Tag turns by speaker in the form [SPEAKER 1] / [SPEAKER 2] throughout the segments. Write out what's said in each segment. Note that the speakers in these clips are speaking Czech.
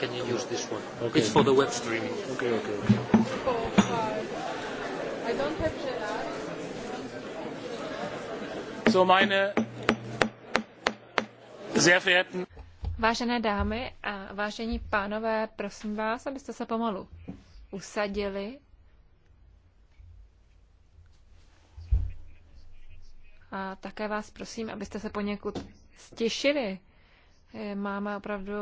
[SPEAKER 1] can you use this one? Okay. It's for the web streaming. Okay, okay. okay. I don't have so meine sehr verehrten
[SPEAKER 2] Vážené dámy a vážení pánové, prosím vás, abyste se pomalu usadili. A také vás prosím, abyste se poněkud stěšili. Máme opravdu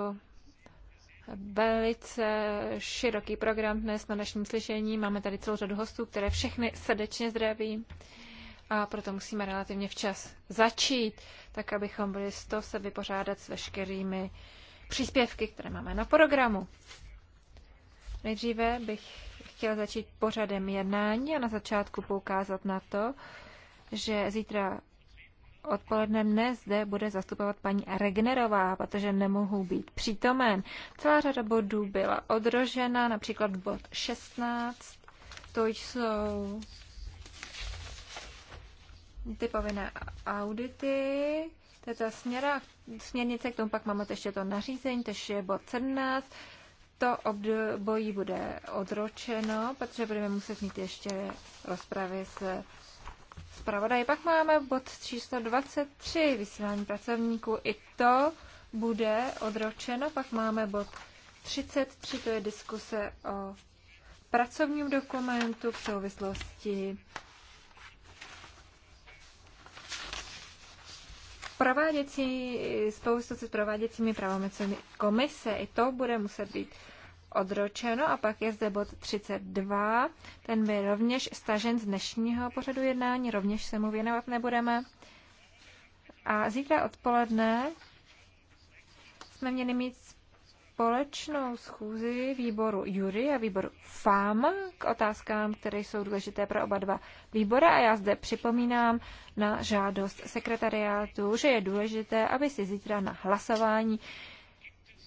[SPEAKER 2] velice široký program dnes na dnešním slyšení. Máme tady celou řadu hostů, které všechny srdečně zdraví, a proto musíme relativně včas začít, tak abychom byli z toho se vypořádat s veškerými příspěvky, které máme na programu. Nejdříve bych chtěla začít pořadem jednání a na začátku poukázat na to, že zítra odpoledne mne zde bude zastupovat paní Regnerová, protože nemohu být přítomen. Celá řada bodů byla odrožena, například bod 16, to jsou ty povinné audity, to je ta směra, směrnice, k tomu pak máme ještě to nařízení, to je bod 17, to obdobojí bude odročeno, protože budeme muset mít ještě rozpravy s zpravodaj. Pak máme bod číslo 23, vysílání pracovníků. I to bude odročeno. Pak máme bod 33, to je diskuse o pracovním dokumentu v souvislosti prováděcí, s s prováděcími pravomocemi komise. I to bude muset být odročeno a pak je zde bod 32, ten by rovněž stažen z dnešního pořadu jednání, rovněž se mu věnovat nebudeme. A zítra odpoledne jsme měli mít společnou schůzi výboru Jury a výboru FAM k otázkám, které jsou důležité pro oba dva výbory. A já zde připomínám na žádost sekretariátu, že je důležité, aby si zítra na hlasování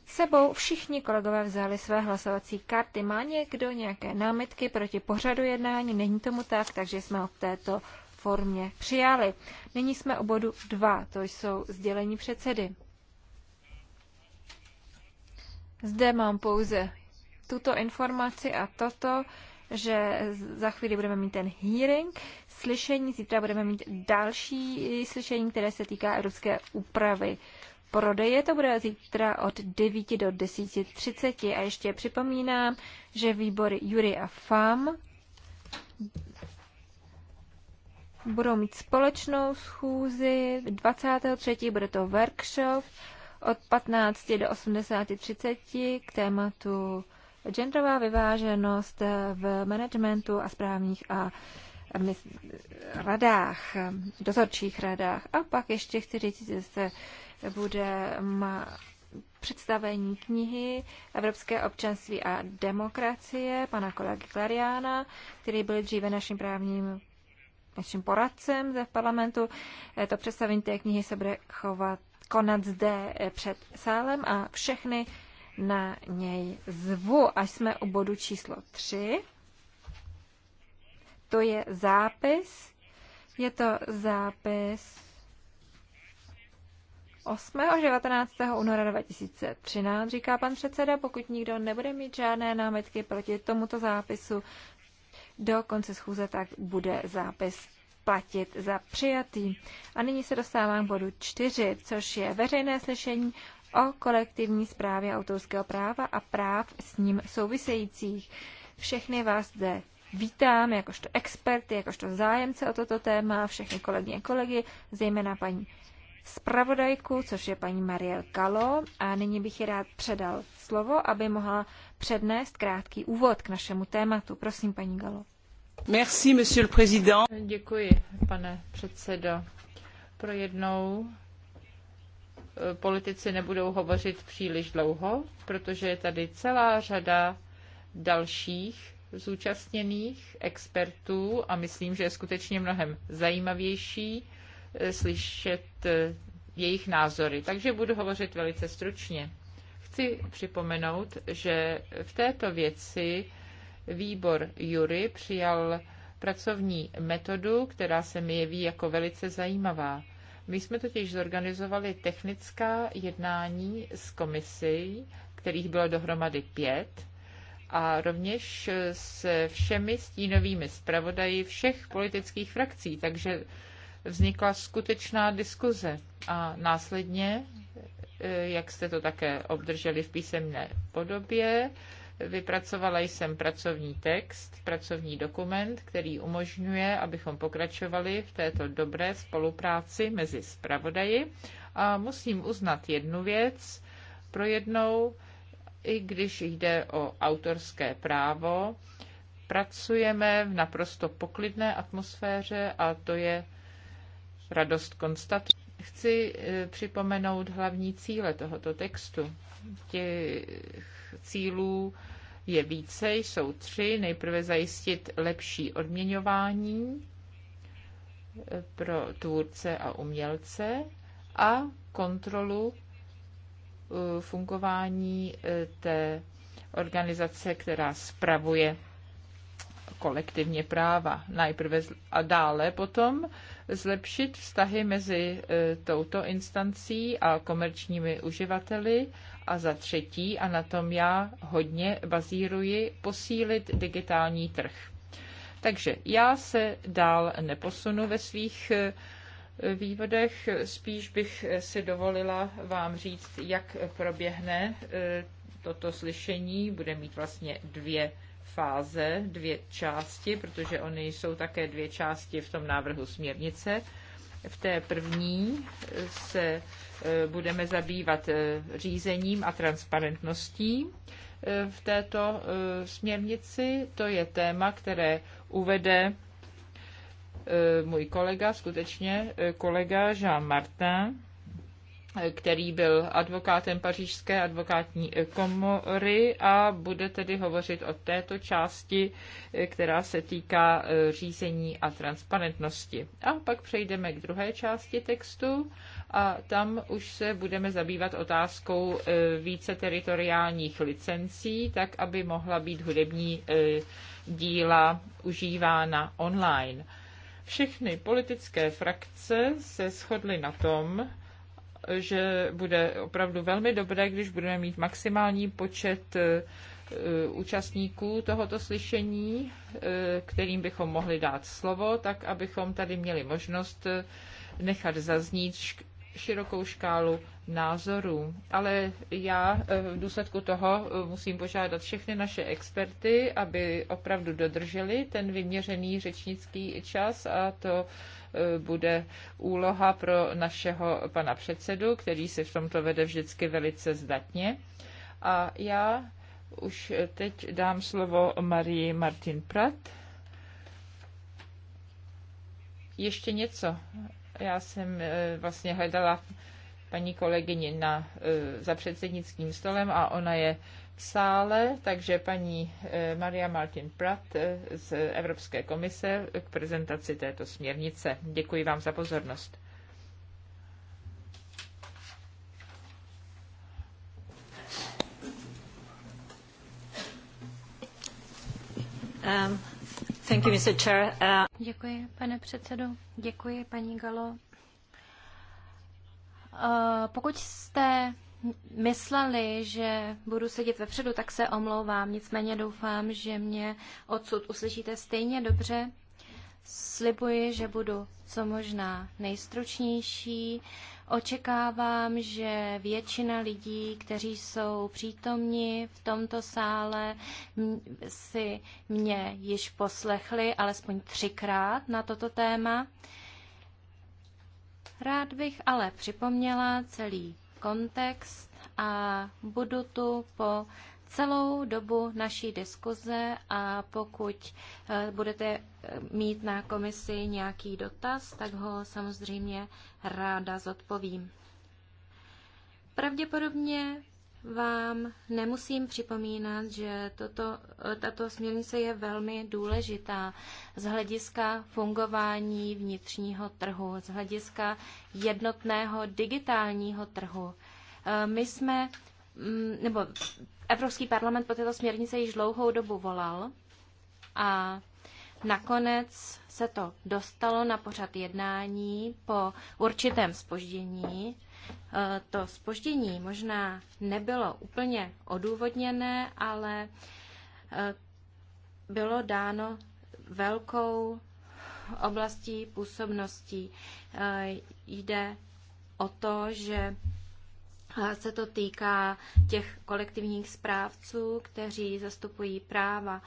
[SPEAKER 2] sebou všichni kolegové vzali své hlasovací karty. Má někdo nějaké námitky proti pořadu jednání? Není tomu tak, takže jsme ho v této formě přijali. Nyní jsme u bodu 2, to jsou sdělení předsedy. Zde mám pouze tuto informaci a toto, že za chvíli budeme mít ten hearing, slyšení, zítra budeme mít další slyšení, které se týká evropské úpravy prodeje. To bude zítra od 9 do 10.30. A ještě připomínám, že výbory Jury a FAM budou mít společnou schůzi. 23. bude to workshop od 15 do 80.30 k tématu genderová vyváženost v managementu a správních a radách, dozorčích radách. A pak ještě chci říct, že se bude představení knihy Evropské občanství a demokracie pana kolegy Klariána, který byl dříve naším právním naším poradcem zde v parlamentu. Eh, to představení té knihy se bude chovat, konat zde eh, před sálem a všechny na něj zvu, až jsme u bodu číslo 3. To je zápis. Je to zápis 8. a 19. února 2013, říká pan předseda, pokud nikdo nebude mít žádné námitky proti tomuto zápisu do konce schůze, tak bude zápis platit za přijatý. A nyní se dostávám k bodu 4, což je veřejné slyšení o kolektivní správě autorského práva a práv s ním souvisejících. Všechny vás zde vítám jakožto experty, jakožto zájemce o toto téma, všechny kolegyně a kolegy, zejména paní zpravodajku, což je paní Mariel Kalo. A nyní bych ji rád předal slovo, aby mohla přednést krátký úvod k našemu tématu. Prosím, paní Galo.
[SPEAKER 1] Merci, monsieur le président. Děkuji, pane předsedo. Pro jednou e, politici nebudou hovořit příliš dlouho, protože je tady celá řada dalších zúčastněných expertů a myslím, že je skutečně mnohem zajímavější slyšet eh, jejich názory, takže budu hovořit velice stručně. Chci připomenout, že v této věci výbor Jury přijal pracovní metodu, která se mi jeví jako velice zajímavá. My jsme totiž zorganizovali technická jednání s komisí, kterých bylo dohromady pět, a rovněž se všemi stínovými zpravodaji všech politických frakcí. Takže vznikla skutečná diskuze a následně, eh, jak jste to také obdrželi v písemné podobě, vypracovala jsem pracovní text, pracovní dokument, který umožňuje, abychom pokračovali v této dobré spolupráci mezi zpravodaji. A musím uznat jednu věc pro jednou, i když jde o autorské právo, pracujeme v naprosto poklidné atmosféře a to je radost konstatuje. Chci eh, připomenout hlavní cíle tohoto textu. Těch cílů je více, jsou tři. Nejprve zajistit lepší odměňování eh, pro tvůrce a umělce a kontrolu eh, fungování té organizace, která spravuje kolektivně práva. Najprve a dále potom zlepšit vztahy mezi e, touto instancí a komerčními uživateli a za třetí, a na tom já hodně bazíruji, posílit digitální trh. Takže já se dál neposunu ve svých e, vývodech, spíš bych si dovolila vám říct, jak proběhne e, toto slyšení. Bude mít vlastně dvě fáze, dvě části, protože oni jsou také dvě části v tom návrhu směrnice. V té první se e, budeme zabývat e, řízením a transparentností e, v této směrnici. To je téma, které uvede můj kolega, skutečně kolega Jean Martin který byl advokátem Pařížské advokátní komory a bude tedy hovořit o této části, eh, která se týká eh, řízení a transparentnosti. A pak přejdeme k druhé části textu a tam už se budeme zabývat otázkou eh, více teritoriálních licencí, tak aby mohla být hudební díla užívána online. Všechny politické frakce se shodly na tom, že bude opravdu velmi dobré, když budeme mít maximální počet e, účastníků tohoto slyšení, e, kterým bychom mohli dát slovo, tak abychom tady měli možnost e, nechat zaznít širokou škálu názorů. Ale já v důsledku toho musím požádat všechny naše experty, aby opravdu dodrželi ten vyměřený řečnický čas a to bude úloha pro našeho pana předsedu, který se v tomto vede vždycky velice zdatně. A já už teď dám slovo Marii Martin Prat. Ještě něco. Já jsem eh, vlastně hledala paní kolegyni na, eh, za předsednickým stolem a ona je sále, takže paní eh, Maria Martin Prat eh, z Evropské komise k prezentaci této směrnice. Děkuji vám za pozornost.
[SPEAKER 2] Um, thank you, Mr. Chair. Uh... Děkuji,
[SPEAKER 3] pane předsedo. Děkuji, paní Galo. Uh, pokud jste mysleli, že budu sedět vepředu, tak se omlouvám. Nicméně doufám, že mě odsud uslyšíte stejně dobře. Slibuji, že budu co možná nejstručnější. Očekávám, že většina lidí, kteří jsou přítomni v tomto sále, si mě již poslechli alespoň třikrát na toto téma. Rád bych ale připomněla celý kontext a budu tu po celou dobu naší diskuze a pokud eh, budete eh, mít na komisi nějaký dotaz, tak ho samozřejmě ráda zodpovím. Pravděpodobně vám nemusím připomínat, že toto, tato směrnice je velmi důležitá z hlediska fungování vnitřního trhu, z hlediska jednotného digitálního trhu. Eh, my jsme, mm, nebo Evropský parlament po této směrnice již dlouhou dobu volal a nakonec se to dostalo na pořad jednání po určitém spoždění to spoždění možná nebylo úplně odůvodněné, ale eh, bylo dáno velkou oblastí působností. Eh, jde o to, že eh, se to týká těch kolektivních správců, kteří zastupují práva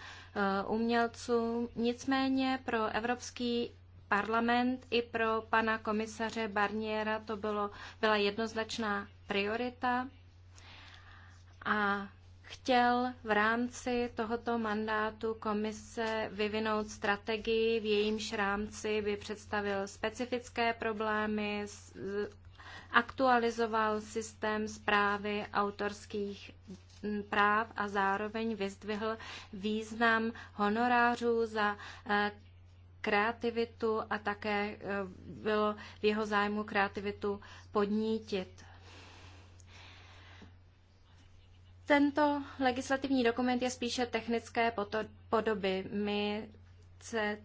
[SPEAKER 3] umělců. Nicméně pro Evropský parlament i pro pana komisaře Barniera to bylo, byla jednoznačná priorita a chtěl v rámci tohoto mandátu komise vyvinout strategii, v jejímž rámci by představil specifické problémy, aktualizoval systém zprávy autorských práv a zároveň vyzdvihl význam honorářů za eh, kreativitu a také eh, bylo v jeho zájmu kreativitu podnítit. Tento legislativní dokument je spíše technické podoby. My se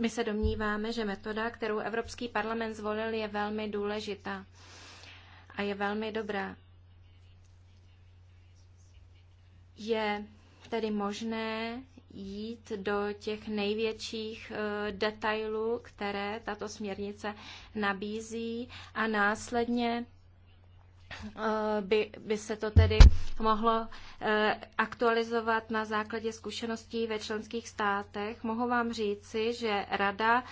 [SPEAKER 3] my se domníváme, že metoda, kterou Evropský parlament zvolil, je velmi důležitá a je velmi dobrá. Je tedy možné jít do těch největších eh, detailů, které tato směrnice nabízí a následně eh, by, by se to tedy mohlo eh, aktualizovat na základě zkušeností ve členských státech. Mohu vám říci, že Rada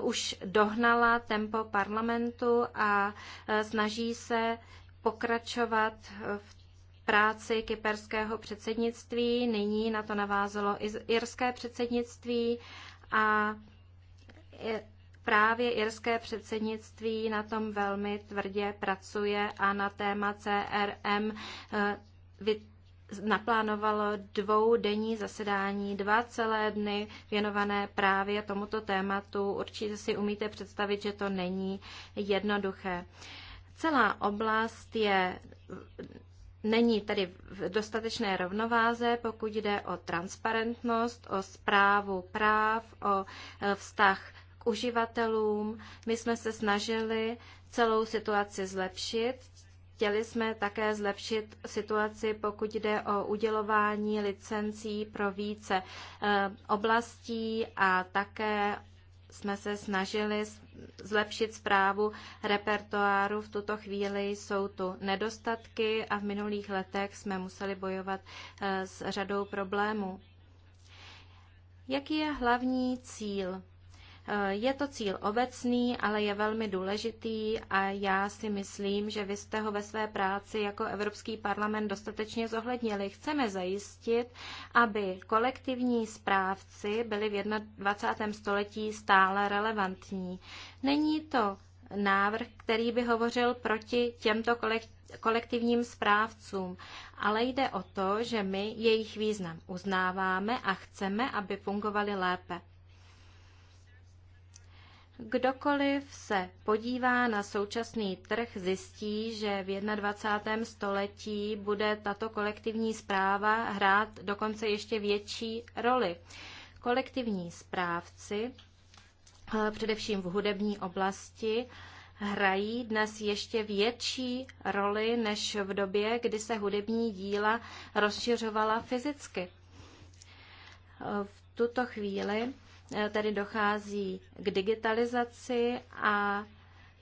[SPEAKER 3] už dohnala tempo parlamentu a snaží se pokračovat v práci kyperského předsednictví, nyní na to navázalo irské předsednictví a právě irské předsednictví na tom velmi tvrdě pracuje a na téma CRM eh, naplánovalo dvou denní zasedání, dva celé dny věnované právě tomuto tématu. Určitě si umíte představit, že to není jednoduché. Celá oblast je Není tedy v dostatečné rovnováze, pokud jde o transparentnost, o zprávu práv, o e, vztah k uživatelům. My jsme se snažili celou situaci zlepšit. Chtěli jsme také zlepšit situaci, pokud jde o udělování licencí pro více e, oblastí a také jsme se snažili zlepšit zprávu repertoáru. V tuto chvíli jsou tu nedostatky a v minulých letech jsme museli bojovat eh, s řadou problémů. Jaký je hlavní cíl je to cíl obecný, ale je velmi důležitý a já si myslím, že vy jste ho ve své práci jako Evropský parlament dostatečně zohlednili. Chceme zajistit, aby kolektivní správci byli v 21. století stále relevantní. Není to návrh, který by hovořil proti těmto kolektivním správcům, ale jde o to, že my jejich význam uznáváme a chceme, aby fungovali lépe. Kdokoliv se podívá na současný trh, zjistí, že v 21. století bude tato kolektivní zpráva hrát dokonce ještě větší roli. Kolektivní správci, eh, především v hudební oblasti, hrají dnes ještě větší roli než v době, kdy se hudební díla rozšiřovala fyzicky. Eh, v tuto chvíli Eh, tedy dochází k digitalizaci a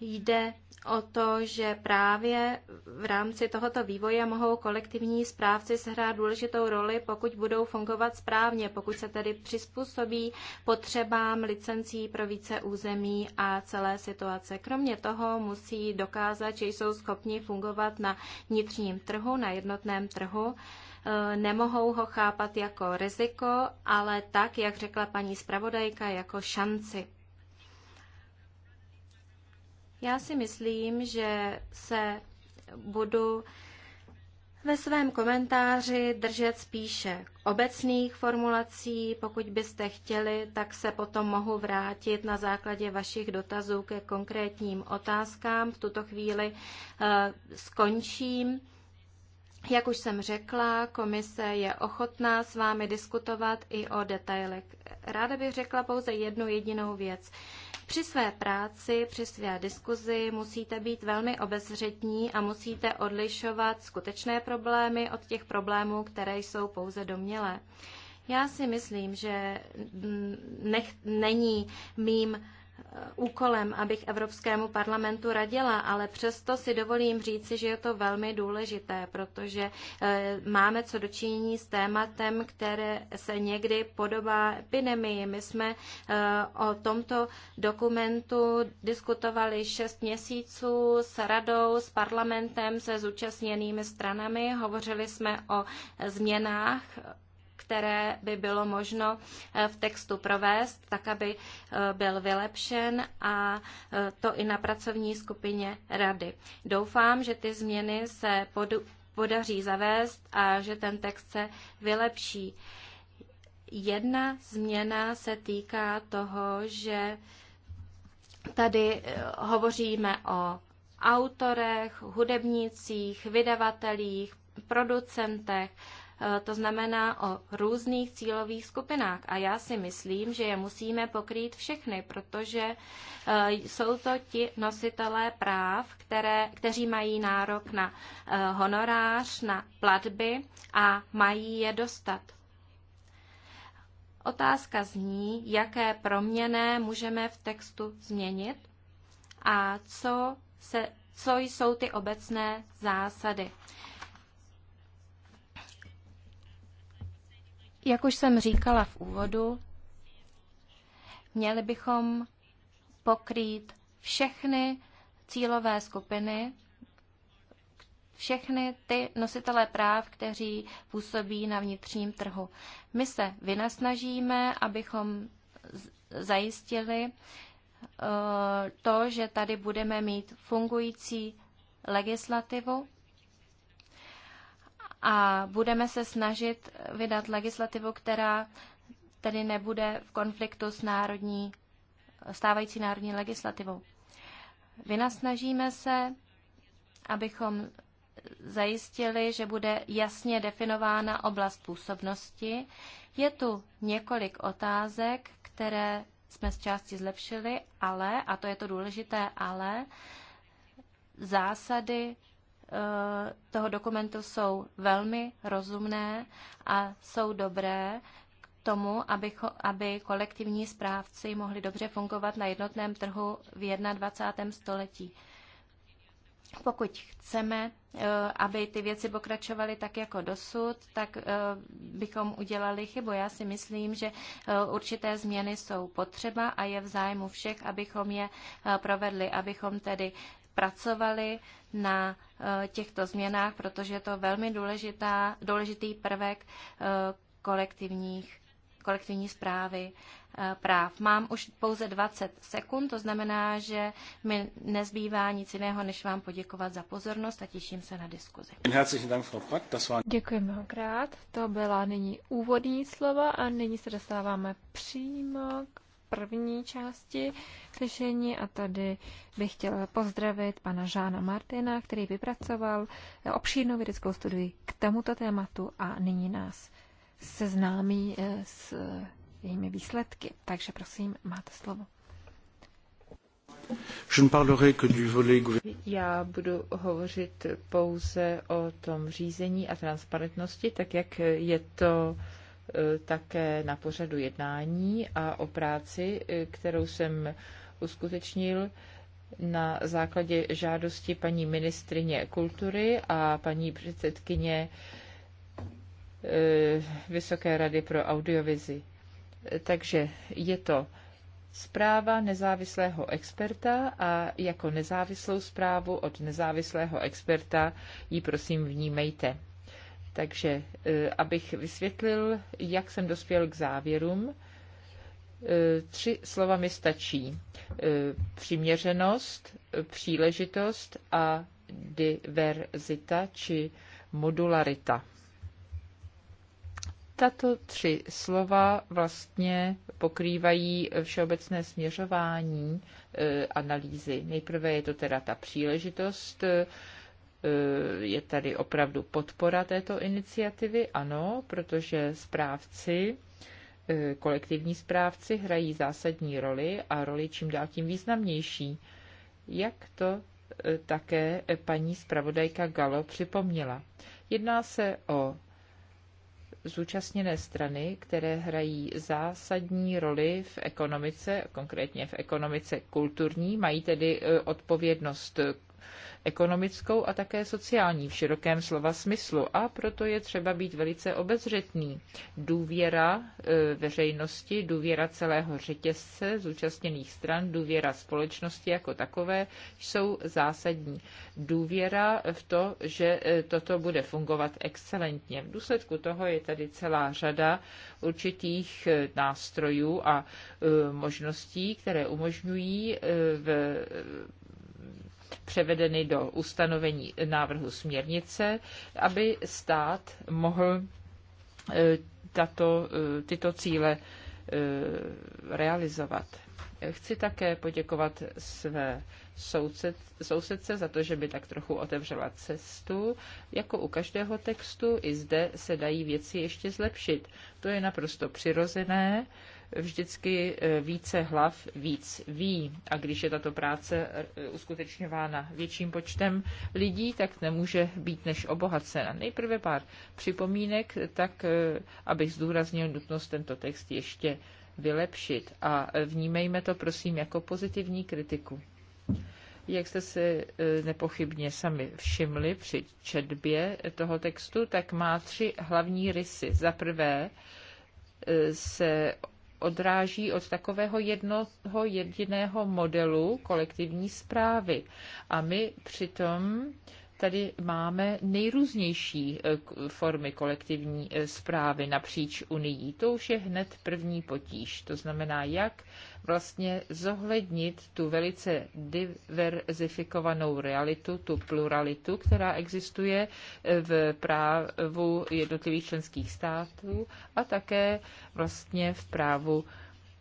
[SPEAKER 3] jde o to, že právě v rámci tohoto vývoje mohou kolektivní správci sehrát důležitou roli, pokud budou fungovat správně, pokud se tedy přizpůsobí potřebám licencí pro více území a celé situace. Kromě toho musí dokázat, že jsou schopni fungovat na vnitřním trhu, na jednotném trhu. Eh, nemohou ho chápat jako riziko, ale tak, jak řekla paní zpravodajka, jako šanci. Já si myslím, že se budu ve svém komentáři držet spíše obecných formulací. Pokud byste chtěli, tak se potom mohu vrátit na základě vašich dotazů ke konkrétním otázkám. V tuto chvíli uh, skončím jak už jsem řekla, komise je ochotná s vámi diskutovat i o detailech. Ráda bych řekla pouze jednu jedinou věc. Při své práci, při své diskuzi musíte být velmi obezřetní a musíte odlišovat skutečné problémy od těch problémů, které jsou pouze domělé. Já si myslím, že nech, není mým Eh, úkolem, abych Evropskému parlamentu radila, ale přesto si dovolím říci, že je to velmi důležité, protože eh, máme co dočinění s tématem, které se někdy podobá epidemii. My jsme eh, o tomto dokumentu diskutovali šest měsíců s radou, s parlamentem, se zúčastněnými stranami. Hovořili jsme o změnách které by bylo možno eh, v textu provést, tak aby eh, byl vylepšen a eh, to i na pracovní skupině rady. Doufám, že ty změny se podaří zavést a že ten text se vylepší. Jedna změna se týká toho, že tady hovoříme o autorech, hudebnících, vydavatelích, producentech, Eh, to znamená o různých cílových skupinách. A já si myslím, že je musíme pokrýt všechny, protože eh, jsou to ti nositelé práv, které, kteří mají nárok na eh, honorář, na platby a mají je dostat. Otázka zní, jaké proměny můžeme v textu změnit a co, se, co jsou ty obecné zásady. Jak už jsem říkala v úvodu, měli bychom pokrýt všechny cílové skupiny, všechny ty nositelé práv, kteří působí na vnitřním trhu. My se vynasnažíme, abychom zajistili eh, to, že tady budeme mít fungující legislativu, a budeme se snažit vydat legislativu, která tedy nebude v konfliktu s národní, stávající národní legislativou. Vynasnažíme se, abychom zajistili, že bude jasně definována oblast působnosti. Je tu několik otázek, které jsme z části zlepšili, ale, a to je to důležité ale, zásady Eh, toho dokumentu jsou velmi rozumné a jsou dobré k tomu, aby, aby kolektivní správci mohli dobře fungovat na jednotném trhu v 21. století. Pokud chceme, eh, aby ty věci pokračovaly tak jako dosud, tak eh, bychom udělali chybu. Já si myslím, že určité změny jsou potřeba a je v zájmu všech, abychom je provedli, abychom tedy pracovali na Eh, těchto změnách, protože je to velmi důležitá, důležitý prvek eh, kolektivních, kolektivní zprávy eh, práv. Mám už pouze 20 sekund, to znamená, že mi nezbývá nic jiného, než vám poděkovat za pozornost
[SPEAKER 2] a těším se na diskuzi. Děkuji mnohokrát, to byla nyní úvodní slova a nyní se dostáváme přímo k první části slyšení a tady bych chtěla pozdravit pana Žána Martina, který vypracoval obšírnou vědeckou studii k tomuto tématu a nyní nás seznámí eh, s eh, jejími výsledky. Takže prosím, máte slovo.
[SPEAKER 1] Já budu hovořit pouze o tom řízení a transparentnosti, tak jak je to Eh, také na pořadu jednání a o práci, eh, kterou jsem uskutečnil na základě žádosti paní ministrině kultury a paní předsedkyně eh, Vysoké rady pro audiovizi. Takže je to zpráva nezávislého experta a jako nezávislou zprávu od nezávislého experta ji prosím vnímejte. Takže e, abych vysvětlil, jak jsem dospěl k závěrům, e, tři slova mi stačí. E, přiměřenost, příležitost a diverzita či modularita. Tato tři slova vlastně pokrývají všeobecné směřování analýzy. Nejprve je to teda ta příležitost, Eh, je tady opravdu podpora této iniciativy, ano, protože správci, eh, kolektivní správci hrají zásadní roli a roli čím dál tím významnější. Jak to eh, také paní zpravodajka Galo připomněla. Jedná se o zúčastněné strany, které hrají zásadní roli v ekonomice, konkrétně v ekonomice kulturní, mají tedy odpovědnost ekonomickou a také sociální v širokém slova smyslu a proto je třeba být velice obezřetný. Důvěra e, veřejnosti, důvěra celého řetězce zúčastněných stran, důvěra společnosti jako takové jsou zásadní. Důvěra v to, že e, toto bude fungovat excelentně. V důsledku toho je tady celá řada určitých e, nástrojů a možností, které umožňují v převedeny do ustanovení návrhu směrnice, aby stát mohl eh, tato, eh, tyto cíle eh, realizovat. Chci také poděkovat své soused, sousedce za to, že by tak trochu otevřela cestu. Jako u každého textu, i zde se dají věci ještě zlepšit. To je naprosto přirozené vždycky eh, více hlav víc ví. A když je tato práce eh, uskutečňována větším počtem lidí, tak nemůže být než obohacena. Nejprve pár připomínek, tak eh, abych zdůraznil nutnost tento text ještě vylepšit a vnímejme to prosím jako pozitivní kritiku. Jak jste si nepochybně sami všimli při četbě toho textu, tak má tři hlavní rysy. Za prvé se odráží od takového jednoho jediného modelu kolektivní zprávy. A my přitom tady máme nejrůznější eh, formy kolektivní zprávy eh, napříč Unii. To už je hned první potíž. To znamená, jak vlastně zohlednit tu velice diverzifikovanou realitu, tu pluralitu, která existuje eh, v právu jednotlivých členských států a také vlastně v právu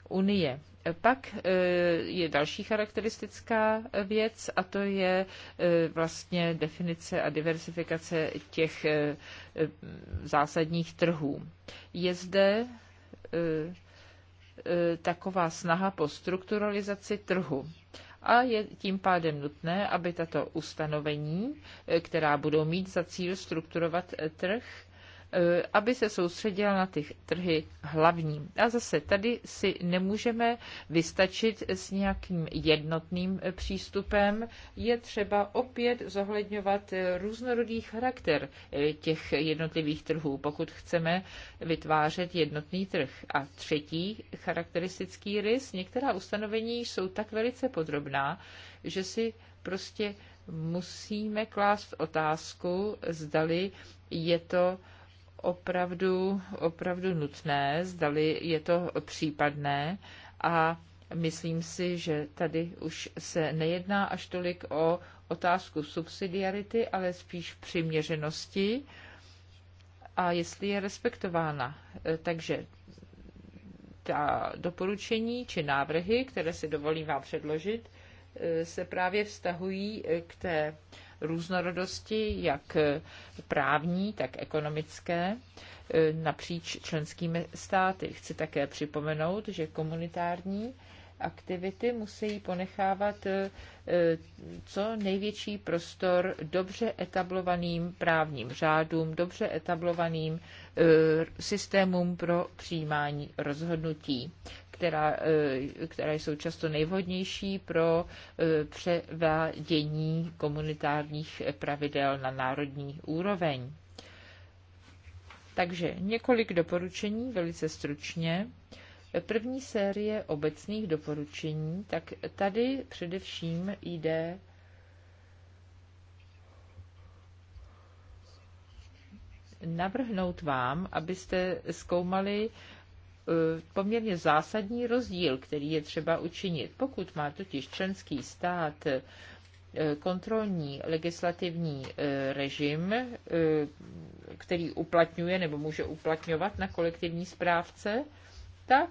[SPEAKER 1] Unie. Pak eh, je další charakteristická věc a to je eh, vlastně definice a diversifikace těch eh, zásadních trhů. Je zde taková snaha po strukturalizaci trhu a je tím pádem nutné, aby tato ustanovení, která budou mít za cíl strukturovat trh, E, aby se soustředila na ty trhy hlavní. A zase tady si nemůžeme vystačit s nějakým jednotným e, přístupem. Je třeba opět zohledňovat e, různorodý charakter těch jednotlivých trhů, pokud chceme vytvářet jednotný trh. A třetí charakteristický rys, některá ustanovení jsou tak velice podrobná, že si prostě musíme klást otázku, zdali je to opravdu, opravdu nutné, zdali je to případné a myslím si, že tady už se nejedná až tolik o otázku subsidiarity, ale spíš přiměřenosti a jestli je respektována. E, takže ta doporučení či návrhy, které si dovolím vám předložit, e, se právě vztahují e, k té různorodosti, jak právní, tak ekonomické, eh, napříč členskými státy. Chci také připomenout, že komunitární aktivity musí ponechávat eh, co největší prostor dobře etablovaným právním řádům, dobře etablovaným eh, systémům pro přijímání rozhodnutí která, eh, která jsou často nejvhodnější pro eh, převádění komunitárních pravidel na národní úroveň. Takže několik doporučení velice stručně. První série obecných doporučení, tak tady především jde navrhnout vám, abyste zkoumali E, poměrně zásadní rozdíl, který je třeba učinit. Pokud má totiž členský stát e, kontrolní legislativní e, režim, který uplatňuje nebo může uplatňovat na kolektivní správce, tak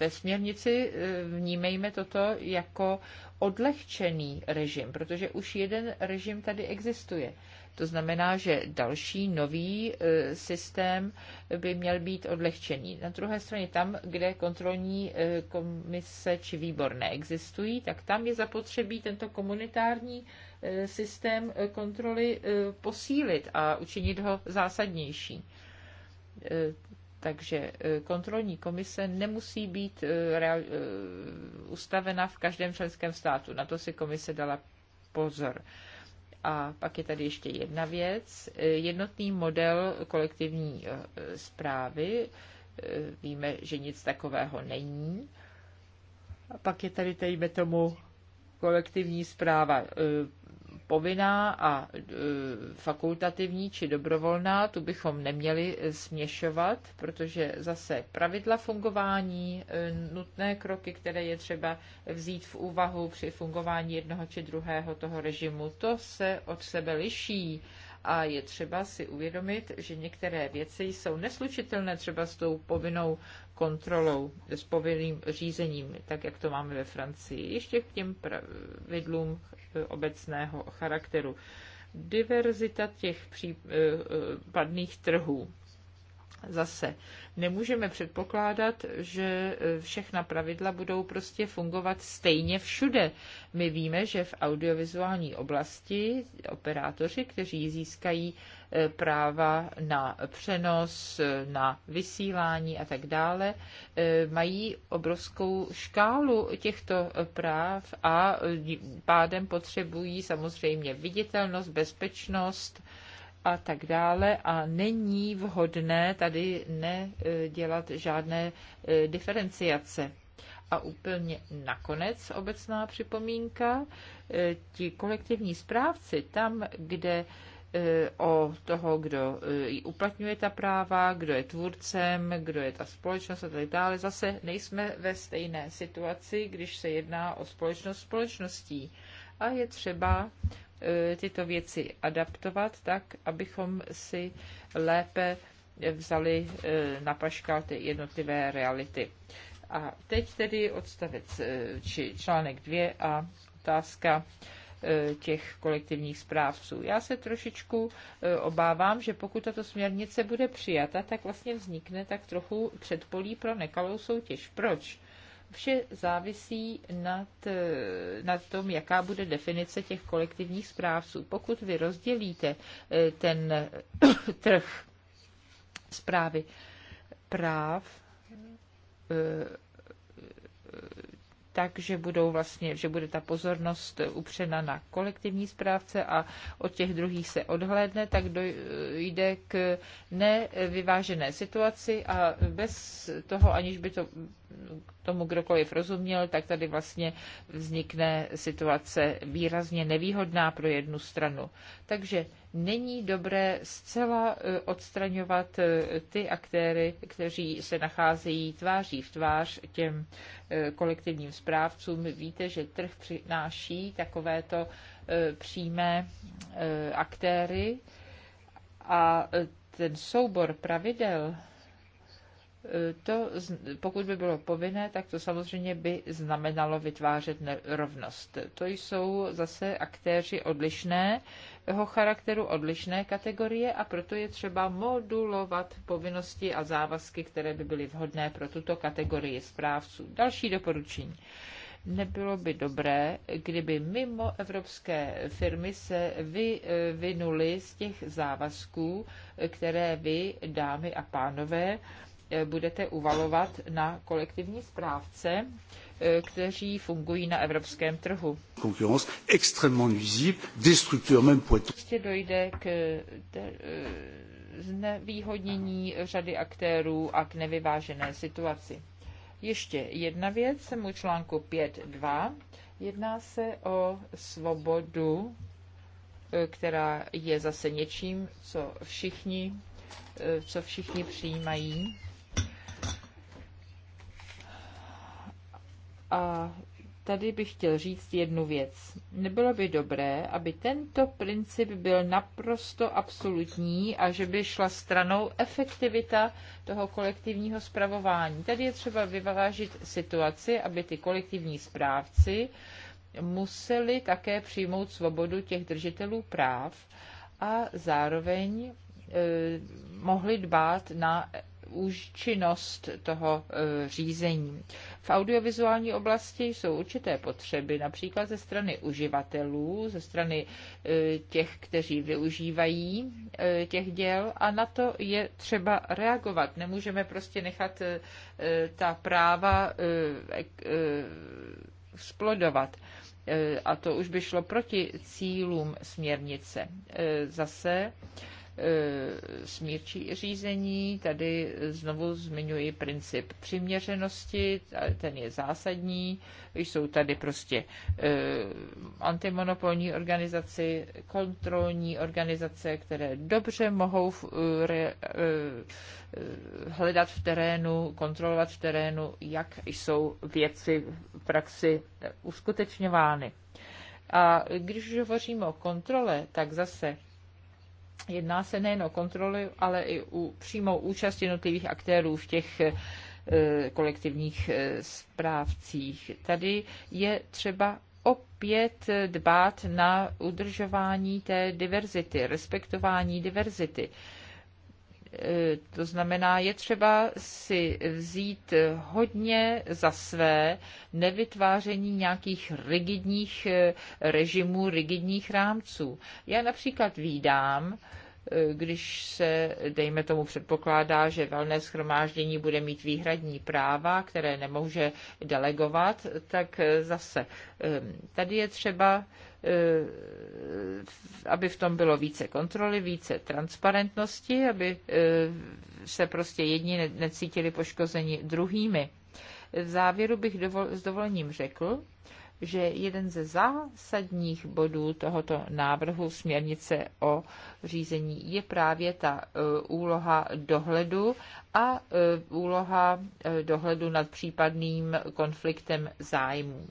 [SPEAKER 1] ve směrnici vnímejme toto jako odlehčený režim, protože už jeden režim tady existuje. To znamená, že další nový e, systém by měl být odlehčený. Na druhé straně tam, kde kontrolní e, komise či výbor neexistují, tak tam je zapotřebí tento komunitární e, systém kontroly posílit a učinit ho zásadnější. Takže kontrolní komise nemusí být ustavena v každém členském státu. Na to si komise dala pozor. A pak je tady ještě jedna věc. Jednotný model kolektivní zprávy. E, e, víme, že nic takového není. A pak je tady, dejme tomu, kolektivní zpráva e, povinná a e, fakultativní či dobrovolná, tu bychom neměli e, směšovat, protože zase pravidla fungování, e, nutné kroky, které je třeba vzít v úvahu při fungování jednoho či druhého toho režimu, to se od sebe liší a je třeba si uvědomit, že některé věci jsou neslučitelné třeba s tou povinnou kontrolou, s povinným řízením, tak jak to máme ve Francii. Ještě k těm pravidlům eh, obecného charakteru. Diverzita těch případných eh, eh, trhů Zase nemůžeme předpokládat, že e, všechna pravidla budou prostě fungovat stejně všude. My víme, že v audiovizuální oblasti operátoři, kteří získají e, práva na přenos, e, na vysílání a tak dále, mají obrovskou škálu těchto práv a pádem potřebují samozřejmě viditelnost, bezpečnost a tak dále a není vhodné tady nedělat žádné e, diferenciace. A úplně nakonec obecná připomínka, e, ti kolektivní správci tam, kde e, o toho, kdo uplatňuje ta práva, kdo je tvůrcem, kdo je ta společnost a tak dále. Zase nejsme ve stejné situaci, když se jedná o společnost společností. A je třeba Eh, tyto věci adaptovat tak, abychom si lépe vzali eh, na paškal ty jednotlivé reality. A teď tedy odstavec, eh, či článek dvě a otázka těch kolektivních správců. Já se trošičku obávám, že pokud tato směrnice bude přijata, tak vlastně vznikne tak trochu předpolí pro nekalou soutěž. Proč? Vše závisí nad, eh, nad tom, jaká bude definice těch kolektivních správců. Pokud vy rozdělíte eh, ten trh zprávy práv, eh, tak, že, budou vlastně, že bude ta pozornost upřena na kolektivní správce a od těch druhých se odhlédne, tak dojde k nevyvážené situaci a bez toho, aniž by to tomu kdokoliv rozuměl, tak tady vlastně vznikne situace výrazně nevýhodná pro jednu stranu. Takže není dobré zcela e, odstraňovat e, ty aktéry, kteří se nacházejí tváří v tvář těm e, kolektivním správcům. Víte, že trh přináší takovéto přímé aktéry a ten soubor pravidel to, pokud by bylo povinné, tak to samozřejmě by znamenalo vytvářet nerovnost. To jsou zase aktéři odlišné, jeho charakteru odlišné kategorie a proto je třeba modulovat povinnosti a závazky, které by byly vhodné pro tuto kategorii správců. Další doporučení nebylo by dobré, kdyby mimo evropské firmy se vyvinuly eh, z těch závazků, které vy, dámy a pánové, eh, budete uvalovat na kolektivní správce kteří fungují na evropském trhu. Konkurence Prostě dojde k eh, znevýhodnění řady aktérů a k nevyvážené situaci. Ještě jedna věc, mu článku 5.2. Jedná se o svobodu, eh, která je zase něčím, co všichni, eh, co všichni přijímají. A tady bych chtěl říct jednu věc. Nebylo by dobré, aby tento princip byl naprosto absolutní a že by šla stranou efektivita toho kolektivního zpravování. Tady je třeba vyvážit situaci, aby ty kolektivní správci museli také přijmout svobodu těch držitelů práv a zároveň eh, mohli dbát na účinnost toho e, řízení. V audiovizuální oblasti jsou určité potřeby, například ze strany uživatelů, ze strany e, těch, kteří využívají e, těch děl a na to je třeba reagovat. Nemůžeme prostě nechat ta práva splodovat a to už by šlo proti cílům směrnice. Zase E, smírčí řízení. Tady znovu zmiňuji princip přiměřenosti, ten je zásadní. Jsou tady prostě e, antimonopolní organizaci, kontrolní organizace, které dobře mohou e, hledat v terénu, kontrolovat v terénu, jak jsou věci v praxi uskutečňovány. A když už hovoříme o kontrole, tak zase Jedná se nejen o kontroly, ale i u přímou účast jednotlivých aktérů v těch eh, kolektivních eh, správcích. Tady je třeba opět dbát na udržování té diverzity, respektování diverzity. E, to znamená, je třeba si vzít hodně za své nevytváření nějakých rigidních e, režimů, rigidních rámců. Já například výdám, Eh, když se, dejme tomu, předpokládá, že velné schromáždění bude mít výhradní práva, které nemůže delegovat, tak eh, zase ehm, tady je třeba, eh, aby v tom bylo více kontroly, více transparentnosti, aby se prostě jedni necítili poškození druhými. V závěru bych dovol, s dovolením řekl, že jeden ze zásadních bodů tohoto návrhu směrnice o řízení je právě ta e, úloha dohledu a e, úloha e, dohledu nad případným konfliktem zájmů.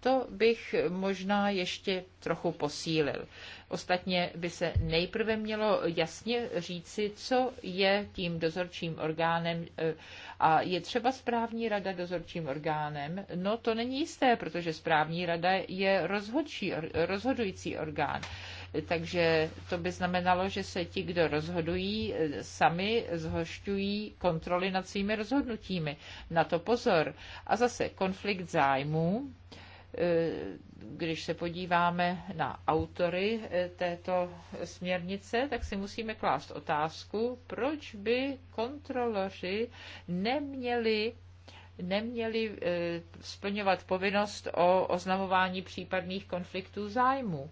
[SPEAKER 1] To bych možná ještě trochu posílil. Ostatně by se nejprve mělo jasně říci, co je tím dozorčím orgánem e, a je třeba správní rada dozorčím orgánem. No to není jisté, protože správní rada je rozhodčí, rozhodující orgán. Takže to by znamenalo, že se ti, kdo rozhodují, sami zhošťují kontroly nad svými rozhodnutími. Na to pozor. A zase konflikt zájmů eh, když se podíváme na autory eh, této směrnice, tak si musíme klást otázku, proč by kontroloři neměli neměli eh, splňovat povinnost o oznamování případných konfliktů zájmu.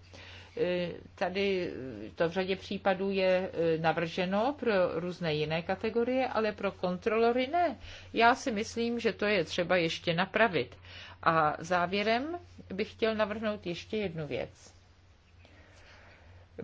[SPEAKER 1] E, tady to v řadě případů je e, navrženo pro různé jiné kategorie, ale pro kontrolory ne. Já si myslím, že to je třeba ještě napravit. A závěrem bych chtěl navrhnout ještě jednu věc.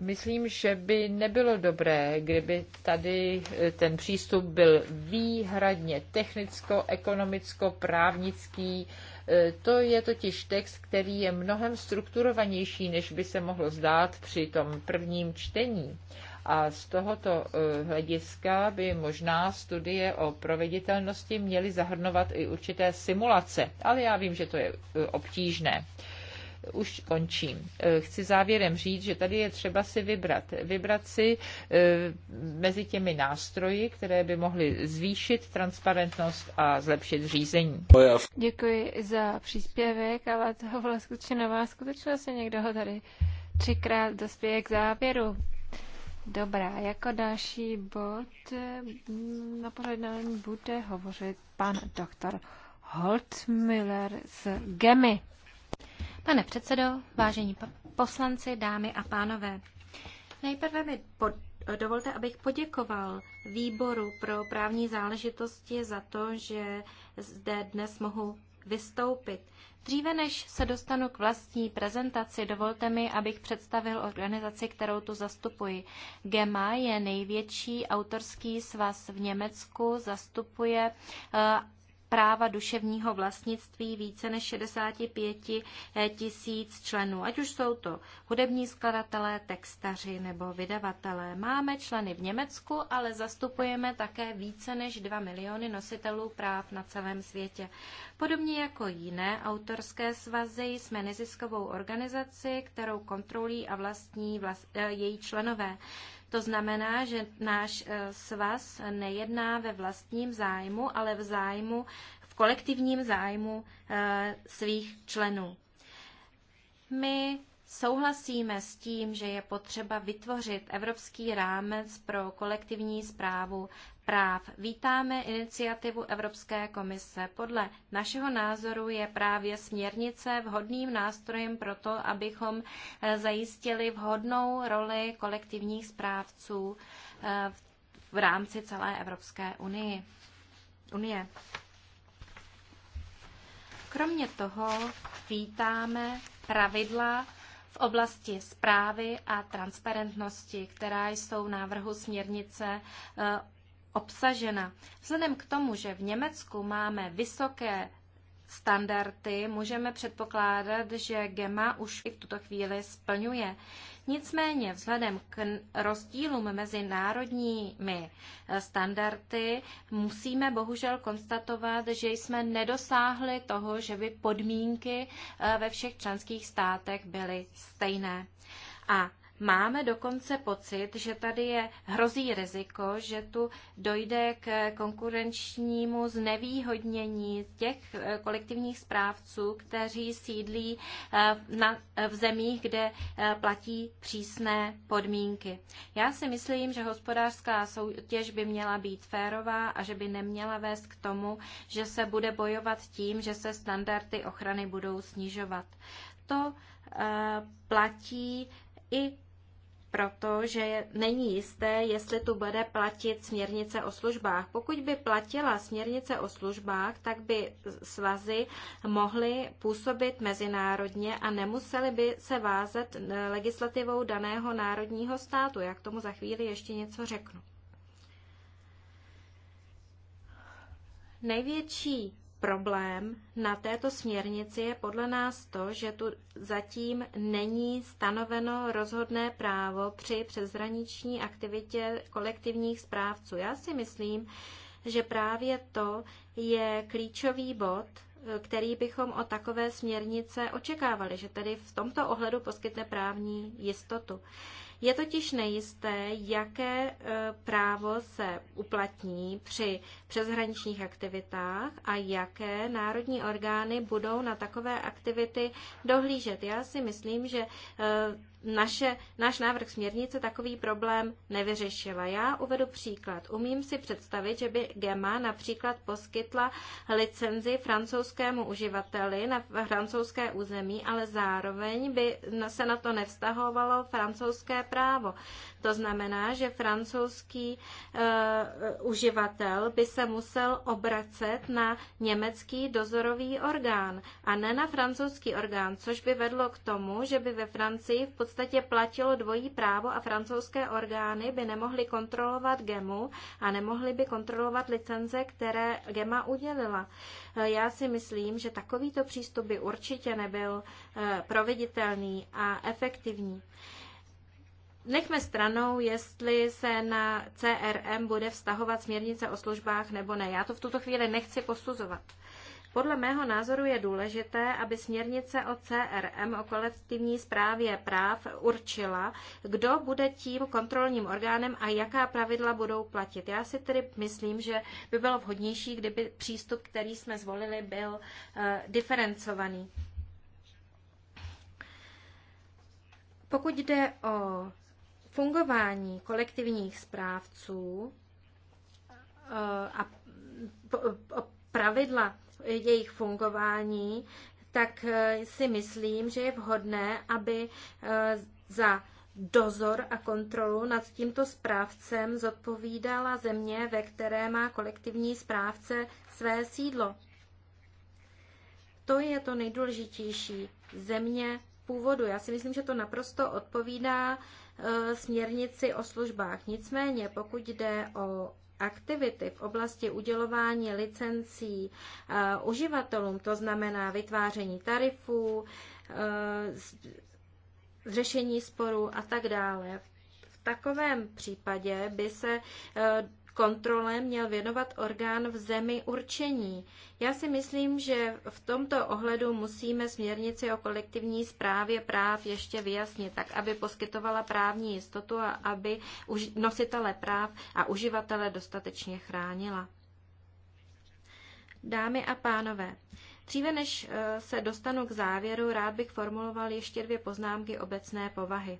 [SPEAKER 1] Myslím, že by nebylo dobré, kdyby tady e, ten přístup byl výhradně technicko-ekonomicko-právnický, E, to je totiž text, který je mnohem strukturovanější, než by se mohlo zdát při tom prvním čtení. A z tohoto e, hlediska by možná studie o proveditelnosti měly zahrnovat i určité simulace. Ale já vím, že to je e, obtížné už končím. Eh, chci závěrem říct, že tady je třeba si vybrat. Vybrat si eh, mezi těmi nástroji, které by mohly zvýšit transparentnost a zlepšit řízení. Děkuji
[SPEAKER 2] za příspěvek, ale to byla skutečně nová skutečnost. Se někdo ho tady třikrát dospěje k závěru. Dobrá, jako další bod mm, na pořadání bude hovořit pan doktor Holtmiller z GEMI. Pane předsedo, vážení poslanci, dámy
[SPEAKER 3] a pánové, nejprve mi pod Dovolte, abych poděkoval výboru pro právní záležitosti za to, že zde dnes mohu vystoupit. Dříve než se dostanu k vlastní prezentaci, dovolte mi, abych představil organizaci, kterou tu zastupuji. GEMA je největší autorský svaz v Německu, zastupuje eh, práva duševního vlastnictví více než 65 tisíc členů, ať už jsou to hudební skladatelé, textaři nebo vydavatelé. Máme členy v Německu, ale zastupujeme také více než 2 miliony nositelů práv na celém světě. Podobně jako jiné autorské svazy jsme neziskovou organizaci, kterou kontrolí a vlastní vlast, eh, její členové. To znamená, že náš eh, svaz nejedná ve vlastním zájmu, ale v zájmu, v kolektivním zájmu eh, svých členů. My souhlasíme s tím, že je potřeba vytvořit evropský rámec pro kolektivní zprávu práv. Vítáme iniciativu Evropské komise. Podle našeho názoru je právě směrnice vhodným nástrojem pro to, abychom eh, zajistili vhodnou roli kolektivních správců eh, v rámci celé Evropské unii. unie. Kromě toho vítáme pravidla v oblasti zprávy a transparentnosti, která jsou v návrhu směrnice eh, obsažena. Vzhledem k tomu, že v Německu máme vysoké standardy, můžeme předpokládat, že GEMA už i v tuto chvíli splňuje. Nicméně vzhledem k rozdílům mezi národními eh, standardy musíme bohužel konstatovat, že jsme nedosáhli toho, že by podmínky eh, ve všech členských státech byly stejné. A Máme dokonce pocit, že tady je hrozí riziko, že tu dojde k konkurenčnímu znevýhodnění těch eh, kolektivních správců, kteří sídlí eh, na, eh, v zemích, kde platí přísné podmínky. Já si myslím, že hospodářská soutěž by měla být férová a že by neměla vést k tomu, že se bude bojovat tím, že se standardy ochrany budou snižovat. To platí i protože není jisté, jestli tu bude platit směrnice o službách. Pokud by platila směrnice o službách, tak by svazy mohly působit mezinárodně a nemuseli by se vázet legislativou daného národního státu. Jak tomu za chvíli ještě něco řeknu. Největší problém na této směrnici je podle nás to, že tu zatím není stanoveno rozhodné právo při přezraniční aktivitě kolektivních správců. Já si myslím, že právě to je klíčový bod, který bychom o takové směrnice očekávali, že tedy v tomto ohledu poskytne právní jistotu. Je totiž nejisté, jaké e, právo se uplatní při přeshraničních aktivitách a jaké národní orgány budou na takové aktivity dohlížet. Já si myslím, že e, naše, náš návrh směrnice takový problém nevyřešila. Já uvedu příklad. Umím si představit, že by GEMA například poskytla licenzi francouzskému uživateli na francouzské území, ale zároveň by se na to nevztahovalo francouzské právo. To znamená, že francouzský e, uživatel by se musel obracet na německý dozorový orgán a ne na francouzský orgán, což by vedlo k tomu, že by ve Francii v podstatě platilo dvojí právo a francouzské orgány by nemohly kontrolovat GEMu a nemohly by kontrolovat licence, které GEMA udělila. Eh, já si myslím, že takovýto přístup by určitě nebyl proveditelný a efektivní. Nechme stranou, jestli se na CRM bude vztahovat směrnice o službách nebo ne. Já to v tuto chvíli nechci posuzovat. Podle mého názoru je důležité, aby směrnice o CRM, o kolektivní správě práv, určila, kdo bude tím kontrolním orgánem a jaká pravidla budou platit. Já si tedy myslím, že by bylo vhodnější, kdyby přístup, který jsme zvolili, byl uh, diferencovaný. Pokud jde o fungování kolektivních správců eh, a pravidla jejich fungování, tak eh, si myslím, že je vhodné, aby eh, za dozor a kontrolu nad tímto správcem zodpovídala země, ve které má kolektivní správce své sídlo. To je to nejdůležitější. Země původu. Já si myslím, že to naprosto odpovídá E, směrnici o službách. Nicméně, pokud jde o aktivity v oblasti udělování licencí e, uživatelům, to znamená vytváření tarifů, e, řešení sporů a tak dále. V takovém případě by se kontrole měl věnovat orgán v zemi určení. Já si myslím, že v tomto ohledu musíme směrnici o kolektivní správě práv ještě vyjasnit, tak aby poskytovala právní jistotu a aby nositele práv a uživatele dostatečně chránila. Dámy a pánové, Dříve než eh, se dostanu k závěru, rád bych formuloval ještě dvě poznámky obecné povahy.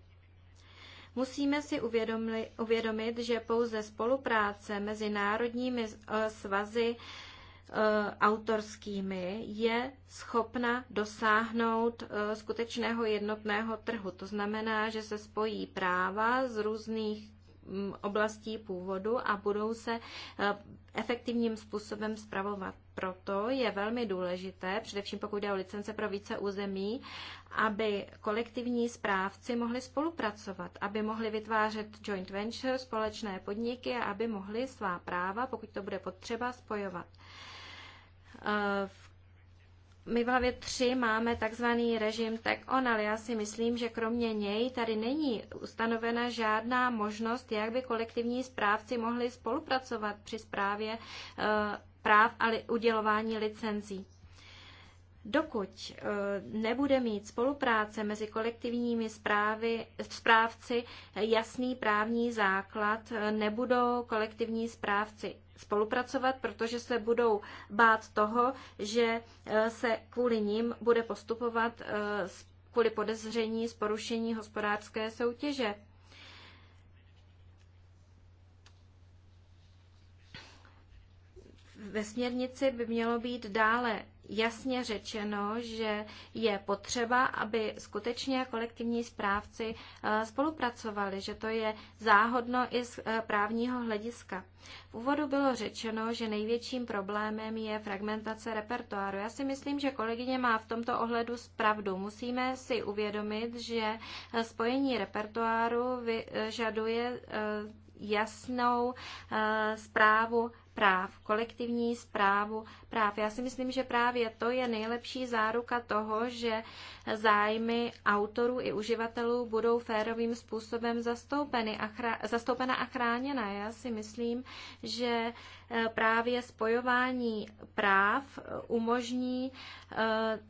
[SPEAKER 3] Musíme si uvědomli, uvědomit, že pouze spolupráce mezi národními eh, svazy eh, autorskými je schopna dosáhnout eh, skutečného jednotného trhu. To znamená, že se spojí práva z různých mm, oblastí původu a budou se efektivním způsobem spravovat proto je velmi důležité, především pokud jde o licence pro více území, aby kolektivní správci mohli spolupracovat, aby mohli vytvářet joint venture, společné podniky a aby mohli svá práva, pokud to bude potřeba, spojovat. my v hlavě 3 máme takzvaný režim tak on, ale já si myslím, že kromě něj tady není ustanovena žádná možnost, jak by kolektivní správci mohli spolupracovat při správě eh, práv a li, udělování licencí. Dokud eh, nebude mít spolupráce mezi kolektivními správy, správci jasný právní základ, eh, nebudou kolektivní správci spolupracovat, protože se budou bát toho, že eh, se kvůli ním bude postupovat kvůli podezření z porušení hospodářské soutěže. ve směrnici by mělo být dále jasně řečeno, že je potřeba, aby skutečně kolektivní správci eh, spolupracovali, že to je záhodno i z eh, právního hlediska. V úvodu bylo řečeno, že největším problémem je fragmentace repertoáru. Já si myslím, že kolegyně má v tomto ohledu pravdu. Musíme si uvědomit, že eh, spojení repertoáru vyžaduje jasnou zprávu práv, kolektivní zprávu práv. Já si myslím, že právě to je nejlepší záruka toho, že zájmy autorů i uživatelů budou férovým způsobem zastoupeny a chra- zastoupena a chráněna. Já si myslím, že eh, právě spojování práv umožní eh,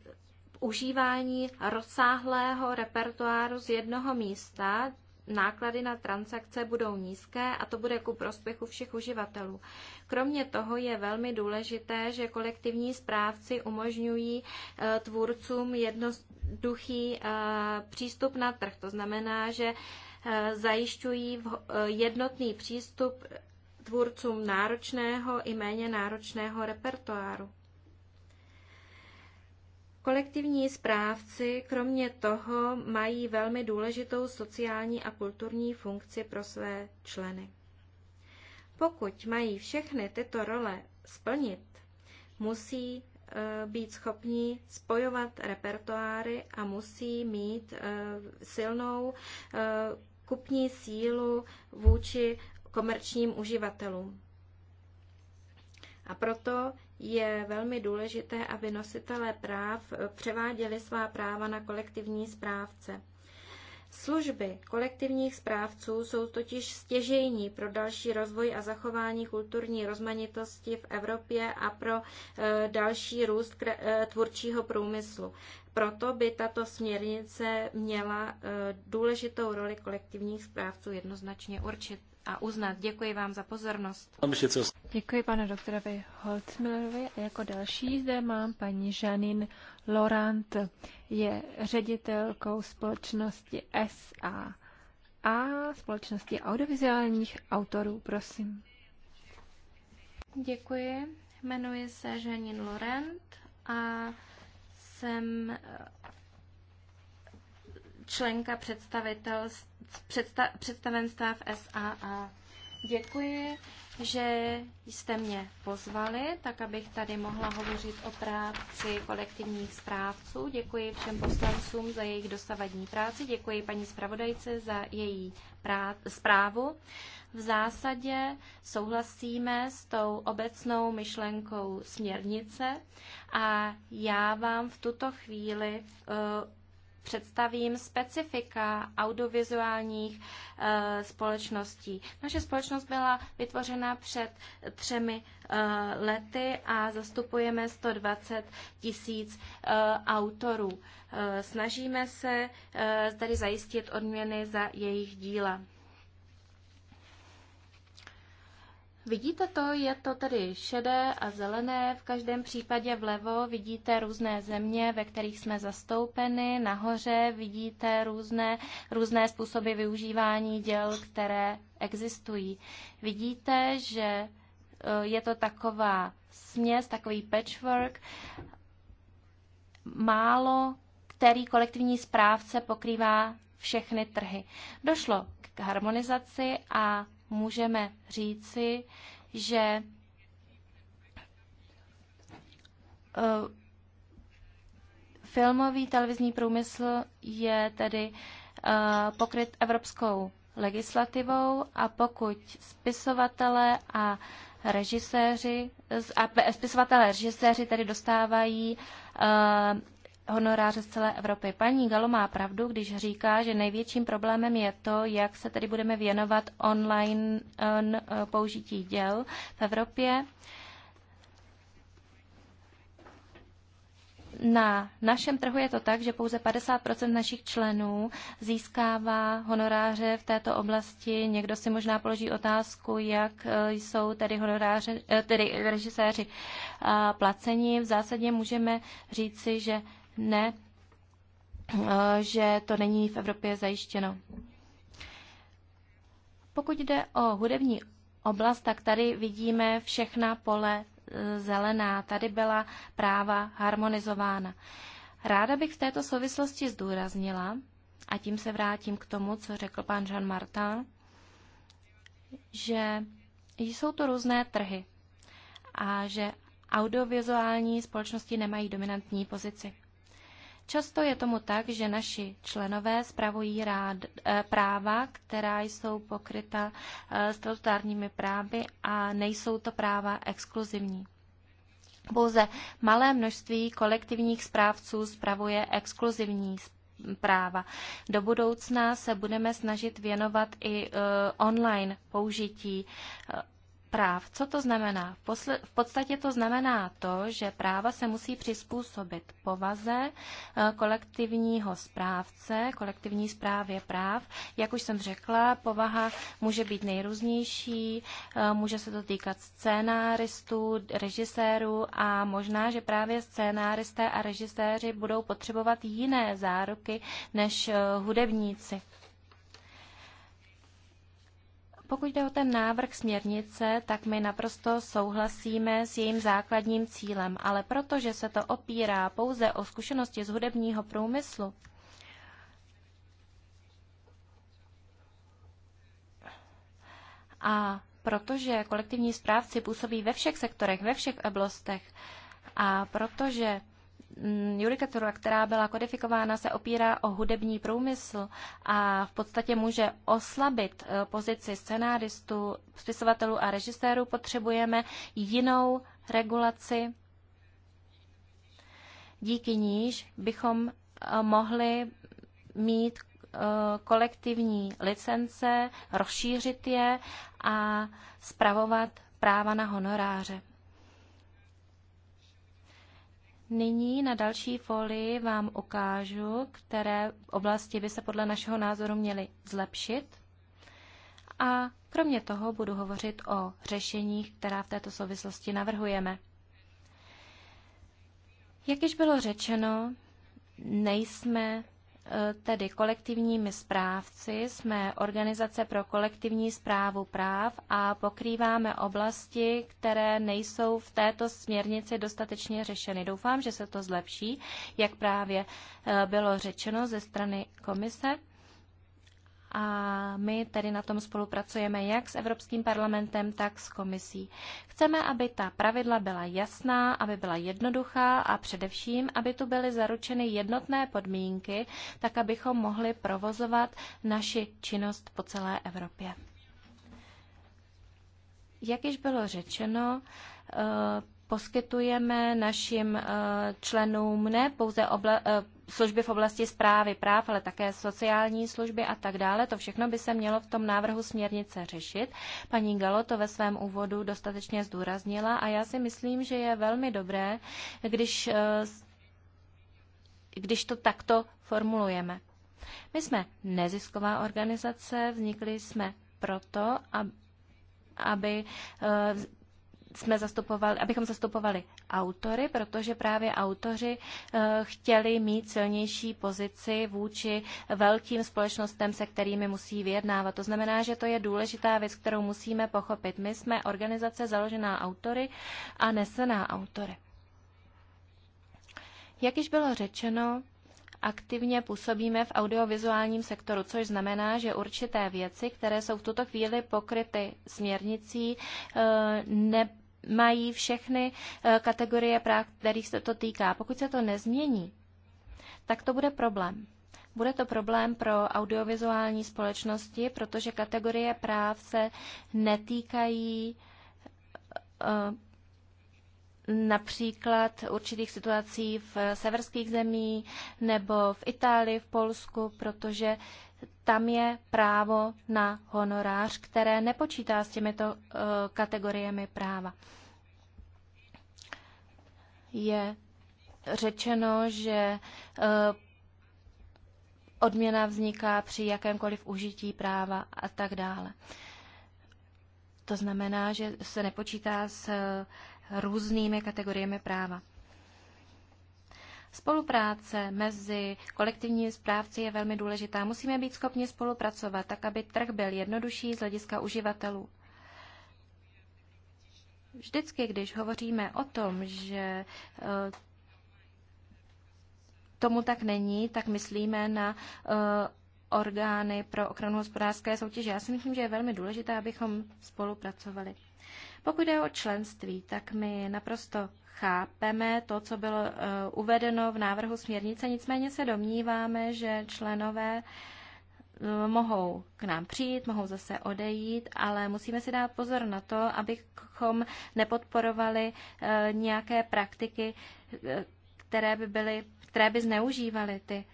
[SPEAKER 3] užívání rozsáhlého repertoáru z jednoho místa, náklady na transakce budou nízké a to bude ku prospěchu všech uživatelů. Kromě toho je velmi důležité, že kolektivní správci umožňují eh, tvůrcům jednoduchý eh, přístup na trh. To znamená, že eh, zajišťují jednotný přístup tvůrcům náročného i méně náročného repertoáru. Kolektivní správci kromě toho mají velmi důležitou sociální a kulturní funkci pro své členy. Pokud mají všechny tyto role splnit, musí e, být schopni spojovat repertoáry a musí mít e, silnou e, kupní sílu vůči komerčním uživatelům. A proto je velmi důležité, aby nositelé práv převáděli svá práva na kolektivní správce. Služby kolektivních správců jsou totiž stěžejní pro další rozvoj a zachování kulturní rozmanitosti v Evropě a pro e, další růst e, tvůrčího průmyslu. Proto by tato směrnice měla e, důležitou roli kolektivních správců jednoznačně určit a uznat. Děkuji vám za pozornost.
[SPEAKER 2] Děkuji pane doktorovi Holtzmillerovi. Jako další zde mám paní Janine Laurent. Je ředitelkou společnosti SA a společnosti audiovizuálních autorů. Prosím.
[SPEAKER 3] Děkuji. Jmenuji se Janine Laurent a jsem členka představitelství předsta- představenstva v SAA. Děkuji, že jste mě pozvali, tak abych tady mohla hovořit o práci kolektivních správců. Děkuji všem poslancům za jejich dosavadní práci, děkuji paní zpravodajce za její prá- zprávu. V zásadě souhlasíme s tou obecnou myšlenkou směrnice a já vám v tuto chvíli uh, představím specifika audiovizuálních eh, společností. Naše společnost byla vytvořena před třemi eh, lety a zastupujeme 120 tisíc eh, autorů. Snažíme se tady zajistit odměny za jejich díla. Vidíte to, je to tedy šedé a zelené. V každém případě vlevo vidíte různé země, ve kterých jsme zastoupeni. Nahoře vidíte různé, různé způsoby využívání děl, které existují. Vidíte, že eh, je to taková směs, takový patchwork. Málo který kolektivní správce pokrývá všechny trhy. Došlo k harmonizaci a můžeme říci, že eh, filmový televizní průmysl je tedy eh, pokryt evropskou legislativou a pokud spisovatele a režiséři, a spisovatelé a režiséři tedy dostávají eh, honoráře z celé Evropy. Paní Galo má pravdu, když říká, že největším problémem je to, jak se tedy budeme věnovat online eh, eh, použití děl v Evropě. Na našem trhu je to tak, že pouze 50 našich členů získává honoráře v této oblasti. Někdo si možná položí otázku, jak eh, jsou tedy, honoráře, tedy režiséři placeni. V zásadě můžeme říci, že ne, eh, že to není v Evropě zajištěno. Pokud jde o hudební oblast, tak tady vidíme všechna pole eh, zelená. Tady byla práva harmonizována. Ráda bych v této souvislosti zdůraznila, a tím se vrátím k tomu, co řekl pan Jean Martin, že jsou to různé trhy a že audiovizuální společnosti nemají dominantní pozici. Často je tomu tak, že naši členové spravují rád, eh, práva, která jsou pokryta eh, statutárními právy a nejsou to práva exkluzivní. Pouze malé množství kolektivních správců spravuje exkluzivní práva. Do budoucna se budeme snažit věnovat i eh, online použití práv. Co to znamená? V, posle- v podstatě to znamená to, že práva se musí přizpůsobit povaze eh, kolektivního správce, kolektivní správě práv. Jak už jsem řekla, povaha může být nejrůznější, eh, může se to týkat scénáristů, režisérů a možná, že právě scénáristé a režiséři budou potřebovat jiné záruky než eh, hudebníci. Pokud jde o ten návrh směrnice, tak my naprosto souhlasíme s jejím základním cílem, ale protože se to opírá pouze o zkušenosti z hudebního průmyslu, a protože kolektivní správci působí ve všech sektorech, ve všech oblastech a protože Mm, judikatura, která byla kodifikována, se opírá o hudební průmysl a v podstatě může oslabit eh, pozici scenáristů, spisovatelů a režisérů, potřebujeme jinou regulaci, díky níž bychom eh, mohli mít eh, kolektivní licence, rozšířit je a spravovat práva na honoráře. Nyní na další folii vám ukážu, které oblasti by se podle našeho názoru měly zlepšit. A kromě toho budu hovořit o řešeních, která v této souvislosti navrhujeme. Jak již bylo řečeno, nejsme tedy kolektivními správci, jsme organizace pro kolektivní správu práv a pokrýváme oblasti, které nejsou v této směrnici dostatečně řešeny. Doufám, že se to zlepší, jak právě eh, bylo řečeno ze strany komise a my tedy na tom spolupracujeme jak s Evropským parlamentem, tak s komisí. Chceme, aby ta pravidla byla jasná, aby byla jednoduchá a především, aby tu byly zaručeny jednotné podmínky, tak abychom mohli provozovat naši činnost po celé Evropě. Jak již bylo řečeno, eh, poskytujeme našim eh, členům ne pouze obla, eh, služby v oblasti zprávy práv, ale také sociální služby a tak dále. To všechno by se mělo v tom návrhu směrnice řešit. Paní Galo to ve svém úvodu dostatečně zdůraznila a já si myslím, že je velmi dobré, když, eh, když to takto formulujeme. My jsme nezisková organizace, vznikli jsme proto, aby aby jsme zastupovali, abychom zastupovali autory, protože právě autoři eh, chtěli mít silnější pozici vůči velkým společnostem, se kterými musí vyjednávat. To znamená, že to je důležitá věc, kterou musíme pochopit. My jsme organizace založená autory a nesená autory. Jak již bylo řečeno, aktivně působíme v audiovizuálním sektoru, což znamená, že určité věci, které jsou v tuto chvíli pokryty směrnicí, eh, ne, mají všechny eh, kategorie práv, kterých se to týká. Pokud se to nezmění, tak to bude problém. Bude to problém pro audiovizuální společnosti, protože kategorie práv se netýkají eh, například určitých situací v severských zemí nebo v Itálii, v Polsku, protože tam je právo na honorář, které nepočítá s těmito eh, kategoriemi práva. Je řečeno, že eh, odměna vzniká při jakémkoliv užití práva a tak dále. To znamená, že se nepočítá s eh, různými kategoriemi práva. Spolupráce mezi kolektivními správci je velmi důležitá. Musíme být schopni spolupracovat tak, aby trh byl jednodušší z hlediska uživatelů. Vždycky, když hovoříme o tom, že eh, tomu tak není, tak myslíme na eh, orgány pro ochranu hospodářské soutěže. Já si myslím, že je velmi důležité, abychom spolupracovali. Pokud jde o členství, tak my naprosto chápeme to, co bylo eh, uvedeno v návrhu směrnice, nicméně se domníváme, že členové eh, mohou k nám přijít, mohou zase odejít, ale musíme si dát pozor na to, abychom nepodporovali eh, nějaké praktiky, které by, byly, které by zneužívaly ty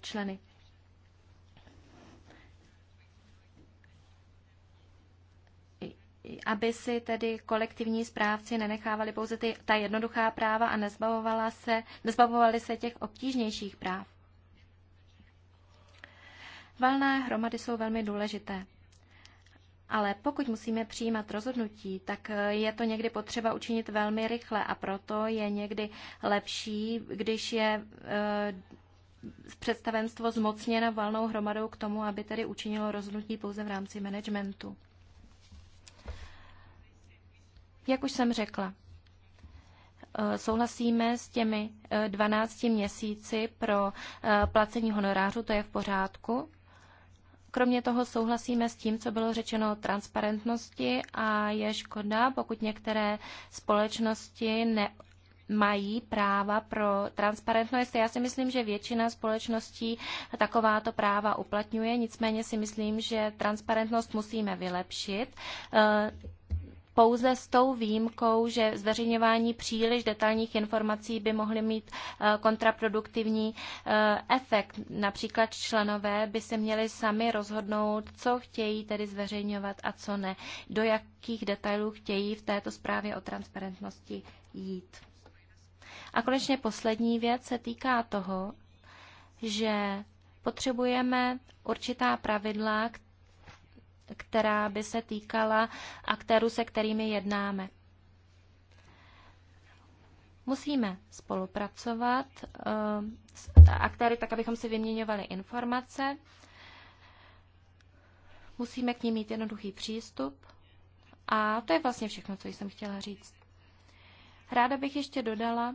[SPEAKER 3] členy. aby si tedy kolektivní správci nenechávali pouze ty, ta jednoduchá práva a nezbavovala se, nezbavovali se těch obtížnějších práv. Valné hromady jsou velmi důležité. Ale pokud musíme přijímat rozhodnutí, tak eh, je to někdy potřeba učinit velmi rychle a proto je někdy lepší, když je eh, představenstvo zmocněno valnou hromadou k tomu, aby tedy učinilo rozhodnutí pouze v rámci managementu. Jak už jsem řekla, eh, souhlasíme s těmi 12 eh, měsíci pro eh, placení honorářů, to je v pořádku. Kromě toho souhlasíme s tím, co bylo řečeno o transparentnosti a je škoda, pokud některé společnosti ne, mají práva pro transparentnost. Já si myslím, že většina společností takováto práva uplatňuje, nicméně si myslím, že transparentnost musíme vylepšit pouze s tou výjimkou, že zveřejňování příliš detailních informací by mohly mít eh, kontraproduktivní eh, efekt. Například členové by se měli sami rozhodnout, co chtějí tedy zveřejňovat a co ne, do jakých detailů chtějí v této zprávě o transparentnosti jít. A konečně poslední věc se týká toho, že potřebujeme určitá pravidla, která která by se týkala aktérů, se kterými jednáme. Musíme spolupracovat eh, s aktéry tak, abychom si vyměňovali informace. Musíme k ním mít jednoduchý přístup. A to je vlastně všechno, co jsem chtěla říct. Ráda bych ještě dodala,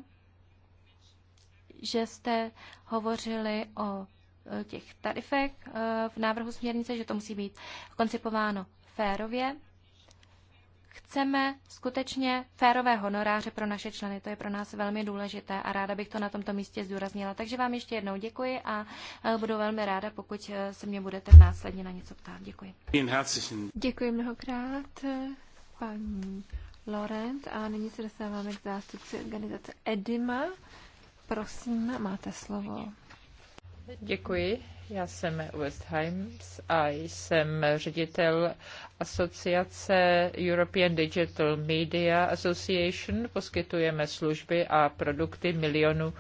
[SPEAKER 3] že jste hovořili o Eh, těch tarifek eh, v návrhu směrnice, že to musí být koncipováno férově. Chceme skutečně férové honoráře pro naše členy, to je pro nás velmi důležité a ráda bych to na tomto místě zdůraznila. Takže vám ještě jednou děkuji a eh, budu velmi ráda, pokud se mě budete následně na něco
[SPEAKER 2] ptát. Děkuji. Děkuji mnohokrát, paní Laurent, a nyní se dostáváme k zástupci organizace EDIMA. Prosím, máte slovo.
[SPEAKER 1] Děkuji. Já jsem West Himes a jsem ředitel asociace European Digital Media Association. Poskytujeme služby a produkty milionu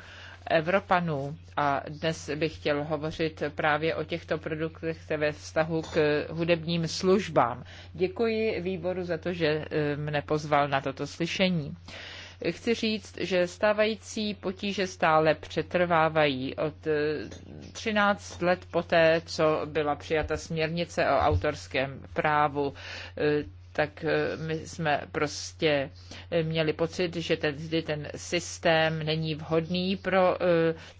[SPEAKER 1] Evropanů. A dnes bych chtěl hovořit právě o těchto produktech ve vztahu k hudebním službám. Děkuji výboru za to, že eh, mne pozval na toto slyšení. Chci říct, že stávající potíže stále přetrvávají. Od 13 eh, let poté, co byla přijata směrnice o autorském právu, eh, tak eh, my jsme prostě měli pocit, že tedy ten systém není vhodný pro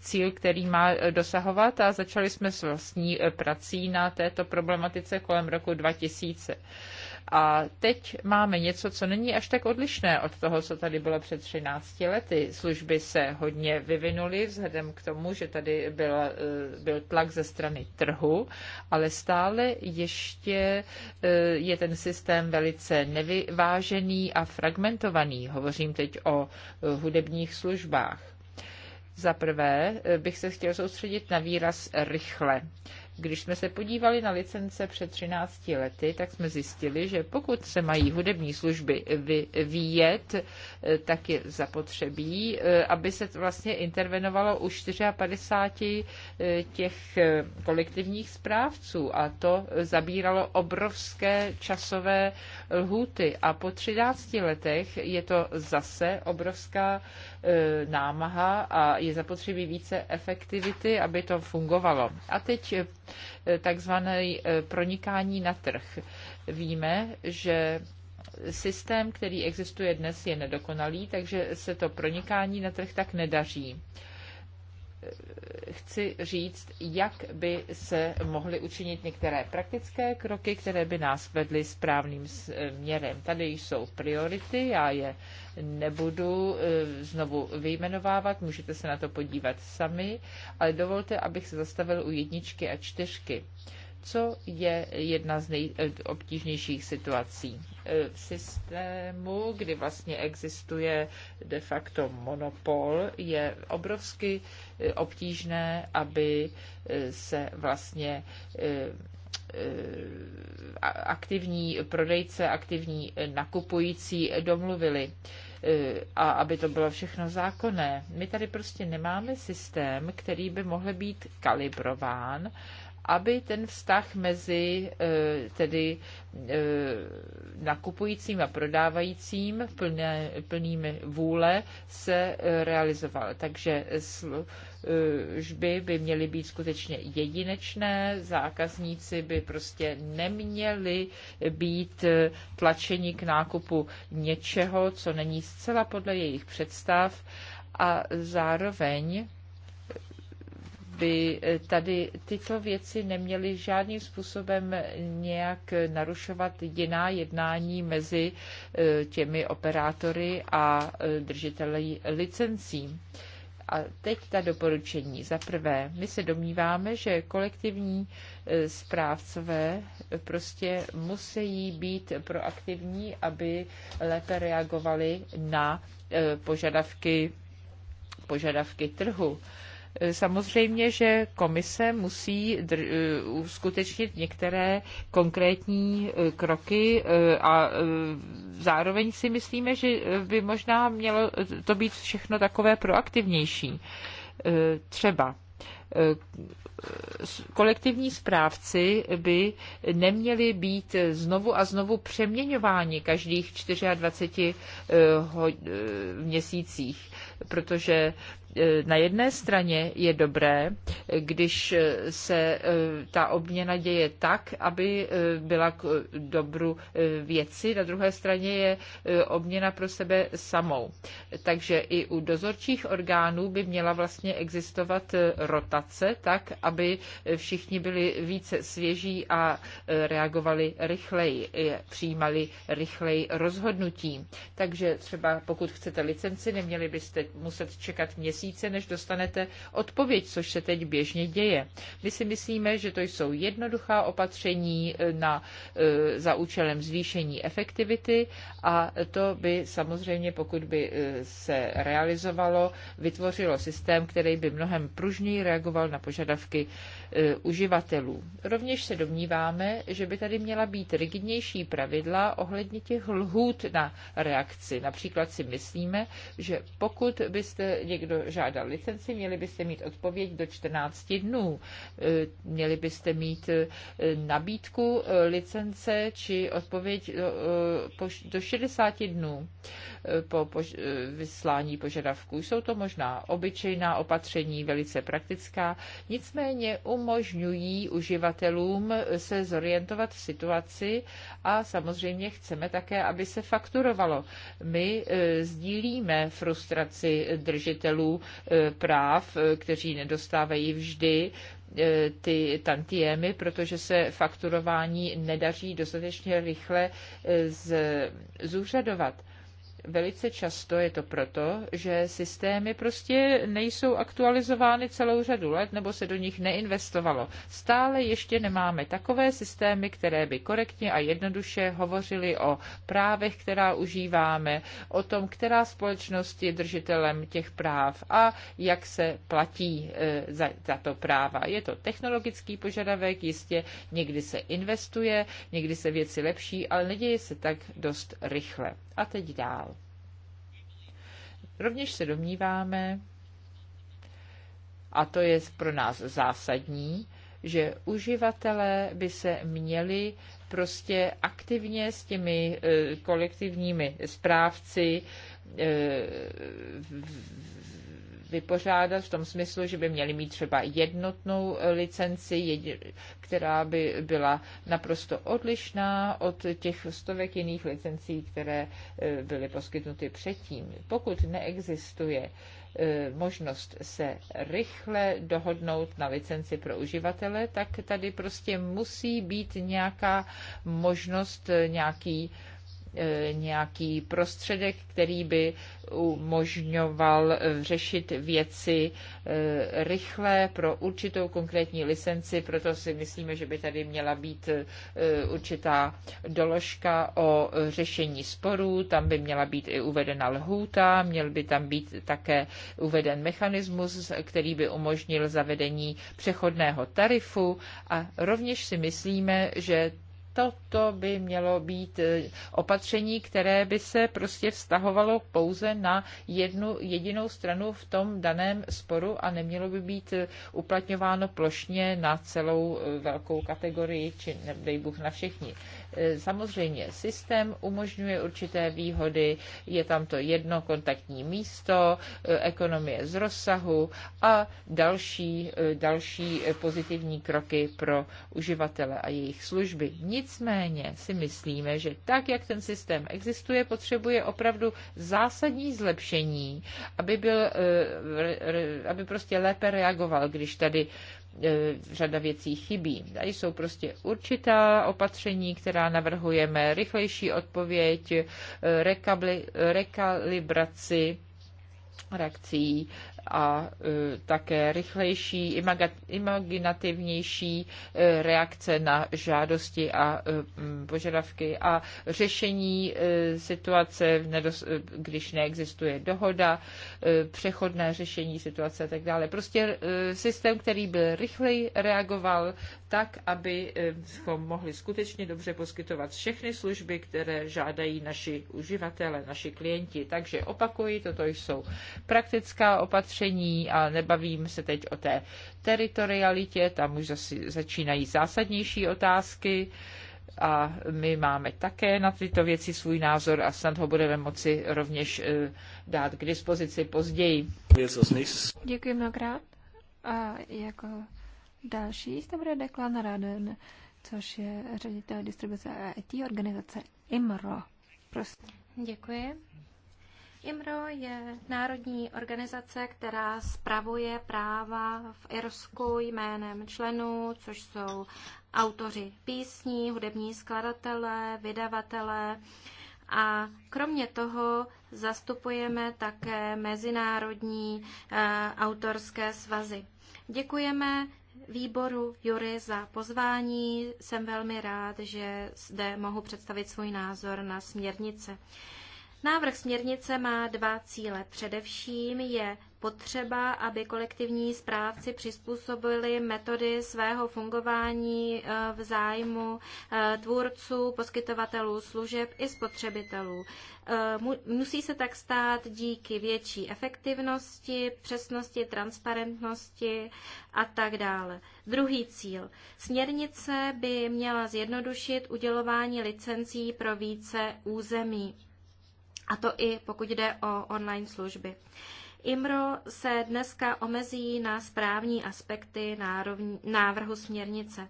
[SPEAKER 1] cíl, který má dosahovat a začali jsme s vlastní prací na této problematice kolem roku 2000. A teď máme něco, co není až tak odlišné od toho, co tady bylo před 13 lety. Služby se hodně vyvinuly vzhledem k tomu, že tady byl, eh, byl tlak ze strany trhu, ale stále ještě eh, je ten systém velice nevyvážený a fragmentovaný. Hovořím teď o eh, hudebních službách. Za prvé bych se chtěl soustředit na výraz rychle. Když jsme se podívali na licence před 13 lety, tak jsme zjistili, že pokud se mají hudební služby vyvíjet, eh, tak je zapotřebí, eh, aby se vlastně intervenovalo u 54 eh, těch kolektivních správců a to zabíralo obrovské časové lhuty a po 13 letech je to zase obrovská námaha a je zapotřebí více efektivity, aby to fungovalo. A teď Eh, takzvané eh, pronikání na trh. Víme, že systém, který existuje dnes, je nedokonalý, takže se to pronikání na trh tak nedaří chci říct, jak by se mohly učinit některé praktické kroky, které by nás vedly správným směrem. Tady jsou priority, já je nebudu eh, znovu vyjmenovávat, můžete se na to podívat sami, ale dovolte, abych se zastavil u jedničky a čtyřky co je jedna z nejobtížnějších situací. E, v systému, kdy vlastně existuje de facto monopol, je obrovsky e, obtížné, aby e, se vlastně aktivní prodejce, aktivní nakupující domluvili a aby to bylo všechno zákonné. My tady prostě nemáme systém, který by mohl být kalibrován aby ten vztah mezi e, tedy e, nakupujícím a prodávajícím plné, plnými vůle se e, realizoval. Takže služby by měly být skutečně jedinečné, zákazníci by prostě neměli být tlačeni k nákupu něčeho, co není zcela podle jejich představ a zároveň by eh, tady tyto věci neměly žádným způsobem nějak narušovat jiná jednání mezi eh, těmi operátory a eh, držiteli licencí. A teď ta doporučení. Za prvé, my se domníváme, že kolektivní správcové prostě musí být proaktivní, aby lépe reagovali na požadavky, požadavky trhu Samozřejmě, že komise musí eh, uskutečnit některé konkrétní eh, kroky eh, a zároveň si myslíme, že by možná mělo to být všechno takové proaktivnější. Třeba kolektivní správci by neměli být znovu a znovu přeměňováni každých 24 měsících, protože Eh, na jedné straně je dobré, když se eh, ta obměna děje tak, aby eh, byla k dobru věci, na druhé straně je obměna pro sebe samou. Takže i u dozorčích orgánů by měla vlastně existovat rotace tak, aby všichni byli více svěží a reagovali rychleji, přijímali rychleji rozhodnutí. Takže třeba pokud chcete licenci, neměli byste muset čekat měsíc, měsíce, než dostanete odpověď, což se teď běžně děje. My si myslíme, že to jsou jednoduchá opatření e, na, e, za účelem zvýšení efektivity a to by samozřejmě, pokud by e, se realizovalo, vytvořilo systém, který by mnohem pružněji reagoval na požadavky uživatelů. Rovněž se domníváme, že by tady měla být rigidnější pravidla ohledně těch lhůt na reakci. Například si myslíme, že pokud byste někdo žádal licenci, měli byste mít odpověď do 14 dnů. E, měli byste mít e, nabídku e, licence či odpověď do 60 dnů po vyslání požadavků. Jsou to možná obyčejná opatření, velice praktická, nicméně umožňují uživatelům se zorientovat v situaci a samozřejmě chceme také, aby se fakturovalo. My sdílíme frustraci držitelů Eh, práv, eh, kteří nedostávají vždy eh, ty tantiemy, protože se fakturování nedaří dostatečně rychle zúřadovat. Velice často je to proto, že systémy prostě nejsou aktualizovány celou řadu let nebo se do nich neinvestovalo. Stále ještě nemáme takové systémy, které by korektně a jednoduše hovořily o právech, která užíváme, o tom, která společnost je držitelem těch práv a jak se platí e, za tato práva. Je to technologický požadavek, jistě někdy se investuje, někdy se věci lepší, ale neděje se tak dost rychle. A teď dál. Rovněž se domníváme, a to je pro nás zásadní, že uživatelé by se měli prostě aktivně s těmi eh, kolektivními správci eh, vypořádat v tom smyslu, že by měli mít třeba jednotnou licenci, která by byla naprosto odlišná od těch stovek jiných licencí, které e, byly poskytnuty předtím. Pokud neexistuje e, možnost se rychle dohodnout na licenci pro uživatele, tak tady prostě musí být nějaká možnost, e, nějaký E, nějaký prostředek, který by umožňoval řešit věci e, rychle pro určitou konkrétní licenci, proto si myslíme, že by tady měla být e, určitá doložka o řešení sporů, tam by měla být i uvedena lhůta, měl by tam být také uveden mechanismus, který by umožnil zavedení přechodného tarifu a rovněž si myslíme, že toto by mělo být e, opatření, které by se prostě vztahovalo pouze na jednu jedinou stranu v tom daném sporu a nemělo by být e, uplatňováno plošně na celou e, velkou kategorii, či dej Bůh na všechny. Samozřejmě systém umožňuje určité výhody, je tam to jedno kontaktní místo, e, ekonomie z rozsahu a další, e, další pozitivní kroky pro uživatele a jejich služby. Nicméně si myslíme, že tak, jak ten systém existuje, potřebuje opravdu zásadní zlepšení, aby, byl, e, aby prostě lépe reagoval, když tady E, řada věcí chybí. Tady jsou prostě určitá opatření, která navrhujeme, rychlejší odpověď, e, rekabli, rekalibraci reakcí, a e, také rychlejší, imaginativnější e, reakce na žádosti a e, požadavky a řešení situace, když neexistuje dohoda, přechodné řešení situace a tak dále. Prostě systém, který byl rychleji reagoval tak, aby mohli skutečně dobře poskytovat všechny služby, které žádají naši uživatele, naši klienti. Takže opakuji, toto jsou praktická opatření, hlášení a nebavím se teď o té teritorialitě, tam už začínají zásadnější otázky a my máme také na tyto věci svůj názor a snad ho budeme moci rovněž eh, dát k dispozici později.
[SPEAKER 2] Děkuji mnohokrát. A jako další jste bude Deklan Raden, což je ředitel distribuce IT organizace IMRO. Prosím. Děkuji.
[SPEAKER 3] IMRO je národní organizace, která spravuje práva v Irsku jménem členů, což jsou autoři písní, hudební skladatelé, vydavatelé. A kromě toho zastupujeme také mezinárodní e, autorské svazy. Děkujeme výboru Jury za pozvání. Jsem velmi rád, že zde mohu představit svůj názor na směrnice. Návrh směrnice má dva cíle. Především je potřeba, aby kolektivní správci přizpůsobili metody svého fungování eh, v zájmu eh, tvůrců, poskytovatelů služeb i spotřebitelů. Eh, musí se tak stát díky větší efektivnosti, přesnosti, transparentnosti a tak dále. Druhý cíl. Směrnice by měla zjednodušit udělování licencí pro více území. A to i pokud jde o online služby. IMRO se dneska omezí na správní aspekty návrhu směrnice.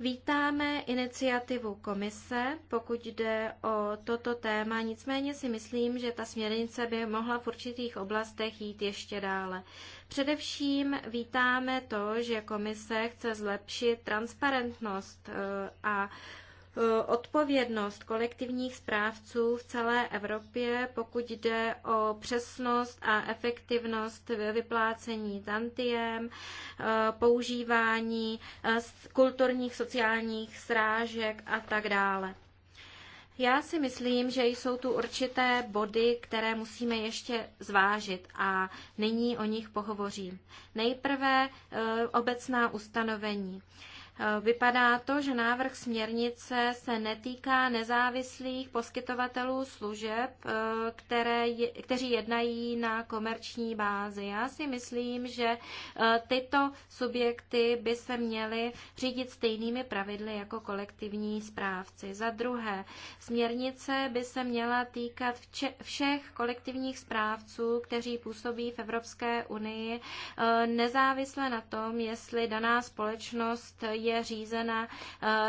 [SPEAKER 3] Vítáme iniciativu komise, pokud jde o toto téma, nicméně si myslím, že ta směrnice by mohla v určitých oblastech jít ještě dále. Především vítáme to, že komise chce zlepšit transparentnost eh, a Eh, odpovědnost kolektivních správců v celé Evropě, pokud jde o přesnost a efektivnost vyplácení tantiem, eh, používání eh, kulturních sociálních srážek a tak dále. Já si myslím, že jsou tu určité body, které musíme ještě zvážit a nyní o nich pohovořím. Nejprve obecná ustanovení. Eh, vypadá to, že návrh směrnice se netýká nezávislých poskytovatelů služeb, eh, které, kteří jednají na komerční bázi. Já si myslím, že eh, tyto subjekty by se měly řídit stejnými pravidly jako kolektivní správci. Za druhé, směrnice by se měla týkat všech kolektivních správců, kteří působí v Evropské unii, nezávisle na tom, jestli daná společnost je řízena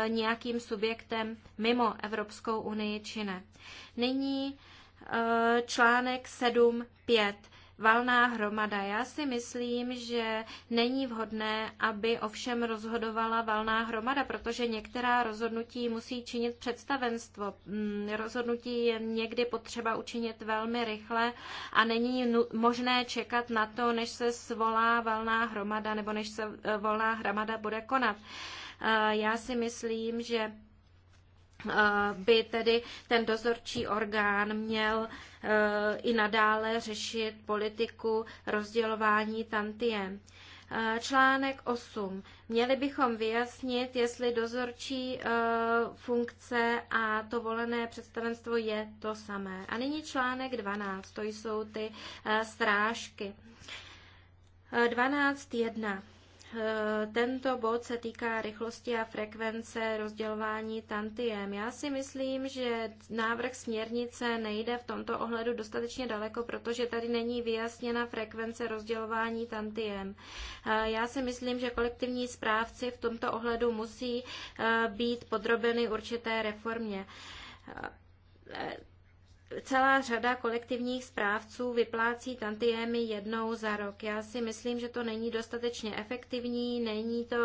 [SPEAKER 3] eh, nějakým subjektem mimo Evropskou unii či ne. Nyní eh, článek 7.5 valná hromada. Já si myslím, že není vhodné, aby ovšem rozhodovala valná hromada, protože některá rozhodnutí musí činit představenstvo. Mm, rozhodnutí je někdy potřeba učinit velmi rychle a není možné čekat na to, než se svolá valná hromada nebo než se e, volná hromada bude konat. E, já si myslím, že by tedy ten dozorčí orgán měl e, i nadále řešit politiku rozdělování tantiem. E, článek 8. Měli bychom vyjasnit, jestli dozorčí e, funkce a to volené představenstvo je to samé. A nyní článek 12. To jsou ty strážky. 12.1. Eh, tento bod se týká rychlosti a frekvence rozdělování tantiem. Já si myslím, že návrh směrnice nejde v tomto ohledu dostatečně daleko, protože tady není vyjasněna frekvence rozdělování tantiem. Eh, já si myslím, že kolektivní správci v tomto ohledu musí eh, být podrobeny určité reformě celá řada kolektivních správců vyplácí tantiemy jednou za rok. Já si myslím, že to není dostatečně efektivní, není to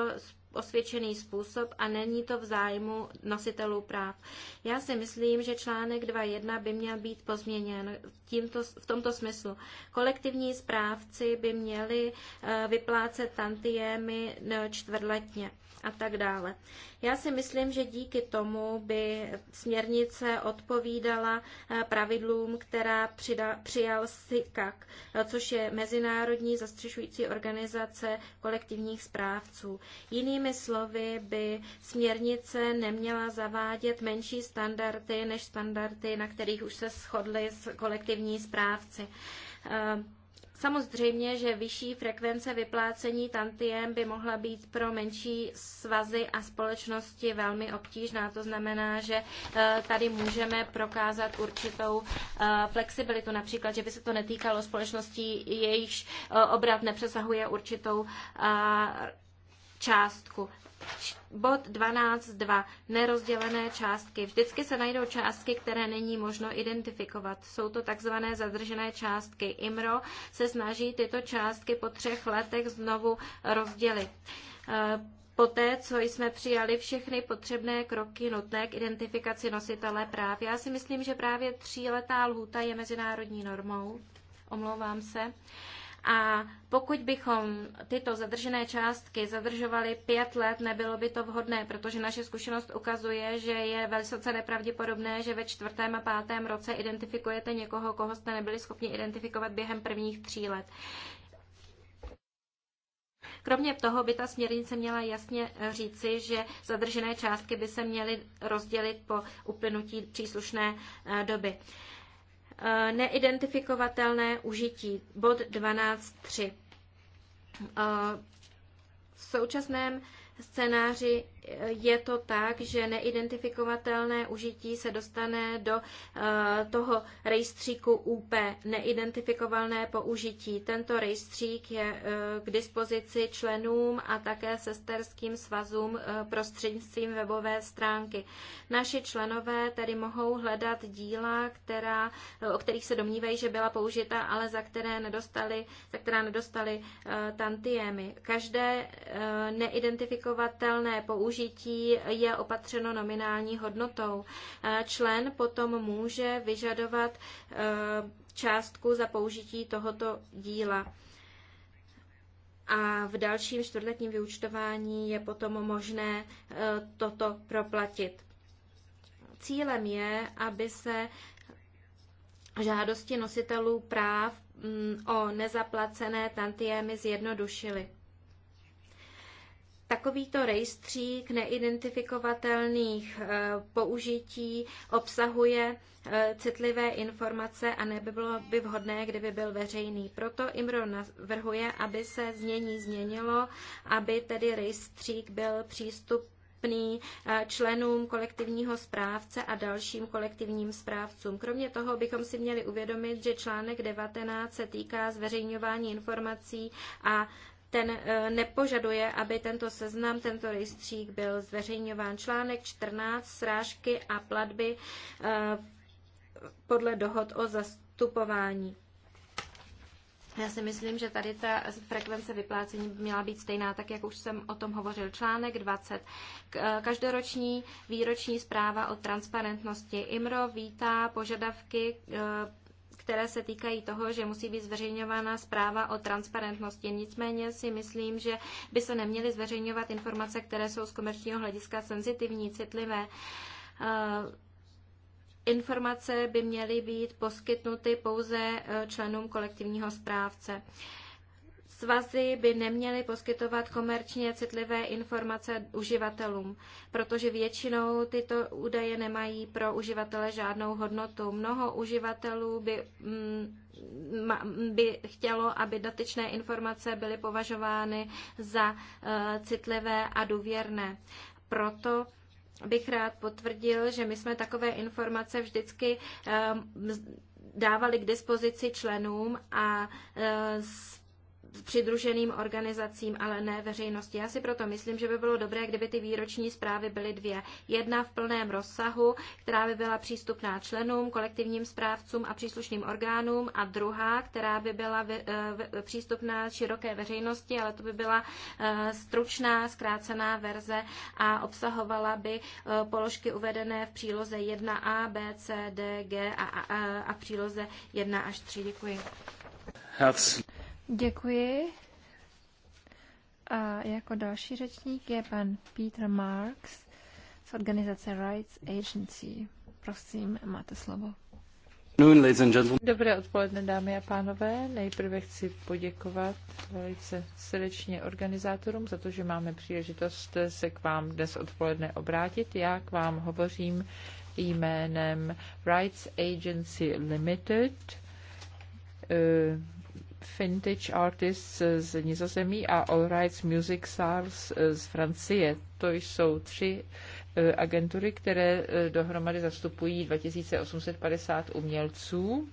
[SPEAKER 3] osvědčený způsob a není to v zájmu nositelů práv. Já si myslím, že článek 2.1 by měl být pozměněn tímto, v tomto smyslu. Kolektivní správci by měli eh, vyplácet tantiemy eh, čtvrtletně a tak dále. Já si myslím, že díky tomu by směrnice odpovídala eh, pravidlům, která přijal SICAC, eh, což je Mezinárodní zastřešující organizace kolektivních správců. Jinými slovy by směrnice neměla zavádět menší standardy než standardy, na kterých už se shodli kolektivní správci eh, Samozřejmě, že vyšší frekvence vyplácení tantiem by mohla být pro menší svazy a společnosti velmi obtížná. To znamená, že eh, tady můžeme prokázat určitou eh, flexibilitu, například, že by se to netýkalo společností, jejichž eh, obrat nepřesahuje určitou částku bod 12.2. Nerozdělené částky. Vždycky se najdou částky, které není možno identifikovat. Jsou to takzvané zadržené částky. IMRO se snaží tyto částky po třech letech znovu rozdělit. Eh, poté, co jsme přijali všechny potřebné kroky nutné k identifikaci nositele práv, já si myslím, že právě tříletá lhůta je mezinárodní normou. Omlouvám se. Uh, a pokud bychom tyto zadržené částky zadržovali pět let, nebylo by to vhodné, protože naše zkušenost ukazuje, že je velice nepravděpodobné, že ve čtvrtém a pátém roce identifikujete někoho, koho jste nebyli schopni identifikovat během prvních tří let. Kromě toho by ta směrnice měla jasně říci, že zadržené částky by se měly rozdělit po uplynutí příslušné eh, doby. Eh, neidentifikovatelné užití, bod 12.3. Eh, v současném scénáři je to tak, že neidentifikovatelné užití se dostane do eh, toho rejstříku UP, neidentifikovalné použití. Tento rejstřík je eh, k dispozici členům a také sesterským svazům eh, prostřednictvím webové stránky. Naši členové tedy mohou hledat díla, která, o kterých se domnívají, že byla použita, ale za, které nedostali, za která nedostali tantiemy. Každé neidentifikovatelné použití použití je opatřeno nominální hodnotou. Eh, člen potom může vyžadovat eh, částku za použití tohoto díla. A v dalším čtvrtletním vyučtování je potom možné eh, toto proplatit. Cílem je, aby se žádosti nositelů práv mm, o nezaplacené tantiemy zjednodušily. Takovýto rejstřík neidentifikovatelných eh, použití obsahuje eh, citlivé informace a nebylo by vhodné, kdyby byl veřejný. Proto IMRO navrhuje, aby se znění změnilo, aby tedy rejstřík byl přístup eh, členům kolektivního správce a dalším kolektivním správcům. Kromě toho bychom si měli uvědomit, že článek 19 se týká zveřejňování informací a ten eh, nepožaduje, aby tento seznam, tento rejstřík byl zveřejňován. Článek 14, srážky a platby eh, podle dohod o zastupování. Já si myslím, že tady ta frekvence vyplácení by měla být stejná, tak jak už jsem o tom hovořil. Článek 20. Eh, každoroční výroční zpráva o transparentnosti. IMRO vítá požadavky které se týkají toho, že musí být zveřejňována zpráva o transparentnosti. Nicméně si myslím, že by se neměly zveřejňovat informace, které jsou z komerčního hlediska senzitivní, citlivé. Eh, informace by měly být poskytnuty pouze eh, členům kolektivního správce. Svazy by neměly poskytovat komerčně citlivé informace uživatelům, protože většinou tyto údaje nemají pro uživatele žádnou hodnotu. Mnoho uživatelů by, mm, by chtělo, aby dotyčné informace byly považovány za e, citlivé a důvěrné. Proto bych rád potvrdil, že my jsme takové informace vždycky e, dávali k dispozici členům a e, s přidruženým organizacím, ale ne veřejnosti. Já si proto myslím, že by bylo dobré, kdyby ty výroční zprávy byly dvě. Jedna v plném rozsahu, která by byla přístupná členům, kolektivním správcům a příslušným orgánům a druhá, která by byla eh, přístupná široké veřejnosti, ale to by byla eh, stručná, zkrácená verze a obsahovala by eh, položky uvedené v příloze 1a, b, c, d, g a, a, a v příloze
[SPEAKER 2] 1 až 3. Děkuji. Herz. Děkuji. A jako další řečník je pan Peter Marks z organizace Rights Agency. Prosím, máte slovo.
[SPEAKER 1] Dobré odpoledne, dámy a pánové. Nejprve chci poděkovat velice srdečně organizátorům za to, že máme příležitost se k vám dnes odpoledne obrátit. Já k vám hovořím jménem Rights Agency Limited eh, Vintage Artists z Nizozemí a All Rights Music Stars z Francie. To jsou tři e, agentury, které e, dohromady zastupují 2850 umělců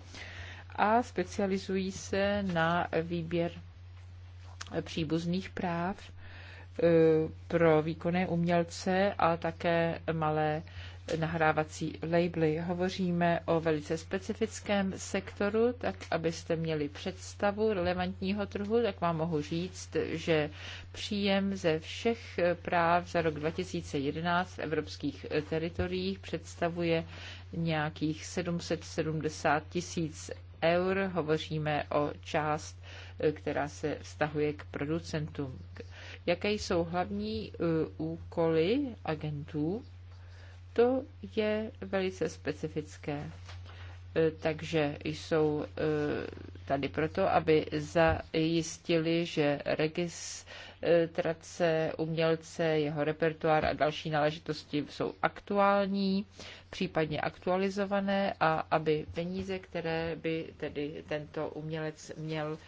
[SPEAKER 1] a specializují se na výběr e, příbuzných práv pro výkonné umělce a také malé nahrávací labely. Hovoříme o velice specifickém sektoru, tak abyste měli představu relevantního trhu, tak vám mohu říct, že příjem ze všech práv za rok 2011 v evropských teritoriích představuje nějakých 770 tisíc eur. Hovoříme o část, která se vztahuje k producentům. Jaké jsou hlavní e, úkoly agentů to je velice specifické. E, takže jsou e, tady proto, aby zajistili, že registrace umělce, jeho repertoár a další náležitosti jsou aktuální, případně aktualizované a aby peníze, které by tedy tento umělec měl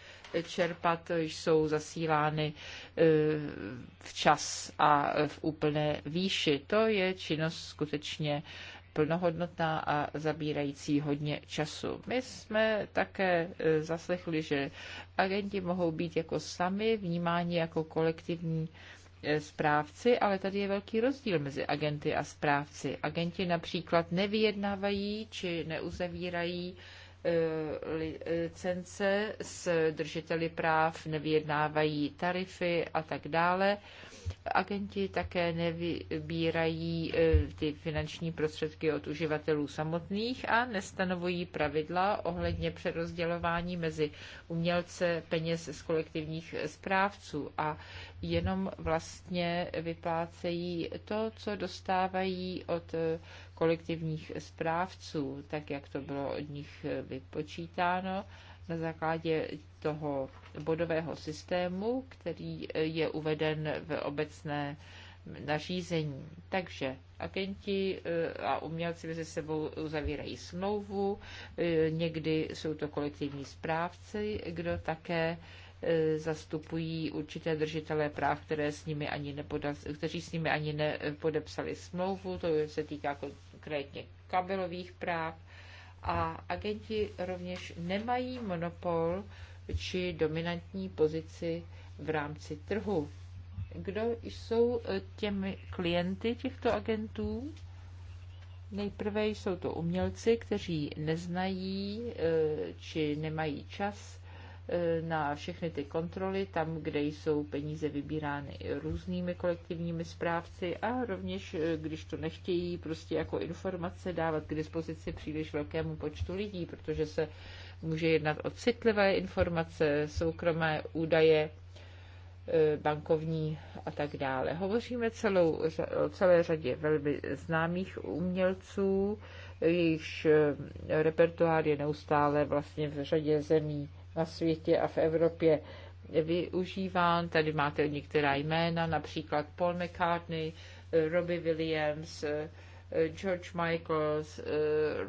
[SPEAKER 1] čerpat, jsou zasílány eh, včas a v úplné výši. To je činnost skutečně plnohodnotná a zabírající hodně času. My jsme také eh, zaslechli, že agenti mohou být jako sami vnímáni jako kolektivní eh, správci, ale tady je velký rozdíl mezi agenty a správci. Agenti například nevyjednávají či neuzavírají Eh, licence s držiteli práv, nevyjednávají tarify a tak dále. Agenti také nevybírají e, ty finanční prostředky od uživatelů samotných a nestanovují pravidla ohledně přerozdělování mezi umělce peněz z kolektivních správců a jenom vlastně vyplácejí to, co dostávají od e, kolektivních správců, tak jak to bylo od nich e, vypočítáno na základě toho bodového systému, který je uveden v obecné nařízení. Takže agenti eh, a umělci mezi sebou uzavírají smlouvu, eh, někdy jsou to kolektivní správci, kdo také eh, zastupují určité držitelé práv, které s nimi ani nepodaz, kteří s nimi ani nepodepsali smlouvu, to se týká konkrétně kabelových práv a agenti rovněž nemají monopol či dominantní pozici v rámci trhu. Kdo jsou e, těmi klienty těchto agentů? Nejprve jsou to umělci, kteří neznají e, či nemají čas Eh, na všechny ty kontroly, tam, kde jsou peníze vybírány různými kolektivními zprávci a rovněž, eh, když to nechtějí, prostě jako informace dávat k dispozici příliš velkému počtu lidí, protože se může jednat o citlivé informace, soukromé údaje, eh, bankovní a tak dále. Hovoříme celou, o celé řadě velmi známých umělců, jejichž repertoár je neustále vlastně v řadě zemí na světě a v Evropě využíván. Tady máte některá jména, například Paul McCartney, Robbie Williams, George Michaels,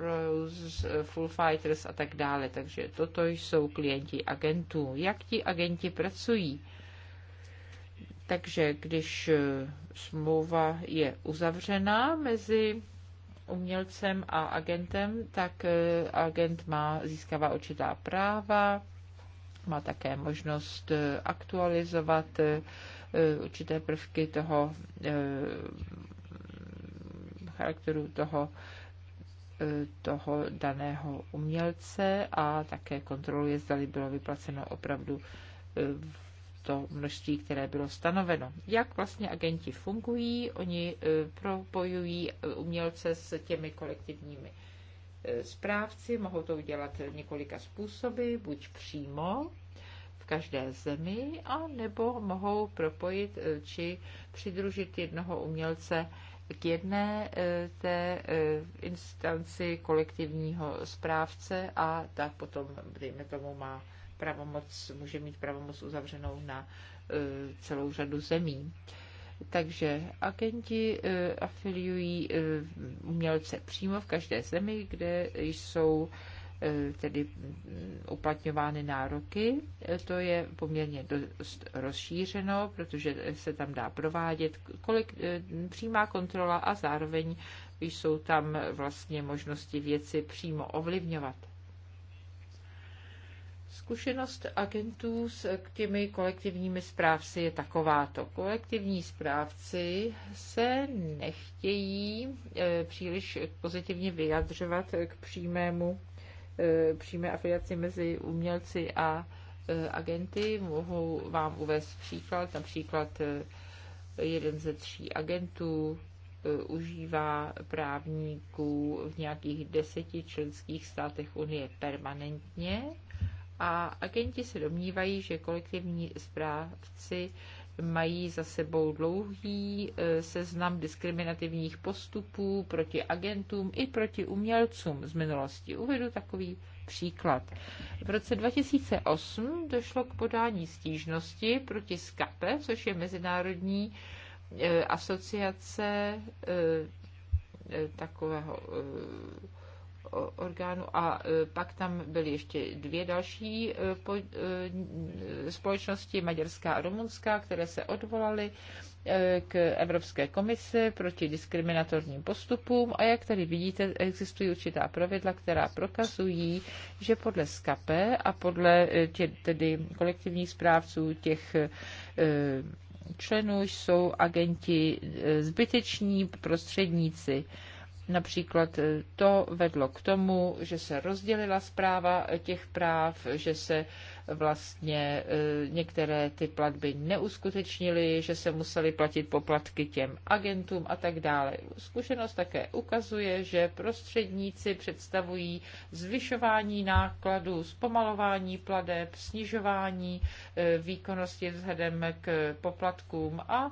[SPEAKER 1] Rose, Full Fighters a tak dále. Takže toto jsou klienti agentů. Jak ti agenti pracují? Takže když smlouva je uzavřená mezi umělcem a agentem, tak agent má, získává určitá práva, má také možnost eh, aktualizovat eh, eh, určité prvky toho charakteru toho toho daného umělce a také kontroluje, zda bylo vyplaceno opravdu to množství, které bylo stanoveno. Jak vlastně agenti fungují? Oni propojují umělce s těmi kolektivními správci, mohou to udělat několika způsoby, buď přímo v každé zemi, a nebo mohou propojit eh, či přidružit jednoho umělce k jedné eh, té eh, instanci kolektivního správce a tak potom, dejme tomu, má pravomoc, může mít pravomoc uzavřenou na celou řadu zemí. Takže agenti eh, afiliují eh, umělce přímo v každé zemi, kde jsou eh, tedy mm, uplatňovány nároky. To je poměrně dost rozšířeno, protože se tam dá provádět kolik, přímá kontrola a zároveň jsou tam vlastně možnosti věci přímo ovlivňovat. Zkušenost agentů s těmi kolektivními správci je takováto. Kolektivní správci se nechtějí e, příliš pozitivně vyjadřovat k přímému, e, přímé afiliaci mezi umělci a e, agenty. Mohou vám uvést příklad, například jeden ze tří agentů užívá právníků v nějakých deseti členských státech Unie permanentně a agenti se domnívají, že kolektivní zprávci mají za sebou dlouhý e, seznam diskriminativních postupů proti agentům i proti umělcům z minulosti. Uvedu takový příklad. V roce 2008 došlo k podání stížnosti proti SCAPE, což je Mezinárodní e, asociace e, takového orgánu a e, pak tam byly ještě dvě další e, e, společnosti, maďarská a rumunská, které se odvolaly k Evropské komisi proti diskriminatorním postupům a jak tady vidíte, existují určitá pravidla, která prokazují, že podle SKAPE a podle tě, tedy kolektivních správců těch členů jsou agenti zbyteční prostředníci Například eh, to vedlo k tomu, že se rozdělila zpráva eh, těch práv, že se eh, vlastně některé ty platby neuskutečnily, že se museli platit poplatky těm agentům a tak dále. Zkušenost také ukazuje, že prostředníci představují zvyšování nákladů, zpomalování pladeb, snižování výkonnosti vzhledem k poplatkům a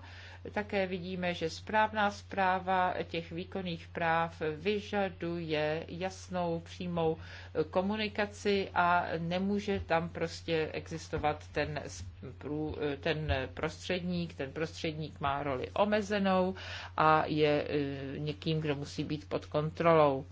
[SPEAKER 1] také vidíme, že správná zpráva těch výkonných práv vyžaduje jasnou přímou komunikaci a nemůže tam prostě existovat ten, ten prostředník. Ten prostředník má roli omezenou a je e, někým, kdo musí být pod kontrolou.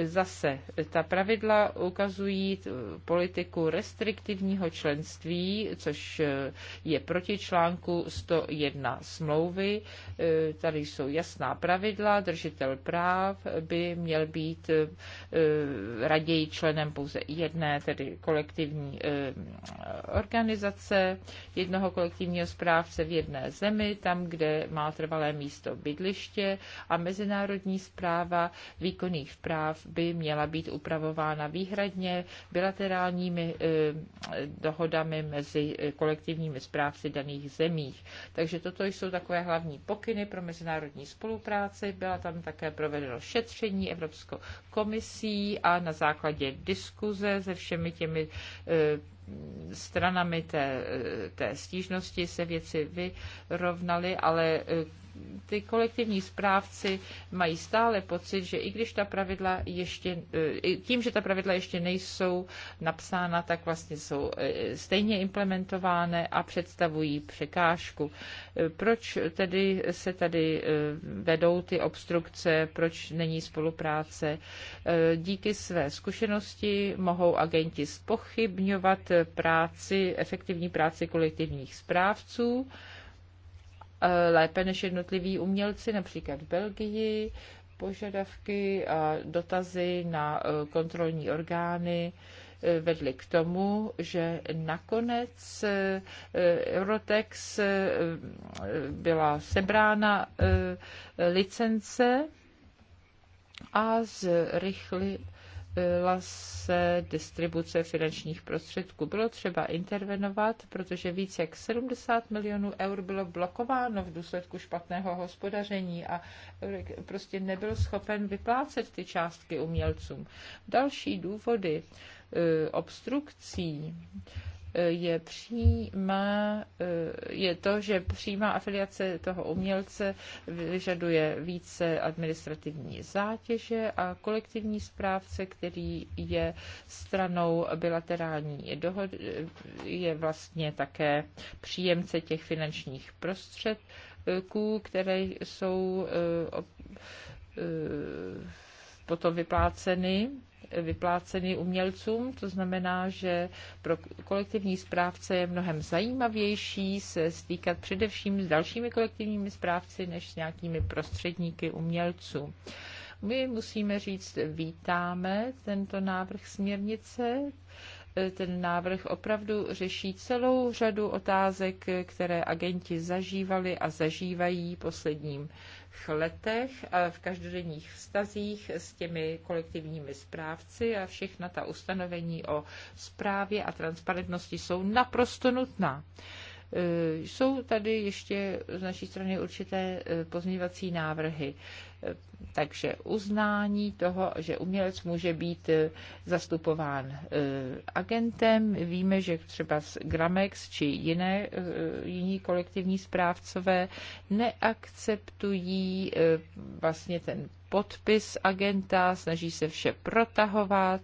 [SPEAKER 1] Zase ta pravidla ukazují politiku restriktivního členství, což e, je proti článku 101 smlouvy. E, tady jsou jasná pravidla, držitel práv by měl být e, raději členem pouze jedné, tedy kolektivní organizace, jednoho kolektivního správce v jedné zemi, tam, kde má trvalé místo bydliště a mezinárodní zpráva výkonných práv by měla být upravována výhradně bilaterálními eh, dohodami mezi eh, kolektivními zprávci daných zemích. Takže toto jsou takové hlavní pokyny pro mezinárodní spolupráci. Byla tam také provedeno šetření Evropskou komisí a na základě diskuze se všemi těmi eh, stranami té, té stížnosti se věci vyrovnaly, ale ty kolektivní správci mají stále pocit, že i když ta pravidla ještě, eh, tím, že ta pravidla ještě nejsou napsána, tak vlastně jsou eh, stejně implementovány a představují překážku. Eh, proč tedy se tady vedou ty obstrukce, proč není spolupráce? Díky své zkušenosti mohou agenti spochybňovat práci, efektivní práci kolektivních správců, Eh, lépe než jednotliví umělci, například v Belgii, požadavky a dotazy na eh, kontrolní orgány eh, vedly k tomu, že nakonec Eurotex byla sebrána licence a zrychly byla se distribuce finančních prostředků. Bylo třeba intervenovat, protože více jak 70 milionů eur bylo blokováno v důsledku špatného hospodaření a prostě nebyl schopen vyplácet ty částky umělcům. Další důvody e, obstrukcí je přímá, eh, je to, že přímá afiliace toho umělce vyžaduje více administrativní zátěže a kolektivní správce, který je stranou bilaterální dohody, je vlastně také příjemce těch finančních prostředků, které jsou eh, eh, potom vypláceny vypláceny umělcům. To znamená, že pro kolektivní správce je mnohem zajímavější se stýkat především s dalšími kolektivními správci než s nějakými prostředníky umělců. My musíme říct, vítáme tento návrh směrnice. Ten návrh opravdu řeší celou řadu otázek, které agenti zažívali a zažívají posledním letech v každodenních vztazích s těmi kolektivními správci a všechna ta ustanovení o správě a transparentnosti jsou naprosto nutná. E, jsou tady ještě z naší strany určité e, pozměňovací návrhy. Takže uznání toho, že umělec může být eh, zastupován eh, agentem. Víme, že třeba Gramex či jiné, eh, jiní kolektivní správcové neakceptují vlastně ten podpis agenta, snaží se vše protahovat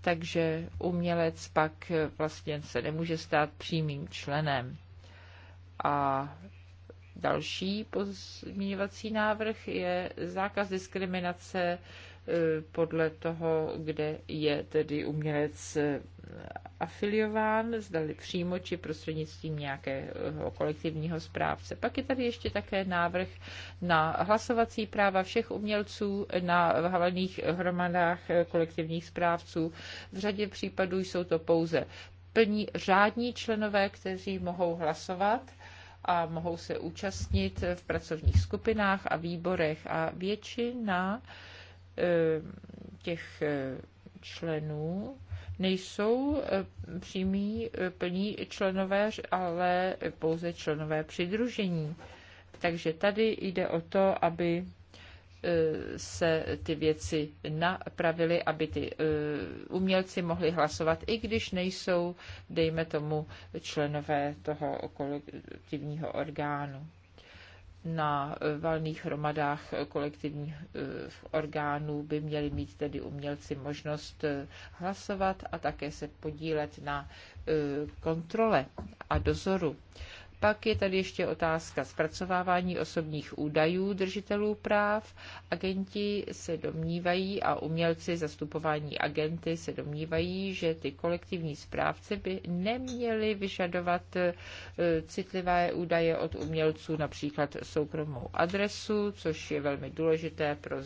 [SPEAKER 1] takže umělec pak vlastně se nemůže stát přímým členem. A Další pozměňovací návrh je zákaz diskriminace e, podle toho, kde je tedy umělec e, afiliován, zdali přímo či prostřednictvím nějakého kolektivního správce. Pak je tady ještě také návrh na hlasovací práva všech umělců na valných hromadách kolektivních správců. V řadě případů jsou to pouze plní řádní členové, kteří mohou hlasovat a mohou se účastnit v pracovních skupinách a výborech. A většina eh, těch eh, členů nejsou eh, přímí plní členové, ale pouze členové přidružení. Takže tady jde o to, aby se ty věci napravily, aby ty eh, umělci mohli hlasovat, i když nejsou, dejme tomu, členové toho kolektivního orgánu na eh, valných hromadách kolektivních eh, orgánů by měli mít tedy umělci možnost hlasovat a také se podílet na kontrole a dozoru. Pak je tady ještě otázka zpracovávání osobních údajů držitelů práv. Agenti se domnívají a umělci zastupování agenty se domnívají, že ty kolektivní zprávce by neměli vyžadovat eh, citlivé údaje od umělců, například soukromou adresu, což je velmi důležité pro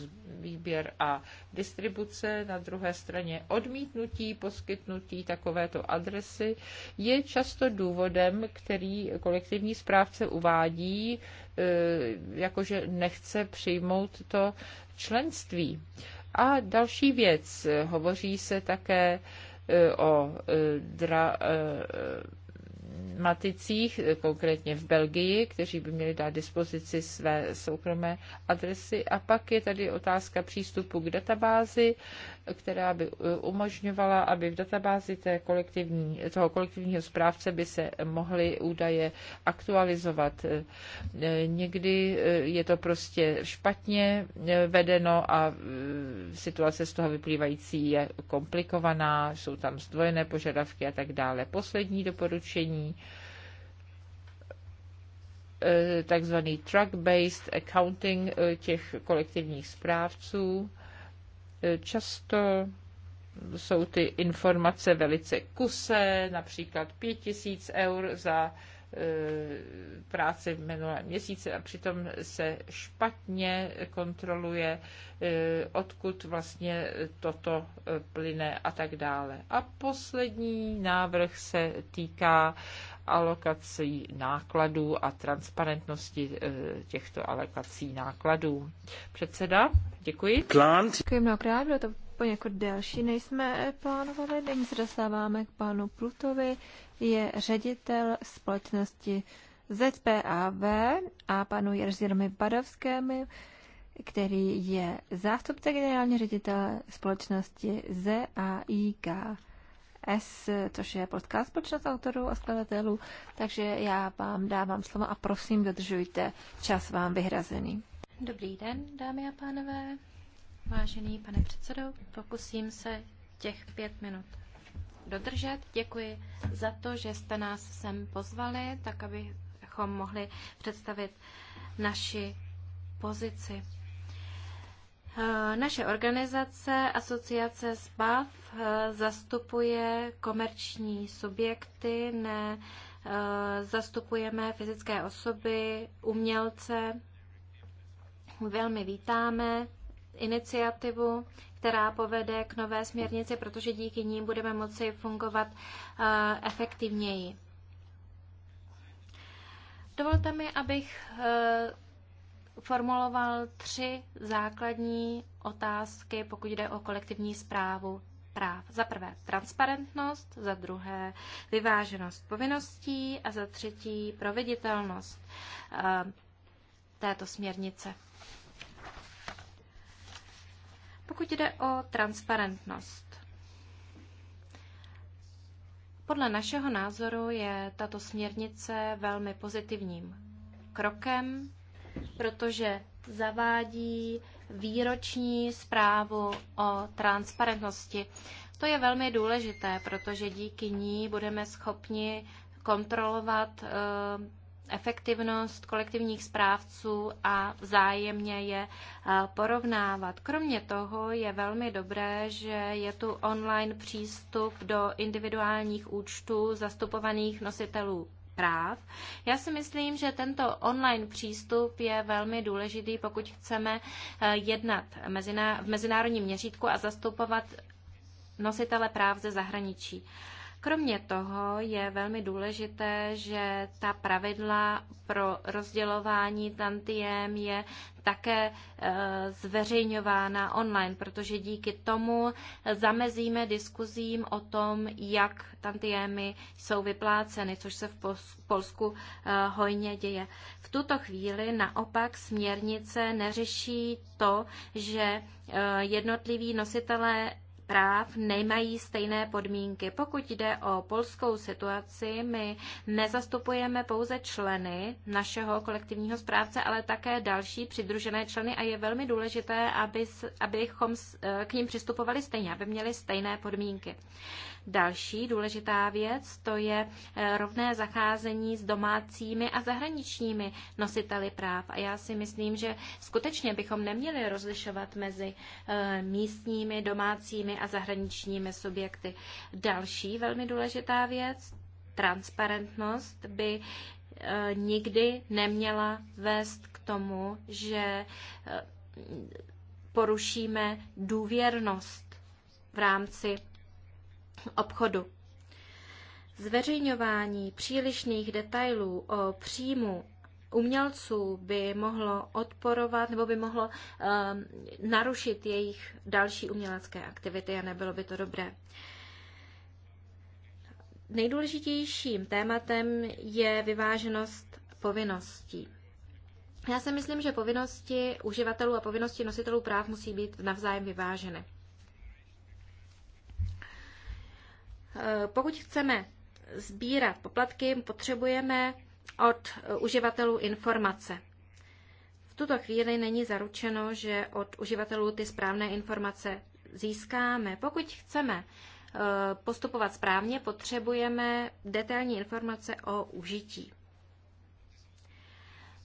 [SPEAKER 1] výběr a distribuce, na druhé straně odmítnutí poskytnutí takovéto adresy je často důvodem, který kolektivní správce uvádí, eh, jakože nechce přijmout to členství. A další věc, hovoří se také eh, o eh, dra, maticích, konkrétně v Belgii, kteří by měli dát dispozici své soukromé adresy. A pak je tady otázka přístupu k databázi, která by eh, umožňovala, aby v databázi té kolektivní, toho kolektivního správce by se mohly údaje aktualizovat. Eh, někdy eh, je to prostě špatně vedeno a situace z toho vyplývající je komplikovaná, jsou tam zdvojené požadavky a tak dále. Poslední doporučení takzvaný track-based accounting těch kolektivních správců Často jsou ty informace velice kusé, například 5000 eur za eh, práci v minulém měsíce a přitom se špatně kontroluje, eh, odkud vlastně toto eh, plyne a tak dále. A poslední návrh se týká alokací nákladů a transparentnosti eh, těchto alokací nákladů. Předseda, děkuji. Plant.
[SPEAKER 2] Děkuji mnohokrát, bylo to poněkud delší, než jsme plánovali. Nyní se dostáváme k panu Plutovi, je ředitel společnosti ZPAV a panu Jerzíromi Badovskému, který je zástupce generálního ředitele společnosti ZAIK. S, což je podcast počnat autorů a skladatelů. Takže já vám dávám slovo a prosím, dodržujte čas vám vyhrazený.
[SPEAKER 3] Dobrý den, dámy a pánové. Vážený pane předsedo, pokusím se těch pět minut dodržet. Děkuji za to, že jste nás sem pozvali, tak abychom mohli představit naši pozici. Eh, naše organizace Asociace SPAV eh, zastupuje komerční subjekty, ne eh, zastupujeme fyzické osoby, umělce. Velmi vítáme iniciativu, která povede k nové směrnici, protože díky ní budeme moci fungovat efektivněji. Dovolte mi, abych formuloval tři základní otázky, pokud jde o kolektivní zprávu práv. Za prvé transparentnost, za druhé vyváženost povinností a za třetí proveditelnost eh, této směrnice. Pokud jde o transparentnost, podle našeho názoru je tato směrnice velmi pozitivním krokem protože zavádí výroční zprávu o transparentnosti. To je velmi důležité, protože díky ní budeme schopni kontrolovat eh, efektivnost kolektivních správců a vzájemně je eh, porovnávat. Kromě toho je velmi dobré, že je tu online přístup do individuálních účtů zastupovaných nositelů práv. Já si myslím, že tento online přístup je velmi důležitý, pokud chceme eh, jednat v mezinárodním měřítku a zastupovat nositele práv ze zahraničí. Kromě toho je velmi důležité, že ta pravidla pro rozdělování tantiem je také e, zveřejňována online, protože díky tomu zamezíme diskuzím o tom, jak tantiemy jsou vypláceny, což se v Polsku e, hojně děje. V tuto chvíli naopak směrnice neřeší to, že e, jednotliví nositelé práv nemají stejné podmínky. Pokud jde o polskou situaci, my nezastupujeme pouze členy našeho kolektivního správce, ale také další přidružené členy a je velmi důležité, aby, abychom eh, k ním přistupovali stejně, aby měli stejné podmínky. Další důležitá věc to je eh, rovné zacházení s domácími a zahraničními nositeli práv. A já si myslím, že skutečně bychom neměli rozlišovat mezi eh, místními, domácími a zahraničními subjekty. Další velmi důležitá věc, transparentnost by eh, nikdy neměla vést k tomu, že porušíme důvěrnost v rámci obchodu. Zveřejňování přílišných detailů o příjmu umělců by mohlo odporovat nebo by mohlo um, narušit jejich další umělecké aktivity a nebylo by to dobré. Nejdůležitějším tématem je vyváženost povinností. Já si myslím, že povinnosti uživatelů a povinnosti nositelů práv musí být navzájem vyváženy. Eh, pokud chceme sbírat poplatky, potřebujeme od uživatelů informace. V tuto chvíli není zaručeno, že od uživatelů ty správné informace získáme. Pokud chceme eh, postupovat správně, potřebujeme detailní informace o užití.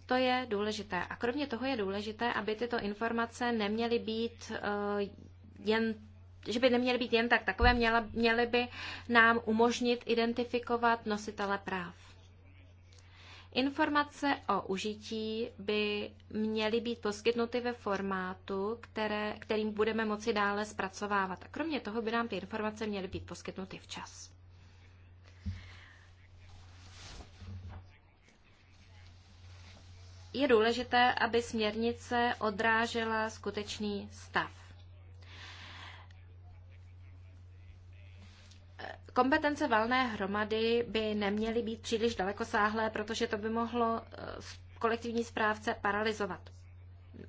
[SPEAKER 3] To je důležité. A kromě toho je důležité, aby tyto informace neměly být eh, jen že by neměly být jen tak takové, měla, měly by nám umožnit identifikovat nositele práv. Informace o užití by měly být poskytnuty ve formátu, které, kterým budeme moci dále zpracovávat. A kromě toho by nám ty informace měly být poskytnuty včas. Je důležité, aby směrnice odrážela skutečný stav. kompetence valné hromady by neměly být příliš dalekosáhlé, protože to by mohlo eh, kolektivní správce paralizovat.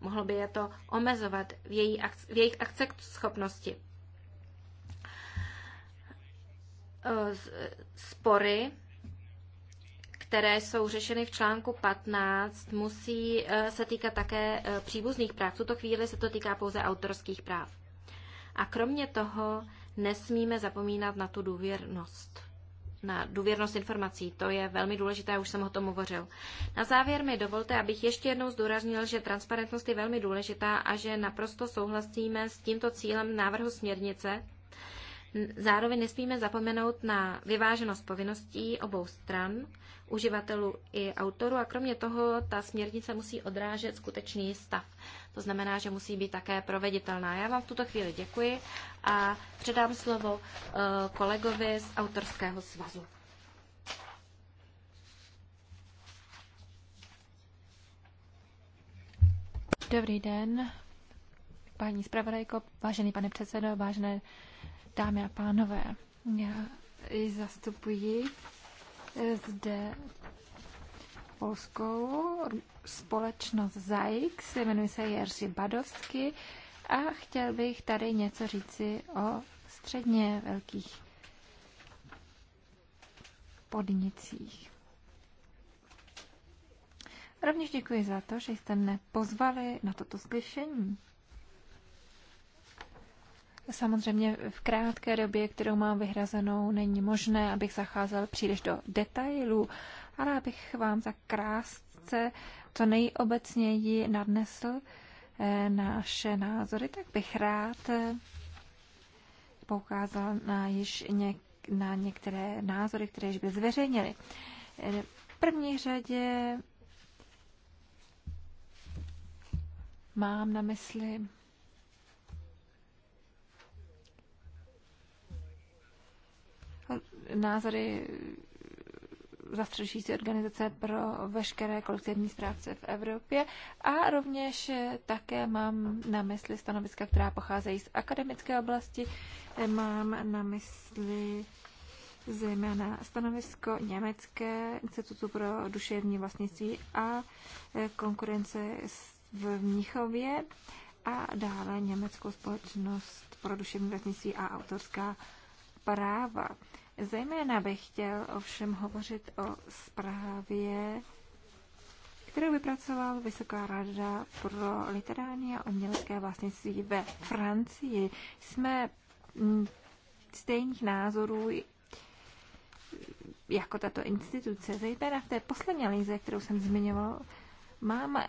[SPEAKER 3] Mohlo by je to omezovat v, její, v jejich schopnosti. Eh, spory, které jsou řešeny v článku 15, musí eh, se týkat také příbuzných práv. V tuto chvíli se to týká pouze autorských práv. A kromě toho nesmíme zapomínat na tu důvěrnost na důvěrnost informací. To je velmi důležité, už jsem o tom hovořil. Na závěr mi dovolte, abych ještě jednou zdůraznil, že transparentnost je velmi důležitá a že naprosto souhlasíme s tímto cílem návrhu směrnice, Zároveň nesmíme zapomenout na vyváženost povinností obou stran, uživatelů i autorů a kromě toho ta směrnice musí odrážet skutečný stav. To znamená, že musí být také proveditelná. Já vám v tuto chvíli děkuji a předám slovo eh,
[SPEAKER 2] kolegovi z autorského svazu. Dobrý den, paní zpravodajko, vážený pane předsedo, vážené Dámy a pánové, já zastupuji eh, zde polskou společnost ZAIX, jmenuji se Jerzy Badovsky a chtěl bych tady něco říci o středně velkých podnicích. Rovněž děkuji za to, že jste mne pozvali na toto slyšení. Samozřejmě v krátké době, kterou mám vyhrazenou, není možné, abych zacházel příliš do detailů, ale abych vám za krásce co nejobecněji nadnesl eh, naše názory, tak bych rád eh, poukázal na, již něk- na některé názory, které již byly zveřejněny. Eh, v první řadě mám na mysli názory zastřešující organizace pro veškeré kolektivní správce v Evropě a rovněž také mám na mysli stanoviska, která pocházejí z akademické oblasti. Mám na mysli zejména stanovisko Německé institutu pro duševní vlastnictví a konkurence v Mnichově a dále Německou společnost pro duševní vlastnictví a autorská práva. Zejména bych chtěl ovšem hovořit o zprávě, kterou vypracoval Vysoká rada pro literární a umělecké vlastnictví ve Francii. Jsme mm, stejných názorů jako tato instituce, zejména v té poslední lize, kterou jsem zmiňoval, mám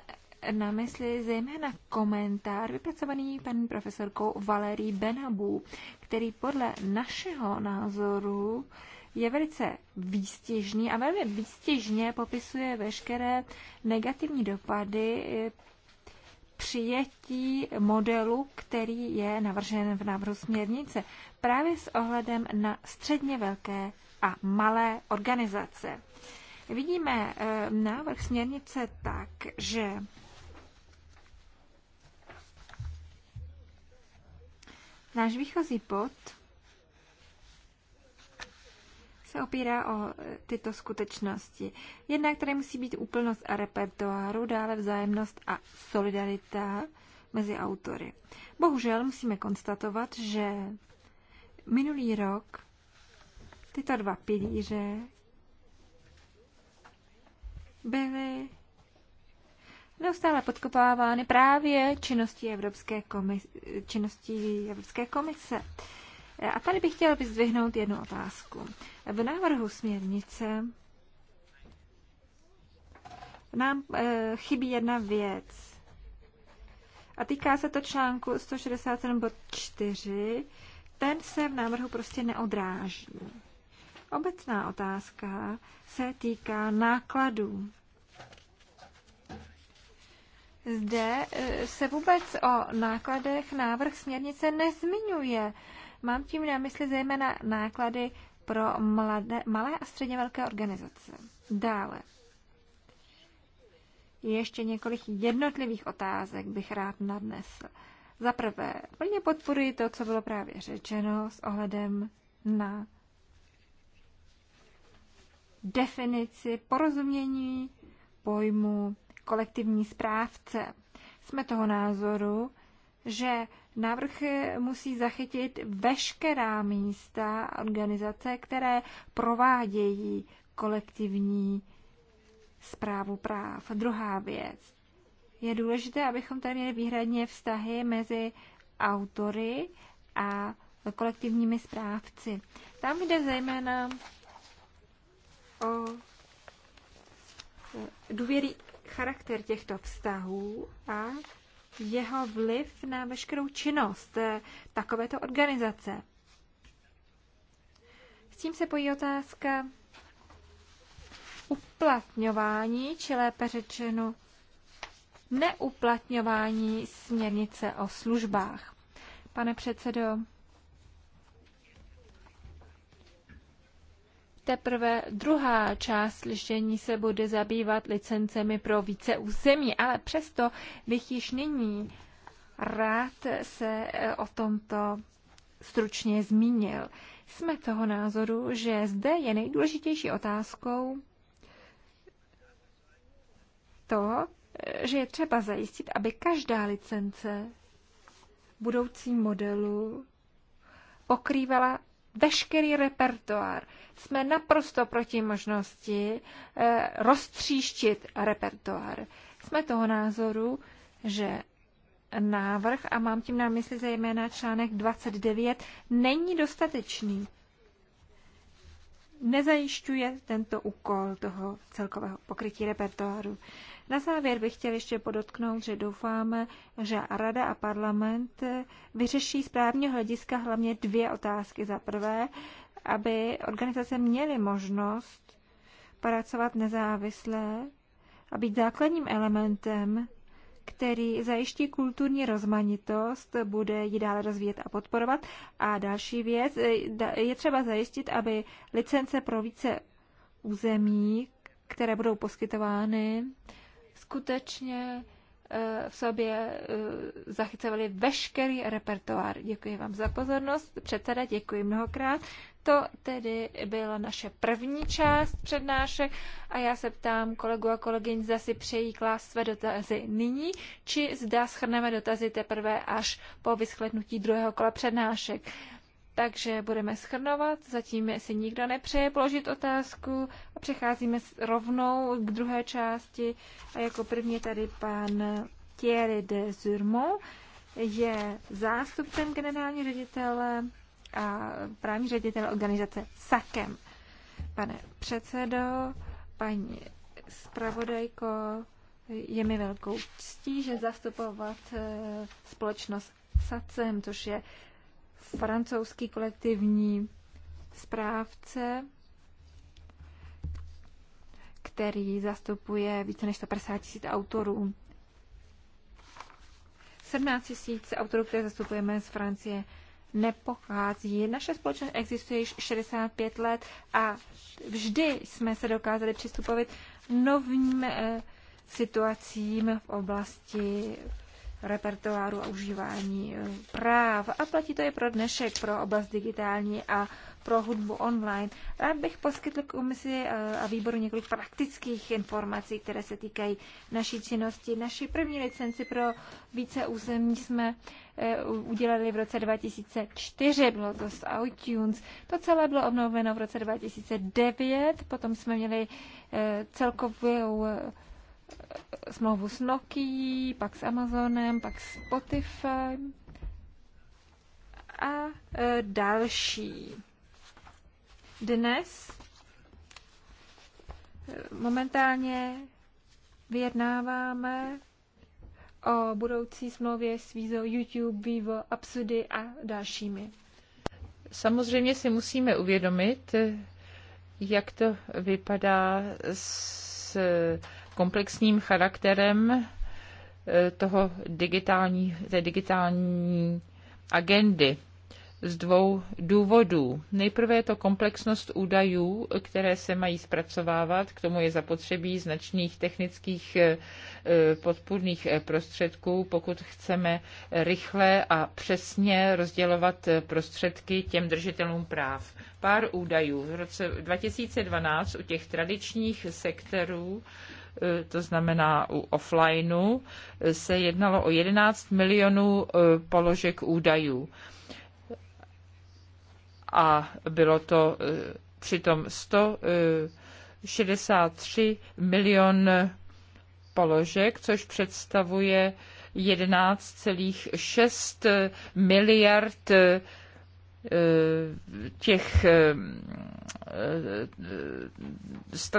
[SPEAKER 2] na mysli zejména komentár vypracovaný paní profesorkou Valerí Benabů, který podle našeho názoru je velice výstěžný a velmi výstěžně popisuje veškeré negativní dopady eh, přijetí modelu, který je navržen v návrhu směrnice, právě s ohledem na středně velké a malé organizace. Vidíme eh, návrh směrnice tak, že Náš výchozí bod se opírá o e, tyto skutečnosti. Jedna, které musí být úplnost a repertoáru, dále vzájemnost a solidarita mezi autory. Bohužel musíme konstatovat, že minulý rok tyto dva pilíře byly neustále podkopávány právě činnosti Evropské komise. činnosti Evropské komise. A tady bych chtěla vyzdvihnout jednu otázku. V návrhu směrnice nám e, chybí jedna věc. A týká se to článku 167.4. Ten se v návrhu prostě neodráží. Obecná otázka se týká nákladů zde eh, se vůbec o nákladech návrh směrnice nezmiňuje. Mám tím na mysli zejména náklady pro mladé, malé a středně velké organizace. Dále. Ještě několik jednotlivých otázek bych rád nadnesl. Za prvé, plně podporuji to, co bylo právě řečeno s ohledem na definici porozumění pojmu kolektivní správce. Jsme toho názoru, že návrh musí zachytit veškerá místa organizace, které provádějí kolektivní zprávu práv. Druhá věc. Je důležité, abychom tady měli výhradně vztahy mezi autory a kolektivními správci. Tam jde zejména o eh, důvěry, charakter těchto vztahů a jeho vliv na veškerou činnost eh, takovéto organizace. S tím se pojí otázka uplatňování, či lépe řečeno neuplatňování směrnice o službách. Pane předsedo, Teprve druhá část slyšení se bude zabývat licencemi pro více území, ale přesto bych již nyní rád se eh, o tomto stručně zmínil. Jsme toho názoru, že zde je nejdůležitější otázkou to, eh, že je třeba zajistit, aby každá licence budoucím modelu pokrývala veškerý repertoár. Jsme naprosto proti možnosti eh, roztříštit repertoár. Jsme toho názoru, že návrh, a mám tím na mysli zejména článek 29, není dostatečný. Nezajišťuje tento úkol toho celkového pokrytí repertoáru. Na závěr bych chtěl ještě podotknout, že doufáme, že Rada a parlament vyřeší z právního hlediska hlavně dvě otázky. Za prvé, aby organizace měly možnost pracovat nezávisle a být základním elementem, který zajiští kulturní rozmanitost, bude ji dále rozvíjet a podporovat. A další věc, je třeba zajistit, aby licence pro více území, které budou poskytovány, skutečně eh, v sobě eh, zachycovali veškerý repertoár. Děkuji vám za pozornost. Předseda, děkuji mnohokrát. To tedy byla naše první část přednášek a já se ptám kolegu a kolegyň, zda si přejí klást své dotazy nyní, či zda schrneme dotazy teprve až po vyschlednutí druhého kola přednášek. Takže budeme schrnovat, zatím si nikdo nepřeje položit otázku a přecházíme rovnou k druhé části. A jako první tady pan Thierry de Zurmo je zástupcem generální ředitele a právní ředitel organizace SAKEM. Pane předsedo, paní zpravodajko, je mi velkou ctí, že zastupovat eh, společnost SACEM, což je francouzský kolektivní správce, který zastupuje více než 150 tisíc autorů. 17 tisíc autorů, které zastupujeme z Francie, nepochází. Naše společnost existuje již 65 let a vždy jsme se dokázali přistupovat novým eh, situacím v oblasti repertoáru a užívání eh, práv. A platí to i pro dnešek, pro oblast digitální a pro hudbu online. Rád bych poskytl komisi eh, a výboru několik praktických informací, které se týkají naší činnosti. Naši první licenci pro více území jsme eh, udělali v roce 2004, bylo to z iTunes. To celé bylo obnoveno v roce 2009, potom jsme měli celkovou smlouvu s Nokia, pak s Amazonem, pak s Spotify a e, další. Dnes e, momentálně vyjednáváme o budoucí smlouvě s Vizo, YouTube, Vivo, Absudy a dalšími.
[SPEAKER 1] Samozřejmě si musíme uvědomit, jak to vypadá s komplexním charakterem eh, toho digitální, té digitální agendy z dvou důvodů. Nejprve je to komplexnost údajů, které se mají zpracovávat, k tomu je zapotřebí značných technických eh, eh, podpůrných prostředků, pokud chceme rychle a přesně rozdělovat prostředky těm držitelům práv. Pár údajů. V roce 2012 u těch tradičních sektorů Eh, to znamená u offlineu, se jednalo o 11 milionů eh, položek údajů. A bylo to eh, přitom 163 milion položek, což představuje 11,6 miliard těch,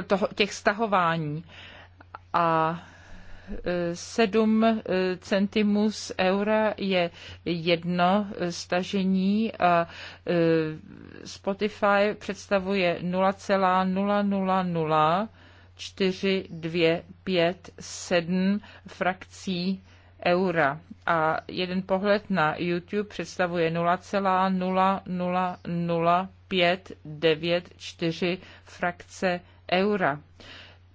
[SPEAKER 1] toho, těch stahování a 7 e, e, centimů z eura je jedno stažení a e, Spotify představuje 0,0004257 frakcí eura a jeden pohled na YouTube představuje 0,0005994 frakce eura.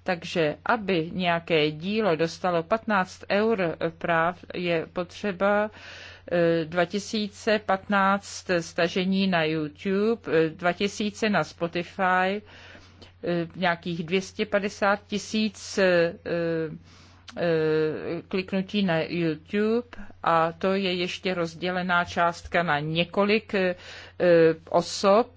[SPEAKER 1] Takže aby nějaké dílo dostalo 15 eur práv, je potřeba 2015 eh, stažení na YouTube, 2000 eh, na Spotify, eh, nějakých 250 tisíc kliknutí na YouTube a to je ještě rozdělená částka na několik osob,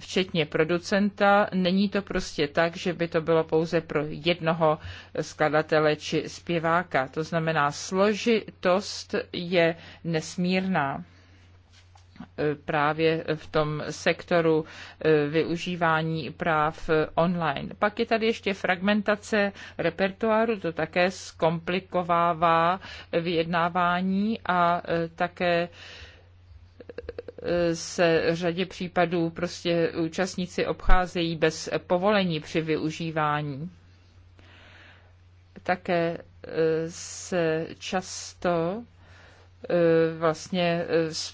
[SPEAKER 1] včetně producenta. Není to prostě tak, že by to bylo pouze pro jednoho skladatele či zpěváka. To znamená, složitost je nesmírná e, právě v tom sektoru e, využívání práv e, online. Pak je tady ještě fragmentace repertoáru, to také zkomplikovává vyjednávání a také se řadě případů prostě účastníci obcházejí bez povolení při využívání. Také eh, se často E, vlastně e,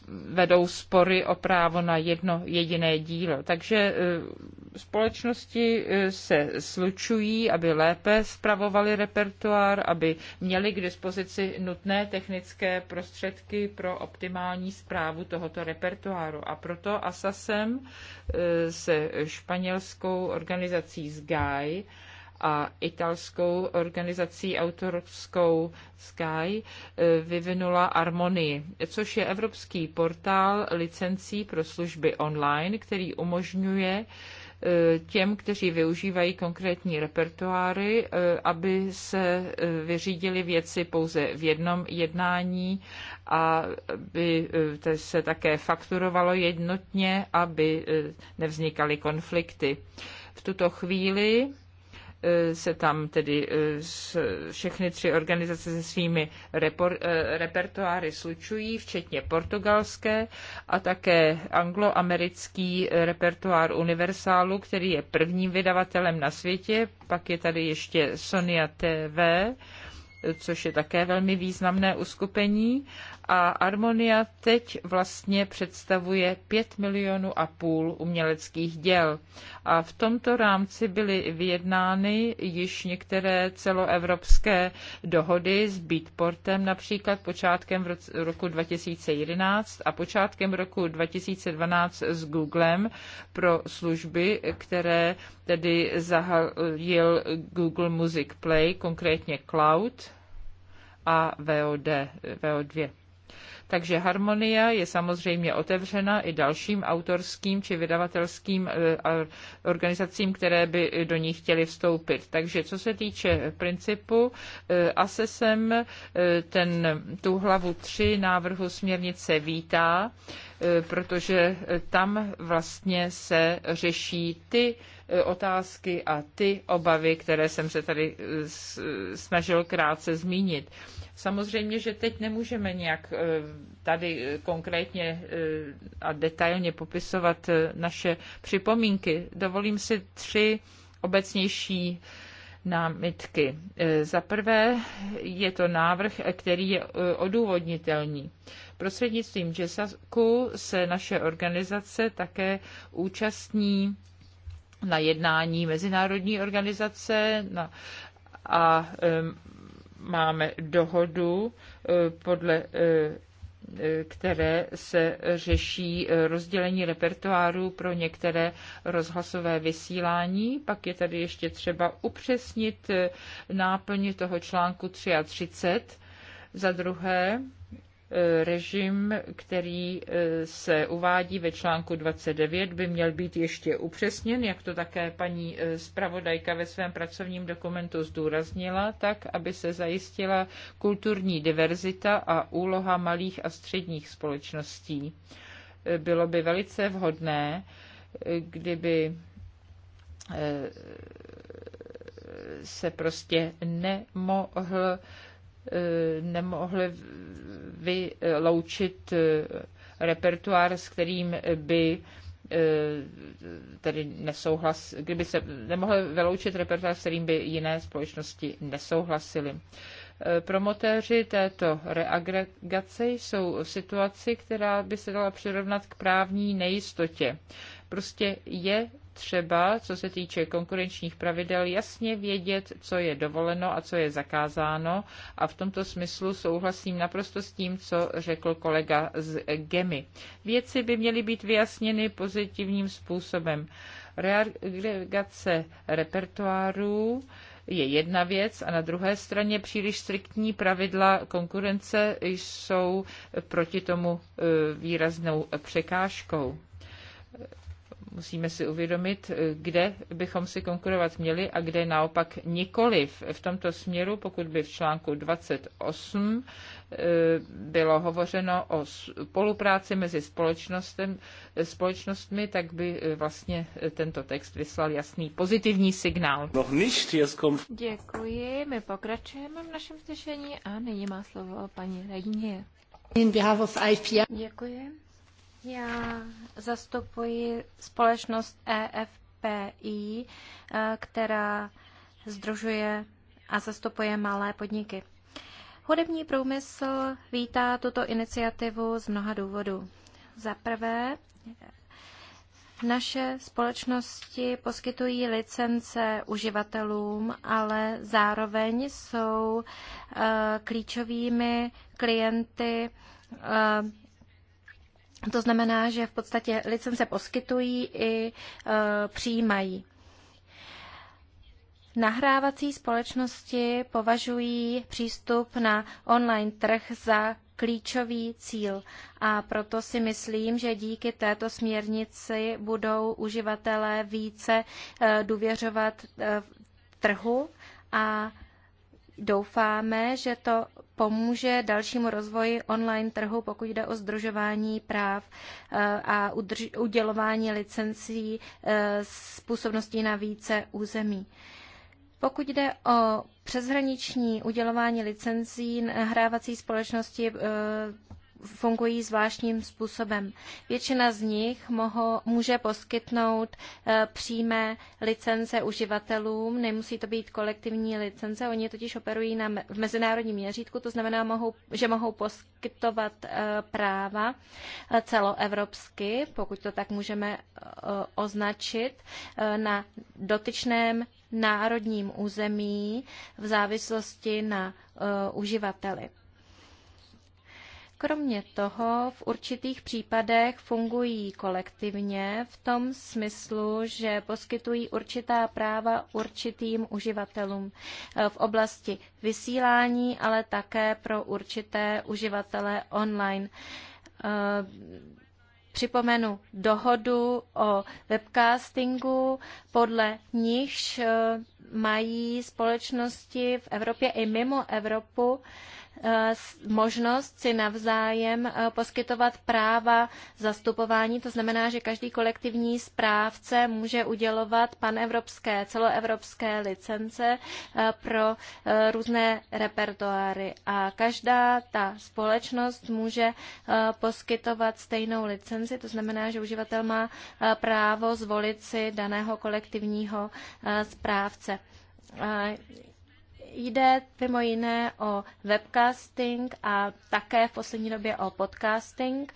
[SPEAKER 1] vedou spory o právo na jedno jediné dílo. Takže e, společnosti se slučují, aby lépe spravovali repertoár, aby měli k dispozici nutné technické prostředky pro optimální zprávu tohoto repertoáru. A proto ASASem se španělskou organizací SGAI a italskou organizací autorskou Sky eh, vyvinula Harmonii, což je evropský portál licencí pro služby online, který umožňuje eh, těm, kteří využívají konkrétní repertoáry, eh, aby se vyřídili věci pouze v jednom jednání, a aby se také fakturovalo jednotně, aby nevznikaly konflikty. V tuto chvíli Eh, se tam tedy eh, všechny tři organizace se svými repor, eh, repertoáry slučují, včetně portugalské a také angloamerický repertoár Universálu, který je prvním vydavatelem na světě. Pak je tady ještě Sonia TV, což je také velmi významné uskupení a Armonia teď vlastně představuje 5 milionů a půl uměleckých děl. A v tomto rámci byly vyjednány již některé celoevropské dohody s Beatportem například počátkem v roku 2011 a počátkem roku 2012 s Googlem pro služby, které tedy zahalil Google Music Play, konkrétně Cloud a VOD, VO2. Takže Harmonia je samozřejmě otevřena i dalším autorským či vydavatelským e, organizacím, které by do ní chtěly vstoupit. Takže co se týče principu, e, ASESem e, ten, tu hlavu 3 návrhu směrnice vítá, protože tam vlastně se řeší ty E, otázky a ty obavy, které jsem se tady e, snažil krátce zmínit. Samozřejmě, že teď nemůžeme nějak e, tady konkrétně a detailně popisovat naše připomínky. Dovolím si tři obecnější námitky. Za prvé je to návrh, který je odůvodnitelný. Prostřednictvím JESAKu se naše organizace také účastní na jednání mezinárodní organizace na, a máme dohodu, eh, podle eh, eh, které se řeší rozdělení repertoáru pro některé rozhlasové vysílání. Pak je tady ještě třeba upřesnit náplně toho článku 33. Za druhé, režim, který e, se uvádí ve článku 29, by měl být ještě upřesněn, jak to také paní e, zpravodajka ve svém pracovním dokumentu zdůraznila, tak, aby se zajistila kulturní diverzita a úloha malých a středních společností. E, bylo by velice vhodné, kdyby se prostě nemohl Eh, nemohli vyloučit eh, repertoár, s kterým by eh, tedy nesouhlas, kdyby se nemohli vyloučit repertoár, s kterým by jiné společnosti nesouhlasily. Promotéři této reagregace jsou v situaci, která by se dala přirovnat k právní nejistotě. Prostě je třeba, co se týče konkurenčních pravidel, jasně vědět, co je dovoleno a co je zakázáno. A v tomto smyslu souhlasím naprosto s tím, co řekl kolega z GEMI. Věci by měly být vyjasněny pozitivním způsobem. Reagace repertoáru je jedna věc a na druhé straně příliš striktní pravidla konkurence jsou proti tomu e, výraznou překážkou musíme si uvědomit, eh, kde bychom si konkurovat měli a kde naopak nikoliv. V tomto směru, pokud by v článku 28 eh, bylo hovořeno o spolupráci mezi eh, společnostmi, tak by vlastně tento text vyslal jasný pozitivní signál.
[SPEAKER 2] Děkuji, my pokračujeme v našem slyšení a nyní má slovo paní radině. Děkuji. Já zastupuji
[SPEAKER 3] společnost EFPI, eh, která združuje a zastupuje malé podniky. Hudební průmysl vítá tuto iniciativu z mnoha důvodů. Za prvé, naše společnosti poskytují licence uživatelům, ale zároveň jsou eh, klíčovými klienty eh, to znamená, že v podstatě licence poskytují i e, přijímají. Nahrávací společnosti považují přístup na online trh za klíčový cíl a proto si myslím, že díky této směrnici budou uživatelé více e, důvěřovat e, trhu a Doufáme, že to pomůže dalšímu rozvoji online trhu, pokud jde o združování práv eh, a udělování licencí eh, s působností na více území. Pokud jde o přeshraniční udělování licencí nahrávací společnosti eh, fungují zvláštním způsobem. Většina z nich moho, může poskytnout eh, přímé licence uživatelům, nemusí to být kolektivní licence, oni totiž operují na, v mezinárodním měřítku, to znamená, mohou, že mohou poskytovat eh, práva eh, celoevropsky, pokud to tak můžeme označit, na dotyčném národním území v závislosti na uživateli. Kromě toho v určitých případech fungují kolektivně v tom smyslu, že poskytují určitá práva určitým uživatelům e, v oblasti vysílání, ale také pro určité uživatele online. E, připomenu dohodu o webcastingu, podle nichž e, mají společnosti v Evropě i mimo Evropu Eh, možnost si navzájem eh, poskytovat práva zastupování. To znamená, že každý kolektivní správce může udělovat panevropské, celoevropské licence eh, pro různé repertoáry. A každá ta společnost může poskytovat stejnou licenci. To znamená, že uživatel má právo zvolit si daného kolektivního správce Jde mimo jiné o webcasting a také v poslední době o podcasting.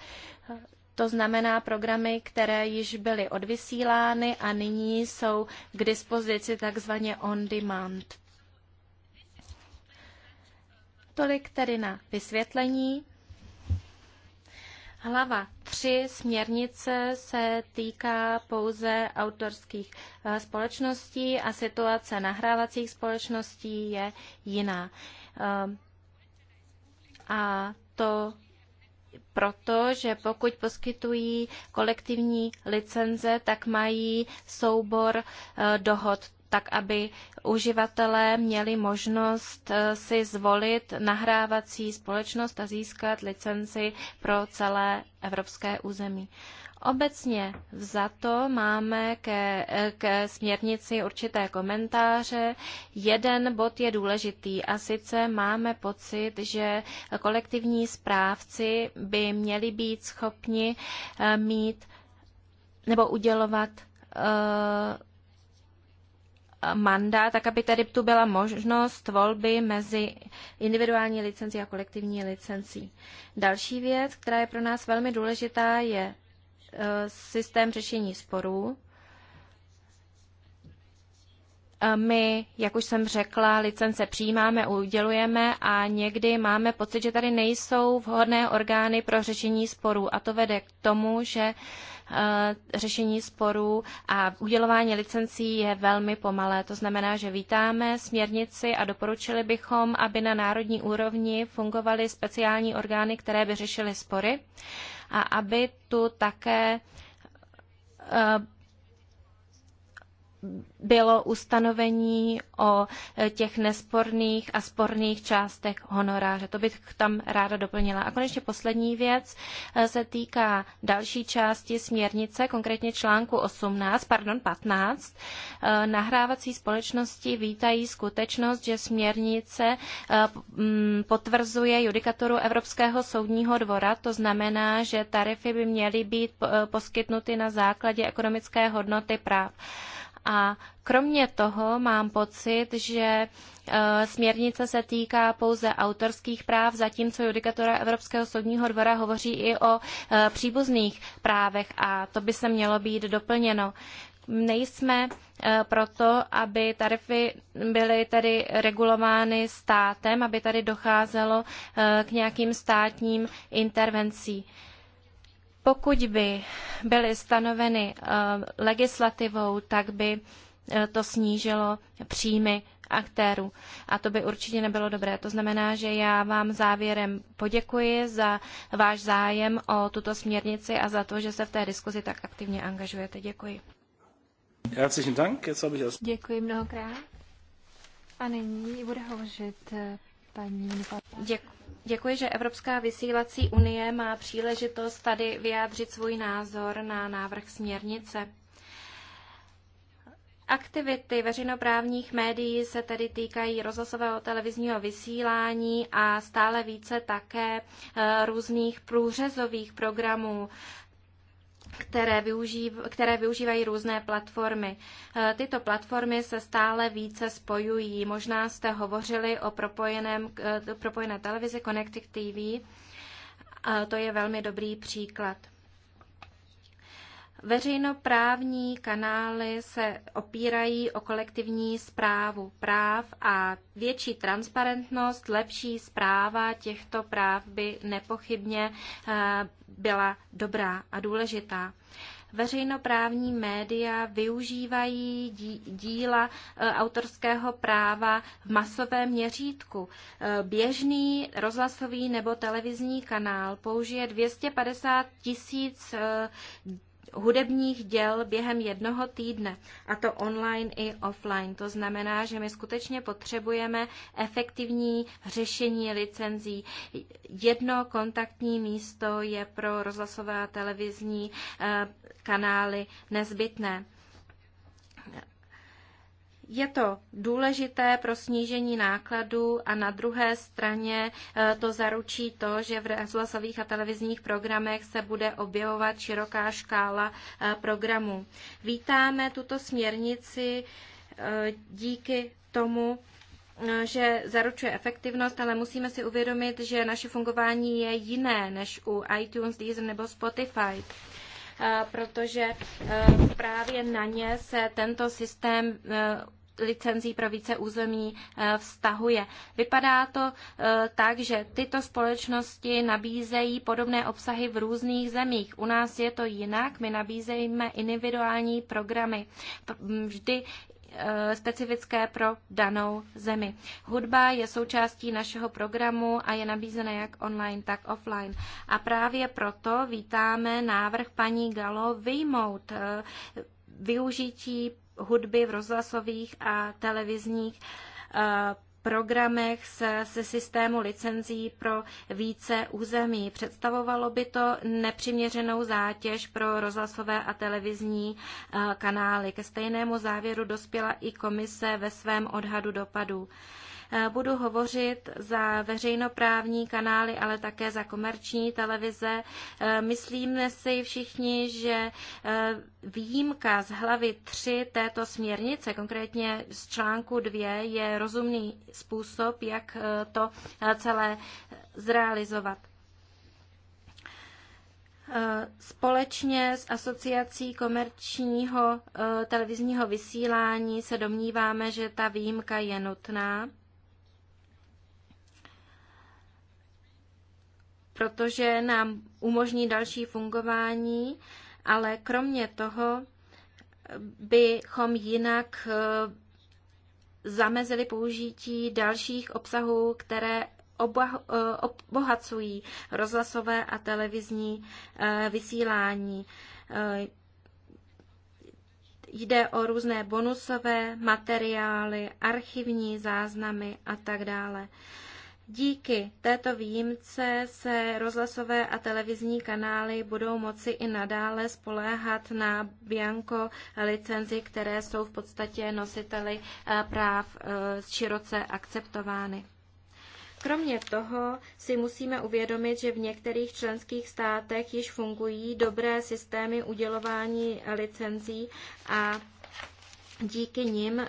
[SPEAKER 3] To znamená programy, které již byly odvysílány a nyní jsou k dispozici takzvaně on demand. Tolik tedy na vysvětlení. Hlava 3 směrnice se týká pouze autorských eh, společností a situace nahrávacích společností je jiná. Eh, a to proto, že pokud poskytují kolektivní licenze, tak mají soubor eh, dohod tak aby uživatelé měli možnost eh, si zvolit nahrávací společnost a získat licenci pro celé evropské území. Obecně to máme ke, eh, ke směrnici určité komentáře. Jeden bod je důležitý a sice máme pocit, že kolektivní správci by měli být schopni eh, mít nebo udělovat mandát, tak aby tady tu byla možnost volby mezi individuální licencí a kolektivní licencí. Další věc, která je pro nás velmi důležitá, je e, systém řešení sporů. E, my, jak už jsem řekla, licence přijímáme, udělujeme a někdy máme pocit, že tady nejsou vhodné orgány pro řešení sporů. A to vede k tomu, že Eh, řešení sporů a udělování licencí je velmi pomalé. To znamená, že vítáme směrnici a doporučili bychom, aby na národní úrovni fungovaly speciální orgány, které by řešily spory a aby tu také eh, bylo ustanovení o e, těch nesporných a sporných částech honoráře. To bych tam ráda doplnila. A konečně poslední věc e, se týká další části směrnice, konkrétně článku 18, pardon 15. E, nahrávací společnosti vítají skutečnost, že směrnice potvrzuje judikaturu Evropského soudního dvora. To znamená, že tarify by měly být poskytnuty na základě ekonomické hodnoty práv. A kromě toho mám pocit, že eh, směrnice se týká pouze autorských práv, zatímco judikatura Evropského soudního dvora hovoří i o eh, příbuzných právech a to by se mělo být doplněno nejsme eh, proto, aby tarify byly tedy regulovány státem, aby tady docházelo k nějakým státním intervencím. Pokud by byly stanoveny eh, legislativou, tak by eh, to snížilo příjmy aktérů. A to by určitě nebylo dobré. To znamená, že já vám závěrem poděkuji za váš zájem o tuto směrnici a za to, že se v té diskuzi tak aktivně angažujete. Děkuji.
[SPEAKER 1] Herzlichen Dank.
[SPEAKER 2] Děkuji mnohokrát. A nyní bude hovořit eh, paní Děkuji. Děkuji, že Evropská vysílací
[SPEAKER 3] unie má příležitost tady vyjádřit svůj názor na návrh směrnice. Aktivity veřejnoprávních médií se tedy týkají rozhlasového televizního vysílání a stále více také eh, různých průřezových programů které, využív, které využívají různé platformy. Eh, tyto platformy se stále více spojují. Možná jste hovořili o propojeném, eh, propojené televizi Connected TV. Eh, to je velmi dobrý příklad. Veřejnoprávní kanály se opírají o kolektivní zprávu práv a větší transparentnost, lepší zpráva těchto práv by nepochybně eh, byla dobrá a důležitá. Veřejnoprávní média využívají díla eh, autorského práva v masovém měřítku. Eh, běžný rozhlasový nebo televizní kanál použije 250 tisíc hudebních děl během jednoho týdne, a to online i offline. To znamená, že my skutečně potřebujeme efektivní řešení licenzí. Jedno kontaktní místo je pro rozhlasové a televizní eh, kanály nezbytné. Je to důležité pro snížení nákladů a na druhé straně eh, to zaručí to, že v rozhlasových a televizních programech se bude objevovat široká škála eh, programů. Vítáme tuto směrnici eh, díky tomu, že zaručuje efektivnost, ale musíme si uvědomit, že naše fungování je jiné než u iTunes, Deezer nebo Spotify protože právě na ně se tento systém licencí pro více území eh, vztahuje. Vypadá to eh, tak, že tyto společnosti nabízejí podobné obsahy v různých zemích. U nás je to jinak, my nabízejíme individuální programy. Vždy eh, specifické pro danou zemi. Hudba je součástí našeho programu a je nabízena jak online, tak offline. A právě proto vítáme návrh paní Galo vyjmout využití hudby v rozhlasových a televizních eh, programech se, se systému licenzí pro více území. Představovalo by to nepřiměřenou zátěž pro rozhlasové a televizní eh, kanály. Ke stejnému závěru dospěla i komise ve svém odhadu dopadů. Budu hovořit za veřejnoprávní kanály, ale také za komerční televize. Eh, myslíme si všichni, že eh, výjimka z hlavy 3 této směrnice, konkrétně z článku 2, je rozumný způsob, jak eh, to celé zrealizovat. Společně s asociací komerčního televizního vysílání se domníváme, že ta výjimka je nutná. protože nám umožní další fungování, ale kromě toho bychom jinak eh, zamezili použití dalších obsahů, které eh, obohacují rozhlasové a televizní eh, vysílání. Jde o různé bonusové materiály, archivní záznamy a tak dále. Díky této výjimce se rozhlasové a televizní kanály budou moci i nadále spoléhat na bianco licenci, které jsou v podstatě nositeli eh, práv eh, široce akceptovány. Kromě toho si musíme uvědomit, že v některých členských státech již fungují dobré systémy udělování licencí a díky nim eh,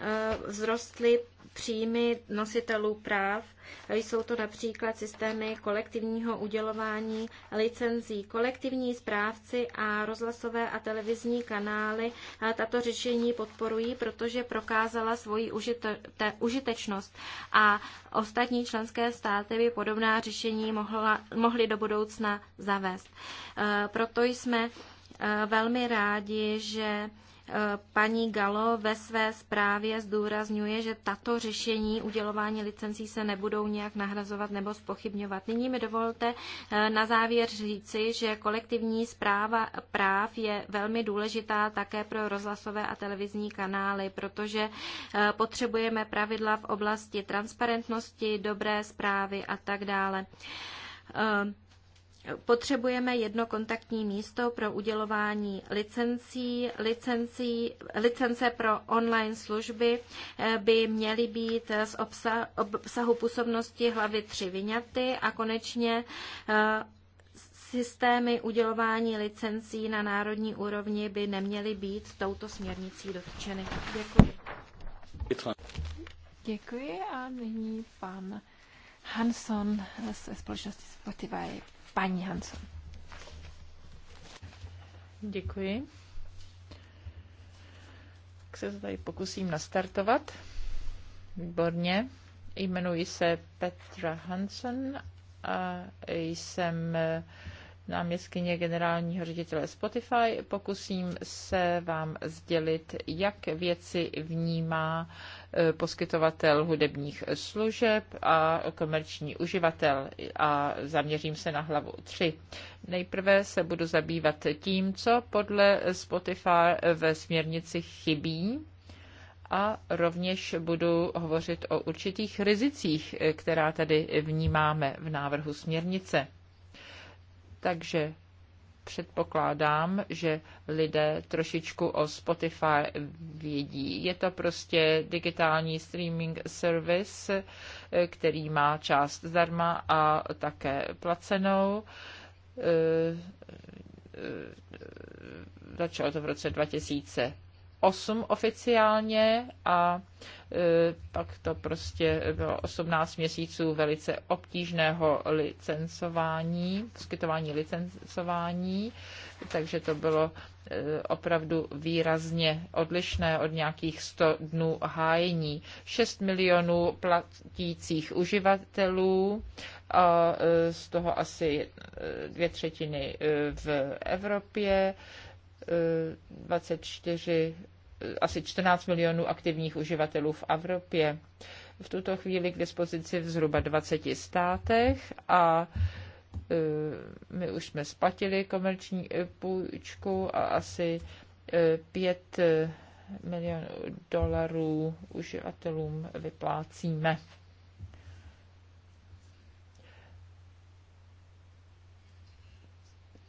[SPEAKER 3] vzrostly příjmy nositelů práv. Jsou to například systémy kolektivního udělování licenzí. Kolektivní správci a rozhlasové a televizní kanály tato řešení podporují, protože prokázala svoji užitečnost a ostatní členské státy by podobná řešení mohla, mohly do budoucna zavést. E, proto jsme e, velmi rádi, že Paní Galo ve své zprávě zdůrazňuje, že tato řešení udělování licencí se nebudou nějak nahrazovat nebo spochybňovat. Nyní mi dovolte eh, na závěr říci, že kolektivní zpráva práv je velmi důležitá také pro rozhlasové a televizní kanály, protože eh, potřebujeme pravidla v oblasti transparentnosti, dobré zprávy a tak dále. Eh, Potřebujeme jedno kontaktní místo pro udělování licencí. licencí licence pro online služby eh, by měly být z obsahu, působnosti hlavy 3 vyňaty a konečně eh, systémy udělování licencí na národní úrovni by neměly být touto
[SPEAKER 2] směrnicí dotčeny. Děkuji. Děkuji a nyní pan Hanson ze společnosti Spotify. Paní
[SPEAKER 1] Hanson. Děkuji. Tak se tady pokusím nastartovat. Výborně. Jmenuji se Petra Hanson a jsem náměstkyně generálního ředitele Spotify. Pokusím se vám sdělit, jak věci vnímá eh, poskytovatel hudebních služeb a komerční uživatel a zaměřím se na hlavu 3. Nejprve se budu zabývat tím, co podle Spotify eh, ve směrnici chybí a rovněž budu hovořit o určitých rizicích, eh, která tady vnímáme v návrhu směrnice. Takže předpokládám, že lidé trošičku o Spotify vědí. Je to prostě digitální streaming service, který má část zdarma a také placenou eh, eh, začalo to v roce 2000 8 oficiálně a e, pak to prostě bylo 18 měsíců velice obtížného licencování, poskytování licencování, takže to bylo e, opravdu výrazně odlišné od nějakých 100 dnů hájení. 6 milionů platících uživatelů, a e, z toho asi dvě třetiny v Evropě, 24, asi 14 milionů aktivních uživatelů v Evropě. V tuto chvíli k dispozici v zhruba 20 státech a e, my už jsme splatili komerční e, půjčku a asi 5 e, milionů dolarů uživatelům vyplácíme.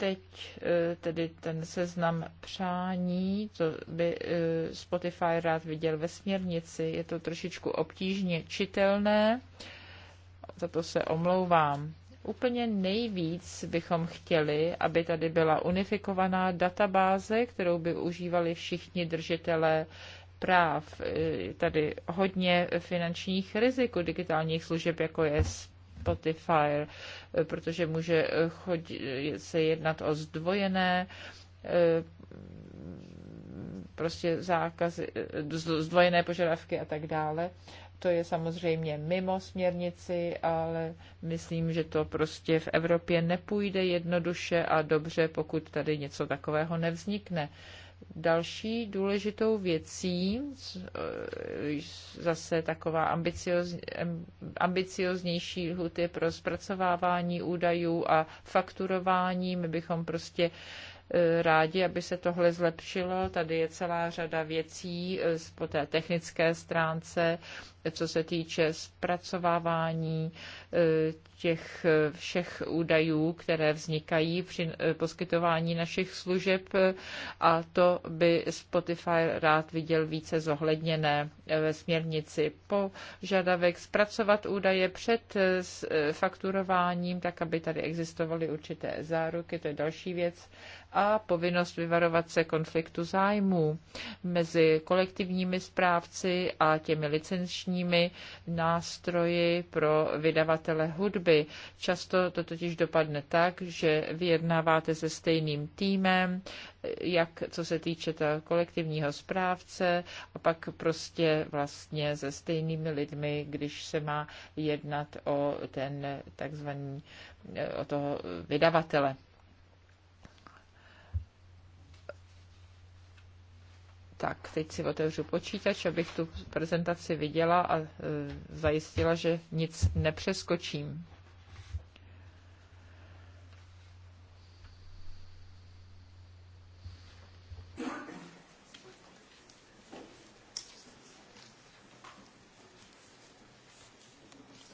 [SPEAKER 1] teď eh, tedy ten seznam přání, to by eh, Spotify rád viděl ve směrnici, je to trošičku obtížně čitelné, za to se omlouvám. Úplně nejvíc bychom chtěli, aby tady byla unifikovaná databáze, kterou by užívali všichni držitelé práv. Eh, tady hodně finančních rizik digitálních služeb, jako je Spotify, eh, protože může eh, chodit, eh, se jednat o zdvojené prostě zákazy, zdvojené požadavky a tak dále. To je samozřejmě mimo směrnici, ale myslím, že to prostě v Evropě nepůjde jednoduše a dobře, pokud tady něco takového nevznikne. Další důležitou věcí, e, zase taková ambicioz, ambicioznější lhuty pro zpracovávání údajů a fakturování, my bychom prostě rádi, aby se tohle zlepšilo. Tady je celá řada věcí eh, po té technické stránce, co se týče zpracovávání eh, těch eh, všech údajů, které vznikají při poskytování našich služeb a to by Spotify rád viděl více zohledněné ve směrnici. Požadavek zpracovat údaje před fakturováním, tak aby tady existovaly určité záruky, to je další věc, a povinnost vyvarovat se konfliktu zájmů mezi kolektivními správci a těmi licenčními nástroji pro vydavatele hudby. Často to totiž dopadne tak, že vyjednáváte se stejným týmem, jak co se týče toho kolektivního správce a pak prostě vlastně se stejnými lidmi, když se má jednat o ten takzvaný, o toho vydavatele. Tak, teď si otevřu počítač, abych tu prezentaci viděla a e, zajistila, že nic nepřeskočím.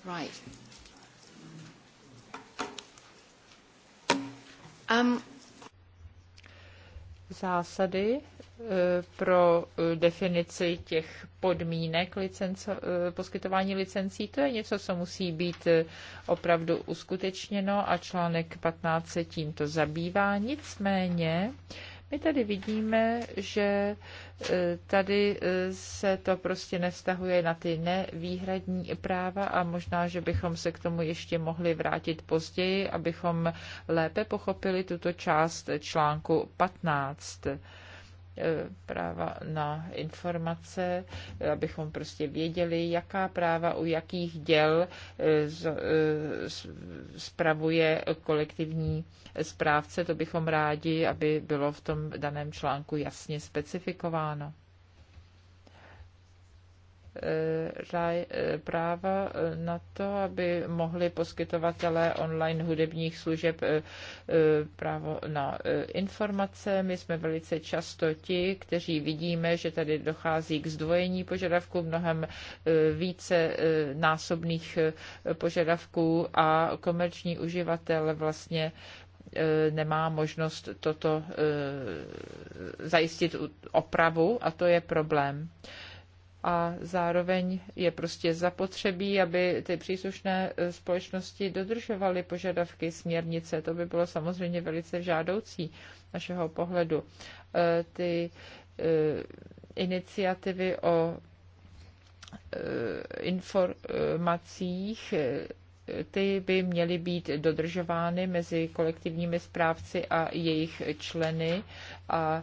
[SPEAKER 1] Right. Um. Zásady pro eh, definici těch podmínek licenco, eh, poskytování licencí. To je něco, co musí být eh, opravdu uskutečněno a článek 15 se tímto zabývá. Nicméně my tady vidíme, že tady se to prostě nevztahuje na ty nevýhradní práva a možná, že bychom se k tomu ještě mohli vrátit později, abychom lépe pochopili tuto část článku 15. Eh, práva na informace, eh, abychom prostě věděli, jaká práva u jakých děl eh, spravuje kolektivní správce. To bychom rádi, aby bylo v tom daném článku jasně specifikováno. Eh, eh, práva eh, na to, aby mohli poskytovatelé online hudebních služeb právo na informace. My jsme velice často ti, kteří vidíme, že tady dochází k zdvojení požadavků, mnohem více násobných požadavků a komerční uživatel vlastně nemá možnost toto zajistit opravu a to je problém a zároveň je prostě zapotřebí, aby ty příslušné e, společnosti dodržovaly požadavky směrnice. To by bylo samozřejmě velice žádoucí našeho pohledu. E, ty e, iniciativy o informacích ty by měly být dodržovány mezi kolektivními správci a jejich členy a e,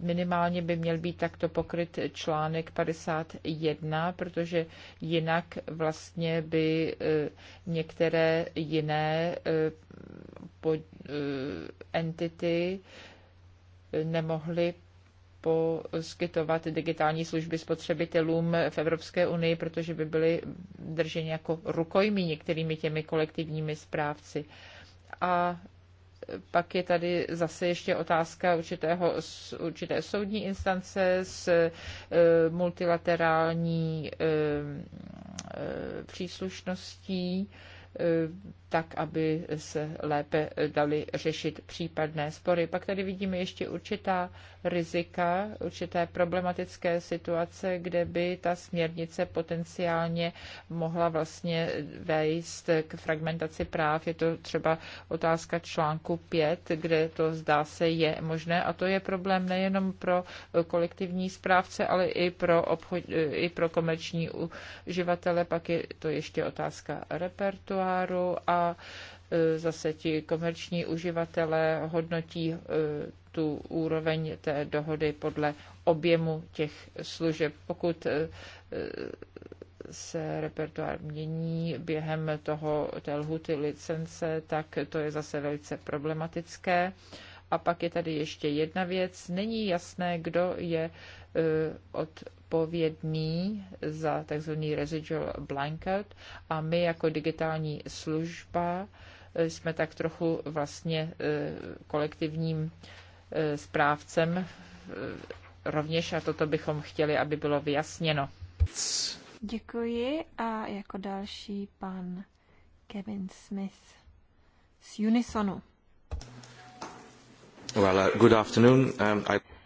[SPEAKER 1] minimálně by měl být takto pokryt článek 51, protože jinak vlastně by e, některé jiné e, entity nemohly poskytovat digitální služby spotřebitelům v Evropské unii, protože by byly drženi jako rukojmí některými těmi kolektivními správci. A pak je tady zase ještě otázka určitého, určité soudní instance s e, multilaterální e, e, příslušností Eh, tak, aby se lépe dali řešit případné spory. Pak tady vidíme ještě určitá rizika, určité problematické situace, kde by ta směrnice potenciálně mohla vlastně vést k fragmentaci práv. Je to třeba otázka článku 5, kde to zdá se je možné a to je problém nejenom pro kolektivní správce, ale i pro, obchod, i pro komerční uživatele. Pak je to ještě otázka repertu repertoáru a e, zase ti komerční uživatelé hodnotí e, tu úroveň té dohody podle objemu těch služeb. Pokud e, se repertoár mění během toho, té lhuty licence, tak to je zase velice problematické. A pak je tady ještě jedna věc. Není jasné, kdo je Eh, odpovědný za tzv. residual blanket a my jako digitální služba eh, jsme tak trochu vlastně eh, kolektivním správcem rovněž a toto bychom chtěli, aby bylo vyjasněno.
[SPEAKER 2] Děkuji a jako další pan Kevin Smith z Unisonu. Well, uh, good afternoon. Um, I...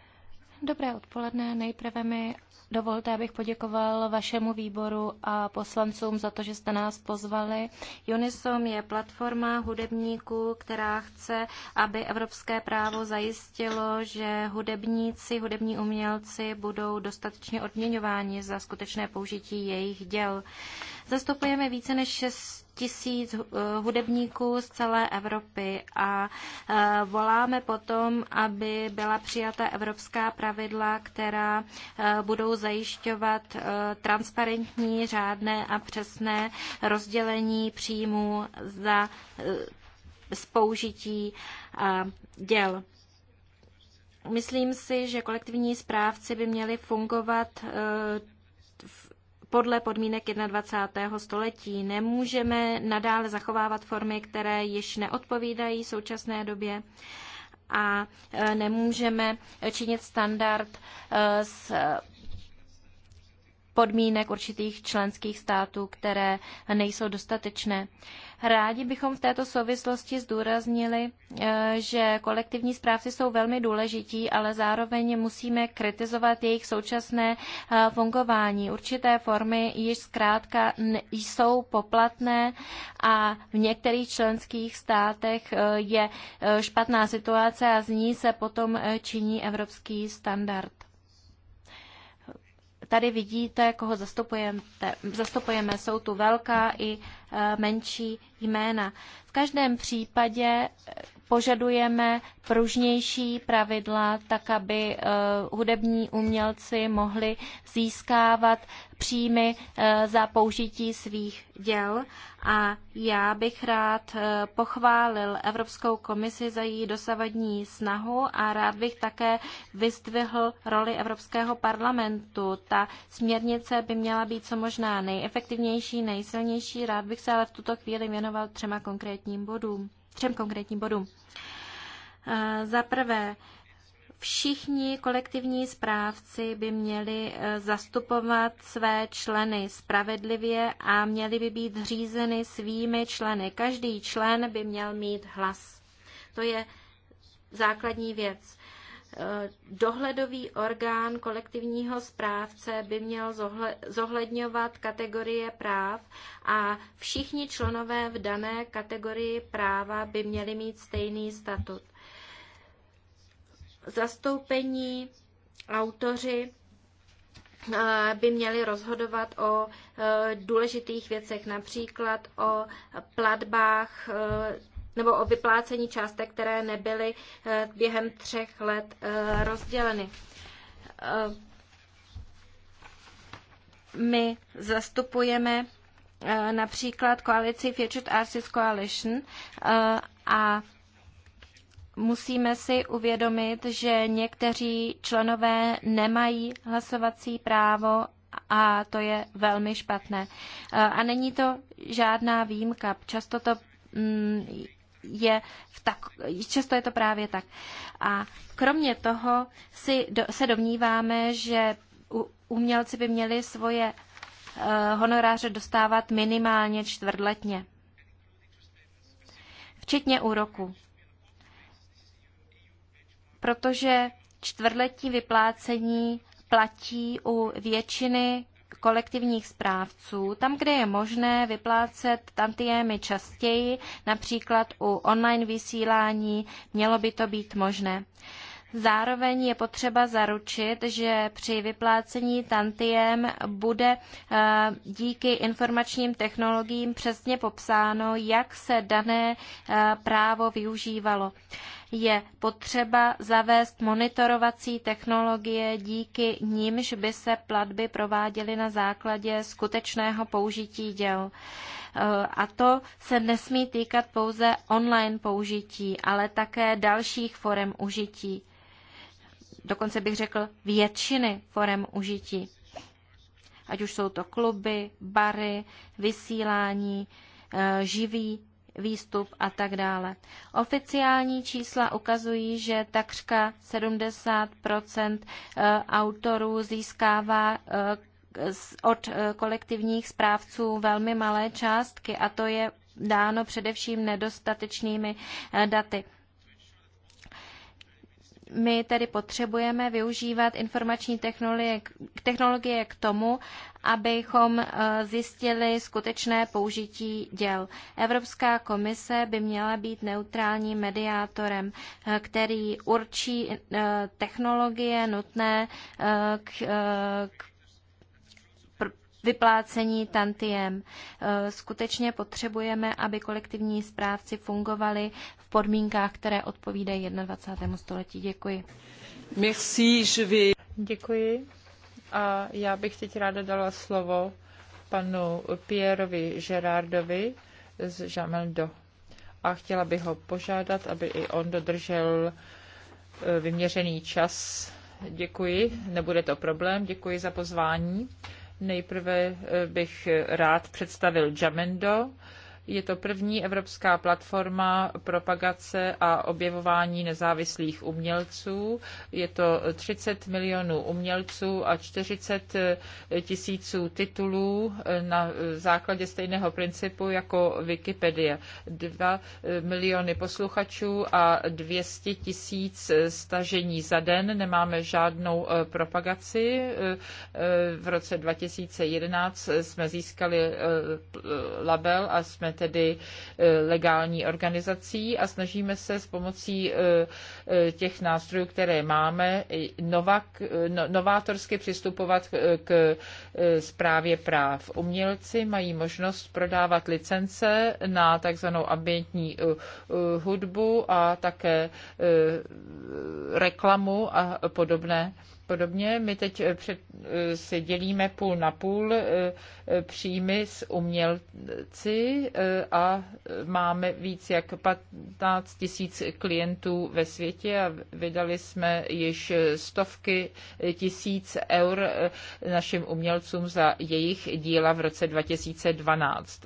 [SPEAKER 2] Dobré odpoledne.
[SPEAKER 3] Nejprve mi dovolte, abych poděkoval vašemu výboru a poslancům za to, že jste nás pozvali. Unisom je platforma hudebníků, která chce, aby evropské právo zajistilo, že hudebníci, hudební umělci budou dostatečně odměňováni za skutečné použití jejich děl. Zastupujeme více než 6 tisíc hudebníků z celé Evropy a e, voláme potom, aby byla přijata evropská pravidla, která e, budou zajišťovat e, transparentní, řádné a přesné rozdělení příjmů za spoužití děl. Myslím si, že kolektivní správci by měli fungovat podle podmínek 21. století. Nemůžeme nadále zachovávat formy, které již neodpovídají současné době a e, nemůžeme činit standard e, s podmínek určitých členských států, které nejsou dostatečné. Rádi bychom v této souvislosti zdůraznili, eh, že kolektivní zprávci jsou velmi důležití, ale zároveň musíme kritizovat jejich současné eh, fungování. Určité formy již zkrátka jsou poplatné a v některých členských státech eh, je špatná situace a z ní se potom činí evropský standard. Tady vidíte, koho zastupujeme. zastupujeme. Jsou tu velká i Eh, menší jména. V každém případě požadujeme pružnější pravidla, tak aby eh, hudební umělci mohli získávat příjmy eh, za použití svých děl a já bych rád eh, pochválil Evropskou komisi za její dosavadní snahu a rád bych také vyzdvihl roli Evropského parlamentu. Ta směrnice by měla být co možná nejefektivnější, nejsilnější. Rád bych se ale v tuto chvíli věnoval třema konkrétním bodům třem konkrétním bodům. Eh, za prvé, všichni kolektivní správci by měli eh, zastupovat své členy spravedlivě a měli by být řízeny svými členy. Každý člen by měl mít hlas. To je základní věc. Eh, dohledový orgán kolektivního správce by měl zohledňovat kategorie práv a všichni členové v dané kategorii práva by měli mít stejný statut. Zastoupení autoři eh, by měli rozhodovat o eh, důležitých věcech, například o platbách nebo o vyplácení částek, které nebyly eh, během třech let eh, rozděleny. Eh, my zastupujeme například koalici Future Artists Coalition a musíme si uvědomit, že někteří členové nemají hlasovací právo a to je velmi špatné. A není to žádná výjimka. Často to mm, je v tak, často je to právě tak. A kromě toho si do, se domníváme, že umělci by měli svoje eh, honoráře dostávat minimálně čtvrtletně, včetně úroku. Protože čtvrtletní vyplácení platí u většiny kolektivních správců, tam, kde je možné vyplácet tantiemy častěji, například u online vysílání, mělo by to být možné. Zároveň je potřeba zaručit, že při vyplácení tantiem bude eh, díky informačním technologiím přesně popsáno, jak se dané eh, právo využívalo je potřeba zavést monitorovací technologie, díky nímž by se platby prováděly na základě skutečného použití děl. Eh, a to se nesmí týkat pouze online použití, ale také dalších forem užití. Dokonce bych řekl většiny forem užití. Ať už jsou to kluby, bary, vysílání, eh, živý výstup a tak dále. Oficiální čísla ukazují, že takřka 70 eh, autorů získává eh, od eh, kolektivních správců velmi malé částky a to je dáno především nedostatečnými daty. My tedy potřebujeme využívat informační technologie, technologie k tomu, abychom eh, zjistili skutečné použití děl. Evropská komise by měla být neutrálním mediátorem, eh, který určí eh, technologie nutné k, k vyplácení tantiem. Eh, skutečně potřebujeme, aby kolektivní správci fungovali v podmínkách, které
[SPEAKER 1] odpovídají 21.
[SPEAKER 3] století. Děkuji.
[SPEAKER 1] Merci, je vais... Děkuji. A já bych teď ráda dala slovo panu Pierovi Gerardovi z Jameldo. A chtěla bych ho požádat, aby i on dodržel eh, vyměřený čas. Děkuji, nebude to problém, děkuji za pozvání. Nejprve eh, bych eh, rád představil Jamendo, je to první evropská platforma propagace a objevování nezávislých umělců. Je to 30 milionů umělců a 40 tisíců titulů na základě stejného principu jako Wikipedie. 2 miliony posluchačů a 200 tisíc stažení za den. Nemáme žádnou eh, propagaci. Eh, v roce 2011 jsme získali eh, label a jsme tedy eh, legální organizací a snažíme se s pomocí eh, eh, těch nástrojů, které máme, novak, no, novátorsky přistupovat k zprávě práv. Umělci mají možnost prodávat licence na takzvanou ambientní hudbu a také reklamu a podobné podobně. My teď eh, před, eh, se dělíme půl na půl eh, příjmy s umělci a máme víc jak 15 tisíc klientů ve světě a vydali jsme již stovky tisíc eur našim umělcům za jejich díla v roce 2012.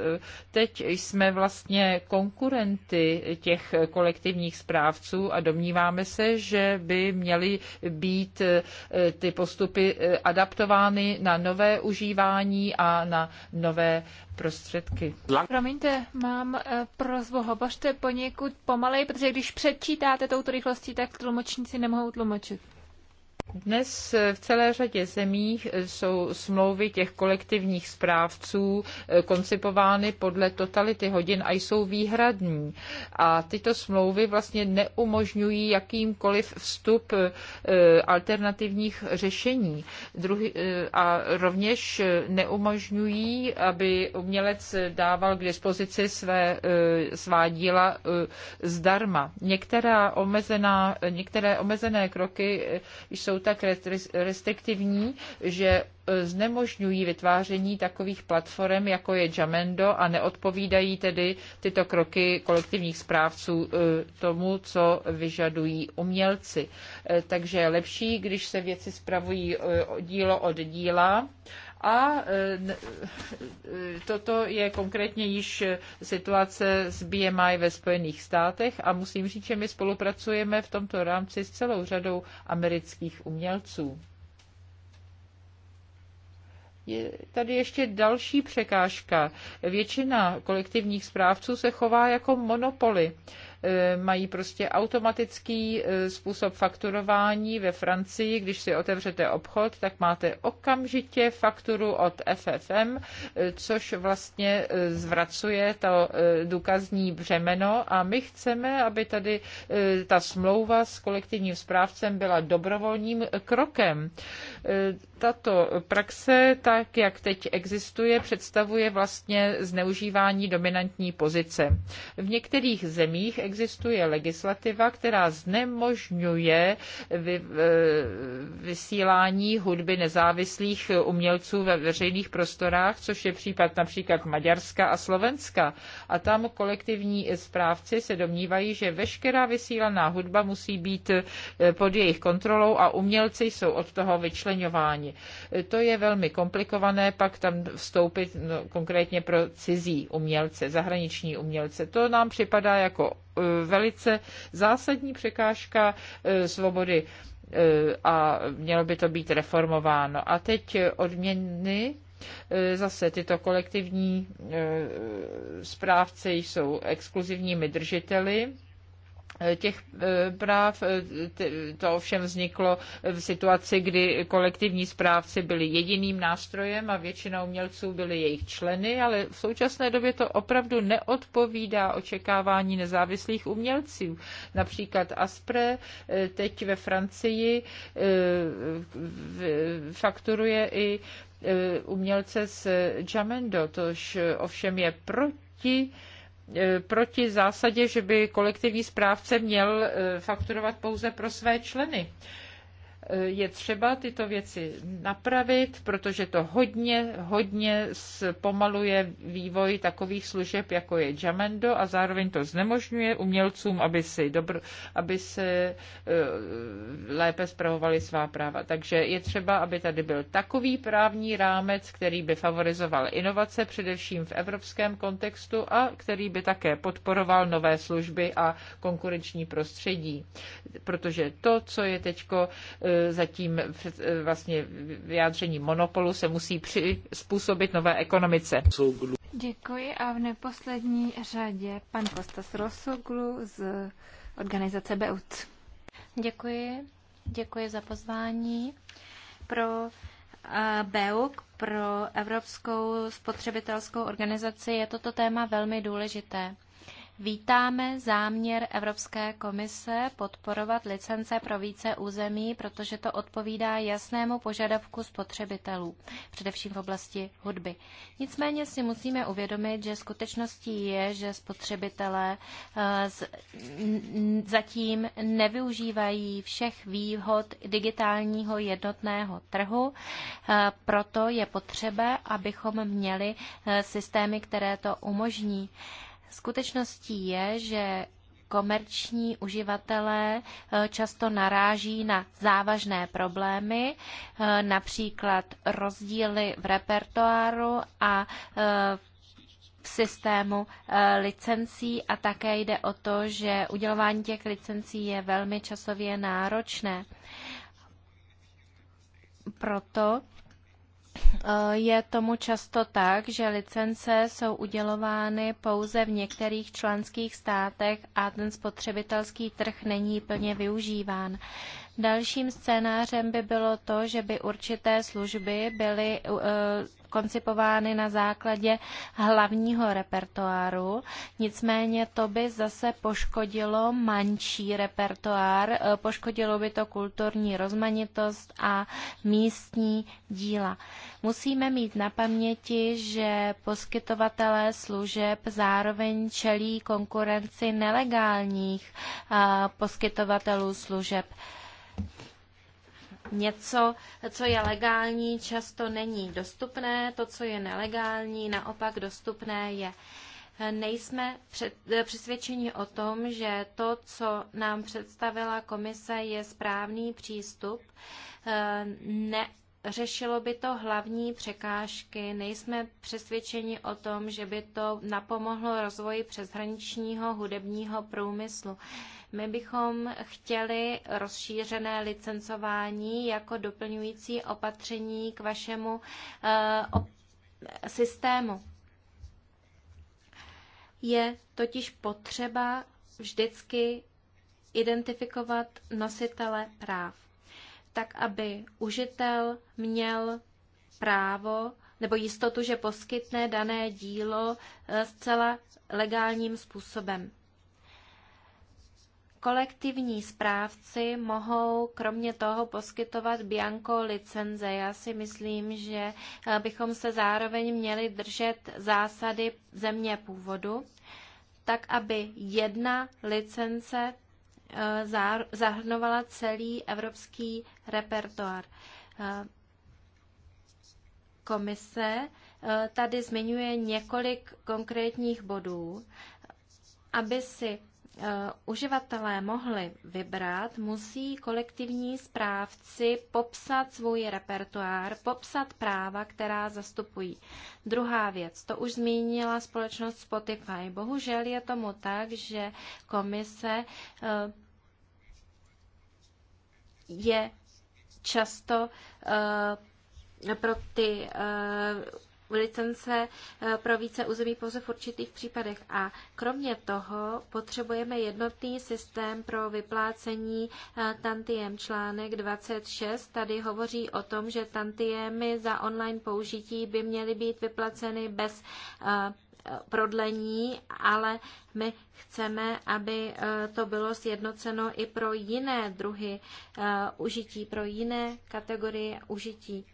[SPEAKER 1] Teď jsme vlastně konkurenty těch kolektivních správců a domníváme se, že by měli být Eh, ty postupy eh, adaptovány na nové užívání a na nové prostředky.
[SPEAKER 2] Promiňte, mám eh, prozbu, hovořte poněkud pomalej, protože když předčítáte touto rychlostí, tak tlumočníci nemohou tlumočit.
[SPEAKER 1] Dnes v celé řadě zemí jsou smlouvy těch kolektivních správců eh, koncipovány podle totality hodin a jsou výhradní. A tyto smlouvy vlastně neumožňují jakýmkoliv vstup eh, alternativních řešení. Eh, a rovněž neumožňují, aby umělec dával k dispozici své, svá díla zdarma. Některá omezená, některé omezené kroky jsou jsou tak restriktivní, že e, znemožňují vytváření takových platform, jako je Jamendo a neodpovídají tedy tyto kroky kolektivních správců e, tomu, co vyžadují umělci. E, takže je lepší, když se věci spravují dílo od díla, a e, e, toto je konkrétně již situace s BMI ve Spojených státech a musím říct, že my spolupracujeme v tomto rámci s celou řadou amerických umělců. Je tady ještě další překážka. Většina kolektivních správců se chová jako monopoly. E, mají prostě automatický e, způsob fakturování ve Francii. Když si otevřete obchod, tak máte okamžitě fakturu od FFM, e, což vlastně zvracuje to důkazní břemeno a my chceme, aby tady ta smlouva s kolektivním správcem byla dobrovolním krokem. Tato praxe, tak jak teď existuje, představuje vlastně zneužívání dominantní pozice. V některých zemích existuje legislativa, která znemožňuje e, vysílání hudby nezávislých umělců ve veřejných prostorách, což je případ například Maďarska a Slovenska. A tam kolektivní zprávci se domnívají, že veškerá vysílaná hudba musí být e, pod jejich kontrolou a umělci jsou od toho vyčleňováni. E, to je velmi komplikované, pak tam vstoupit no, konkrétně pro cizí umělce, zahraniční umělce. To nám připadá jako Eh, velice zásadní překážka eh, svobody eh, a mělo by to být reformováno. A teď odměny Zase tyto kolektivní správci jsou exkluzivními držiteli těch e, práv. E, to ovšem vzniklo v situaci, kdy kolektivní správci byli jediným nástrojem a většina umělců byly jejich členy, ale v současné době to opravdu neodpovídá očekávání nezávislých umělců. Například Aspre e, teď ve Francii fakturuje i umělce z Jamendo, tož ovšem je proti proti E, proti zásadě, že by kolektivní správce měl e, fakturovat pouze pro své členy je třeba tyto věci napravit, protože to hodně, hodně zpomaluje vývoj takových služeb, jako je Jamendo a zároveň to znemožňuje umělcům, aby si, dobr, aby si eh, lépe zpravovali svá práva. Takže je třeba, aby tady byl takový právní rámec, který by favorizoval inovace, především v evropském kontextu a který by také podporoval nové služby a konkurenční prostředí. Protože to, co je teďko eh, zatím eh, vlastně vyjádření monopolu se musí přizpůsobit nové ekonomice.
[SPEAKER 2] Děkuji a v neposlední řadě pan Kostas Rosoglu z organizace BEUT. Děkuji, děkuji za pozvání. Pro
[SPEAKER 3] eh, BEUK pro Evropskou spotřebitelskou organizaci je toto téma velmi důležité. Vítáme záměr Evropské komise podporovat licence pro více území, protože to odpovídá jasnému požadavku spotřebitelů, především v oblasti hudby. Nicméně si musíme uvědomit, že skutečností je, že spotřebitelé eh, zatím nevyužívají všech výhod digitálního jednotného trhu, eh, proto je potřeba, abychom měli eh, systémy, které to umožní. Skutečností je, že komerční uživatelé eh, často naráží na závažné problémy, eh, například rozdíly v repertoáru a eh, v systému licencí a také jde o to, že udělování těch licencí je velmi časově náročné. Proto Eh, je tomu často tak, že licence jsou udělovány pouze v některých členských státech a ten spotřebitelský trh není plně využíván. Dalším scénářem by bylo to, že by určité služby byly eh, koncipovány na základě hlavního repertoáru, nicméně to by zase poškodilo manší repertoár, eh, poškodilo by to kulturní rozmanitost a místní díla. Musíme mít na paměti, že poskytovatelé služeb zároveň čelí konkurenci nelegálních poskytovatelů služeb něco, co je legální, často není dostupné, to, co je nelegální, naopak dostupné je. Nejsme eh, přesvědčeni o tom, že to, co nám představila komise, je správný přístup. Eh, ne, Řešilo by to hlavní překážky. Nejsme přesvědčeni o tom, že by to napomohlo rozvoji přeshraničního hudebního průmyslu. My bychom chtěli rozšířené licencování jako doplňující opatření k vašemu eh, systému. Je totiž potřeba vždycky identifikovat nositele práv tak aby užitel měl právo nebo jistotu, že poskytne dané dílo eh, zcela legálním způsobem. Kolektivní správci mohou kromě toho poskytovat bianko licenze. Já si myslím, že eh, bychom se zároveň měli držet zásady země původu, tak aby jedna licence Eh, zahrnovala celý evropský repertoár. Eh, komise eh, tady zmiňuje několik konkrétních bodů, aby si Eh, uživatelé mohli vybrat, musí kolektivní správci popsat svůj repertoár, popsat práva, která zastupují. Druhá věc, to už zmínila společnost Spotify. Bohužel je tomu tak, že komise eh, je často eh, pro ty licence eh, pro více území pouze v určitých případech. A kromě toho potřebujeme jednotný systém pro vyplácení eh, tantiem. Článek 26 tady hovoří o tom, že tantiemy za online použití by měly být vyplaceny bez eh, prodlení, ale my chceme, aby to bylo sjednoceno i pro jiné druhy užití, pro jiné kategorie užití.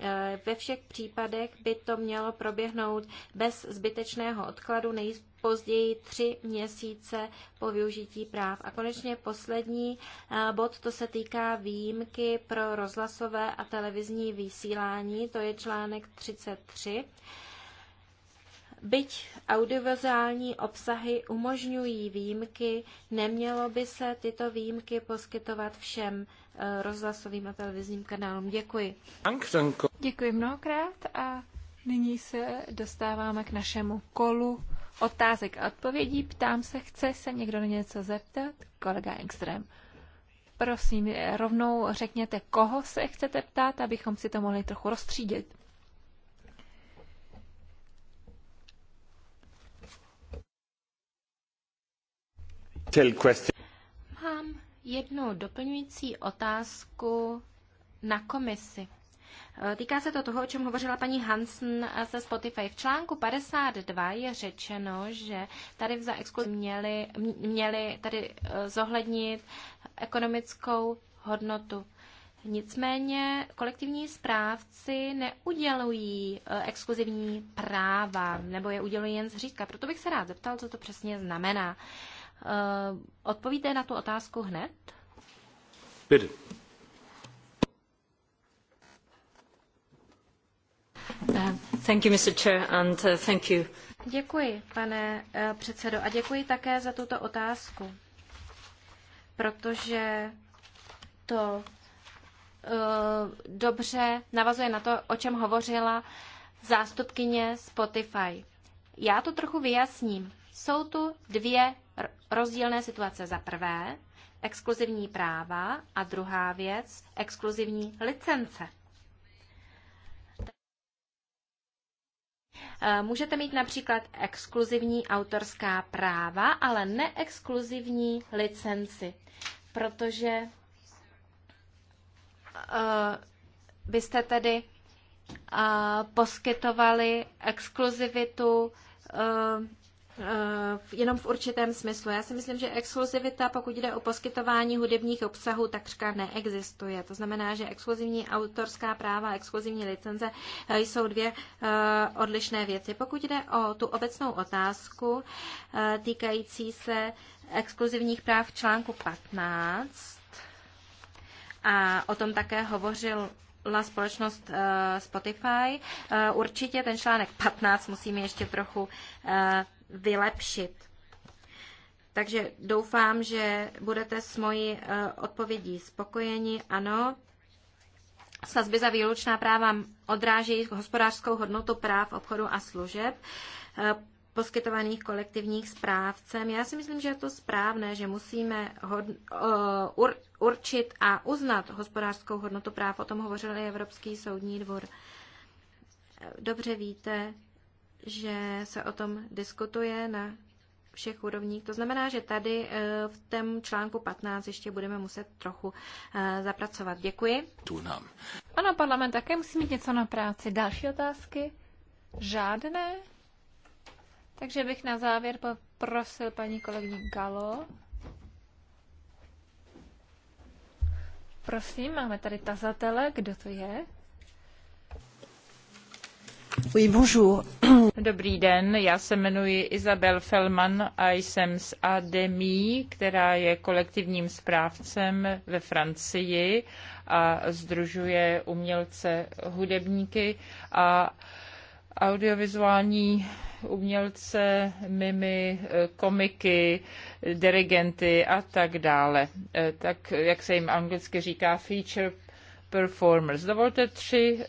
[SPEAKER 3] Eh, ve všech případech by to mělo proběhnout bez zbytečného odkladu nejpozději tři měsíce po využití práv. A konečně poslední eh, bod, to se týká výjimky pro rozhlasové a televizní vysílání, to je článek 33. Byť audiovizuální obsahy umožňují výjimky, nemělo by se tyto výjimky poskytovat všem Eh, rozhlasovým a televizním kanálům. Děkuji.
[SPEAKER 2] Děkuji mnohokrát a nyní se dostáváme k našemu kolu otázek a odpovědí. Ptám se, chce se někdo na něco zeptat? Kolega Engström. Prosím, rovnou řekněte, koho se chcete ptát, abychom si to mohli
[SPEAKER 1] trochu rozstřídit.
[SPEAKER 3] Question jednu doplňující otázku na komisi. E, týká se to toho, o čem hovořila paní Hansen se Spotify. V článku 52 je řečeno, že tady za exkluzivní měli, měli tady e, zohlednit ekonomickou hodnotu. Nicméně kolektivní správci neudělují e, exkluzivní práva, nebo je udělují jen zřídka. Proto bych se rád zeptal, co to přesně znamená. Eh, odpovíte na tu otázku hned?
[SPEAKER 1] Bitte.
[SPEAKER 2] Eh, thank you, Mr. Chair, and eh, thank you.
[SPEAKER 3] Děkuji, pane předsedo, a děkuji také za tuto otázku, protože to dobře navazuje na to, o čem hovořila zástupkyně Spotify. Já to trochu vyjasním. Jsou tu dvě rozdílné situace. Za prvé, exkluzivní práva a druhá věc, exkluzivní licence. Eh, můžete mít například exkluzivní autorská práva, ale neexkluzivní licenci, protože eh, byste tedy eh, poskytovali exkluzivitu Eh, jenom v určitém smyslu. Já si myslím, že exkluzivita, pokud jde o poskytování hudebních obsahů, takřka neexistuje. To znamená, že exkluzivní autorská práva a exkluzivní licenze eh, jsou dvě eh, odlišné věci. Pokud jde o tu obecnou otázku týkající se exkluzivních práv v článku 15, a o tom také hovořil na společnost Spotify. Určitě ten článek 15 musíme ještě trochu vylepšit. Takže doufám, že budete s mojí eh, odpovědí spokojeni. Ano, sazby za výlučná práva odráží hospodářskou hodnotu práv, obchodu a služeb eh, poskytovaných kolektivních správcem. Já si myslím, že je to správné, že musíme eh, ur, určit a uznat hospodářskou hodnotu práv. O tom hovořil i Evropský soudní dvor. Dobře víte, že se o tom diskutuje na všech úrovních. To znamená, že tady eh, v tom článku 15 ještě
[SPEAKER 2] budeme muset trochu eh, zapracovat. Děkuji. Tu nám. Ano, parlament také musí mít něco na práci. Další otázky? Žádné? Takže bych na závěr poprosil paní kolegyni Galo. Prosím, máme tady tazatele, kdo to je?
[SPEAKER 1] Dobrý den, já se jmenuji Isabel Fellman a jsem z ADEMI, která je kolektivním správcem ve Francii a združuje umělce, hudebníky a audiovizuální umělce, mimy, komiky, dirigenty a tak dále. Eh, tak, jak se jim anglicky říká, feature performers. Dovolte tři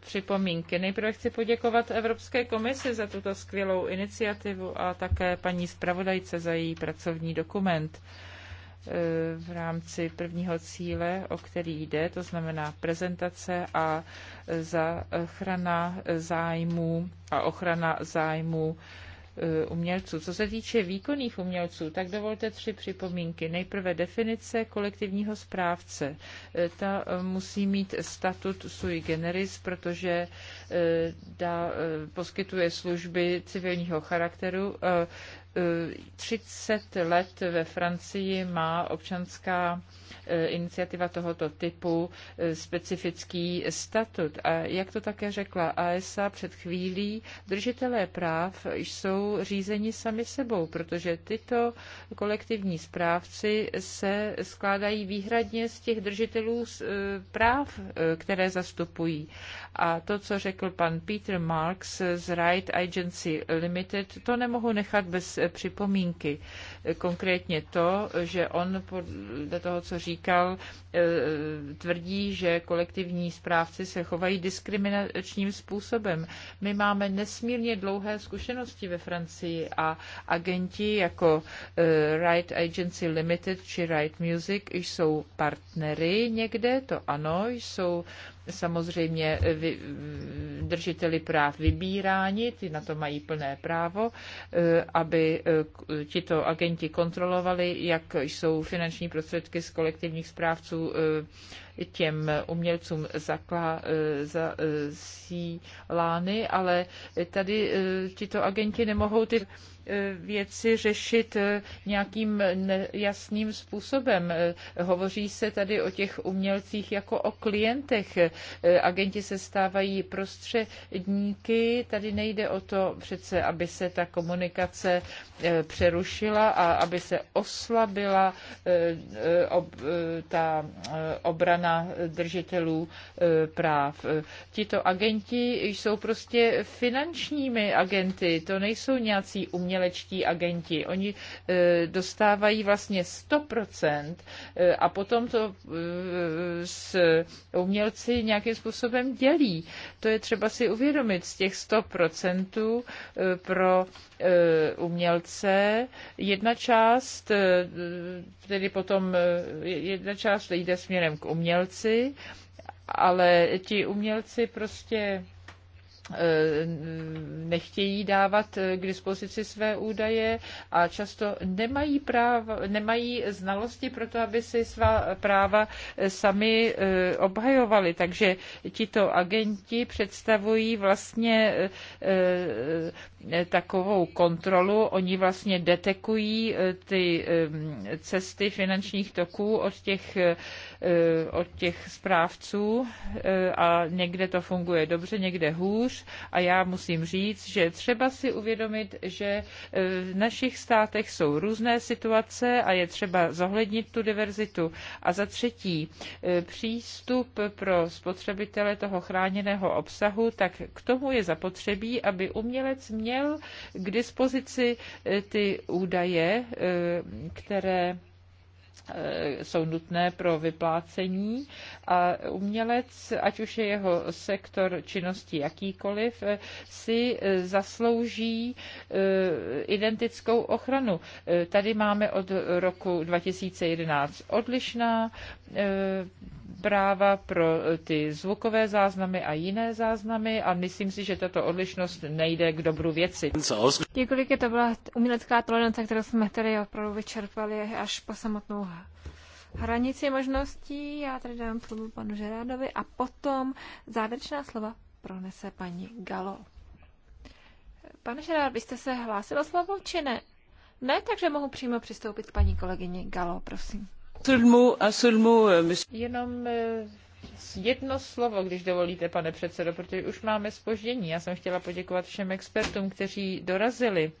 [SPEAKER 1] připomínky. Eh, Nejprve chci poděkovat Evropské komisi za tuto skvělou iniciativu a také paní zpravodajce za její pracovní dokument eh, v rámci prvního cíle, o který jde, to znamená prezentace a zachrana zájmů a ochrana zájmů e, Eh, umělců. Co se týče výkonných umělců, tak dovolte tři připomínky. Nejprve definice kolektivního správce. Eh, ta eh, musí mít statut sui generis, protože dá, poskytuje služby civilního charakteru 30 let ve Francii má občanská e, iniciativa tohoto typu e, specifický statut. A jak to také řekla ASA před chvílí, držitelé práv jsou řízeni sami sebou, protože tyto kolektivní správci se skládají výhradně z těch držitelů e, práv, které zastupují. A to, co řekl pan Peter Marks z Right Agency Limited, to nemohu nechat bez připomínky. Konkrétně to, že on podle toho, co říkal, eh, tvrdí, že kolektivní správci se chovají diskriminačním způsobem. My máme nesmírně dlouhé zkušenosti ve Francii a agenti jako eh, Right Agency Limited či Right Music jsou partnery někde, to ano, jsou samozřejmě držiteli práv vybíráni, ty na to mají plné právo, eh, aby eh, tito agenti kontrolovali, jak jsou finanční prostředky z kolektivních správců eh, těm umělcům zakla, lány, ale tady tito agenti nemohou ty věci řešit eh, nějakým jasným způsobem. Eh, hovoří se tady o těch umělcích jako o klientech. Eh, agenti se stávají prostředníky. Tady nejde o to přece, aby se ta komunikace přerušila a aby se oslabila ta obrana držitelů práv. Tito agenti jsou prostě finančními agenty, to nejsou nějací umělci umělečtí agenti. Oni e, dostávají vlastně 100% e, a potom to e, s umělci nějakým způsobem dělí. To je třeba si uvědomit. Z těch 100% pro umělce jedna část, tedy potom jedna část jde směrem k umělci, ale ti umělci prostě Eh, nechtějí dávat eh, k dispozici své údaje a často nemají, práva, nemají znalosti pro to, aby si svá práva eh, sami obhajovali. Takže tito agenti představují vlastně takovou kontrolu. Oni vlastně detekují eh, ty eh, cesty finančních toků od těch, eh, od těch správců a někde to funguje dobře, někde hůř. A já musím říct, že třeba si uvědomit, že v našich státech jsou různé situace a je třeba zohlednit tu diverzitu. A za třetí, přístup pro spotřebitele toho chráněného obsahu, tak k tomu je zapotřebí, aby umělec měl měl k dispozici eh, ty údaje, eh, které eh, jsou nutné pro vyplácení a umělec, ať už je jeho sektor činnosti jakýkoliv, si zaslouží identickou ochranu. Tady máme od roku 2011 odlišná E, práva pro ty zvukové záznamy a jiné záznamy a myslím si, že tato odlišnost nejde k dobru věci. Děkuji, je to
[SPEAKER 2] byla umělecká tolerance, kterou jsme tady opravdu vyčerpali až po samotnou hranici možností. Já tady dám slovo panu Žerádovi a potom závěrečná slova pronese paní Galo. Pane Žerád, byste jste se hlásil o
[SPEAKER 1] slovo, či ne? Ne, takže mohu přímo přistoupit k paní kolegyni Galo, prosím. Euh, Jenom euh, jedno slovo, když dovolíte, pane předsedo, protože už máme spoždění. Já jsem chtěla poděkovat všem expertům, kteří dorazili.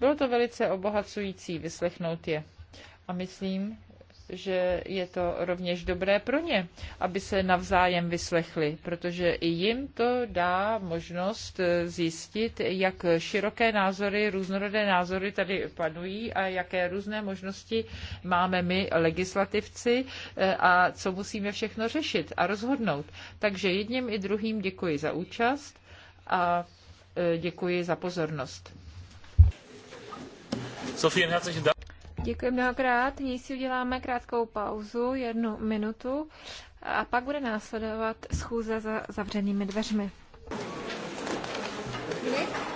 [SPEAKER 1] Bylo to velice obohacující vyslechnout je. A myslím, že je to rovněž dobré pro ně, aby se navzájem vyslechli, protože i jim to dá možnost eh, zjistit, jak široké názory, různorodé názory tady panují a jaké různé možnosti máme my, legislativci, eh, a co musíme všechno řešit a rozhodnout. Takže jedním i druhým děkuji za účast a eh, děkuji za pozornost. So herzlichen Dank. Děkuji mnohokrát. Nyní si uděláme krátkou
[SPEAKER 2] pauzu, jednu minutu, a pak bude následovat schůze za zavřenými dveřmi. Děkuji.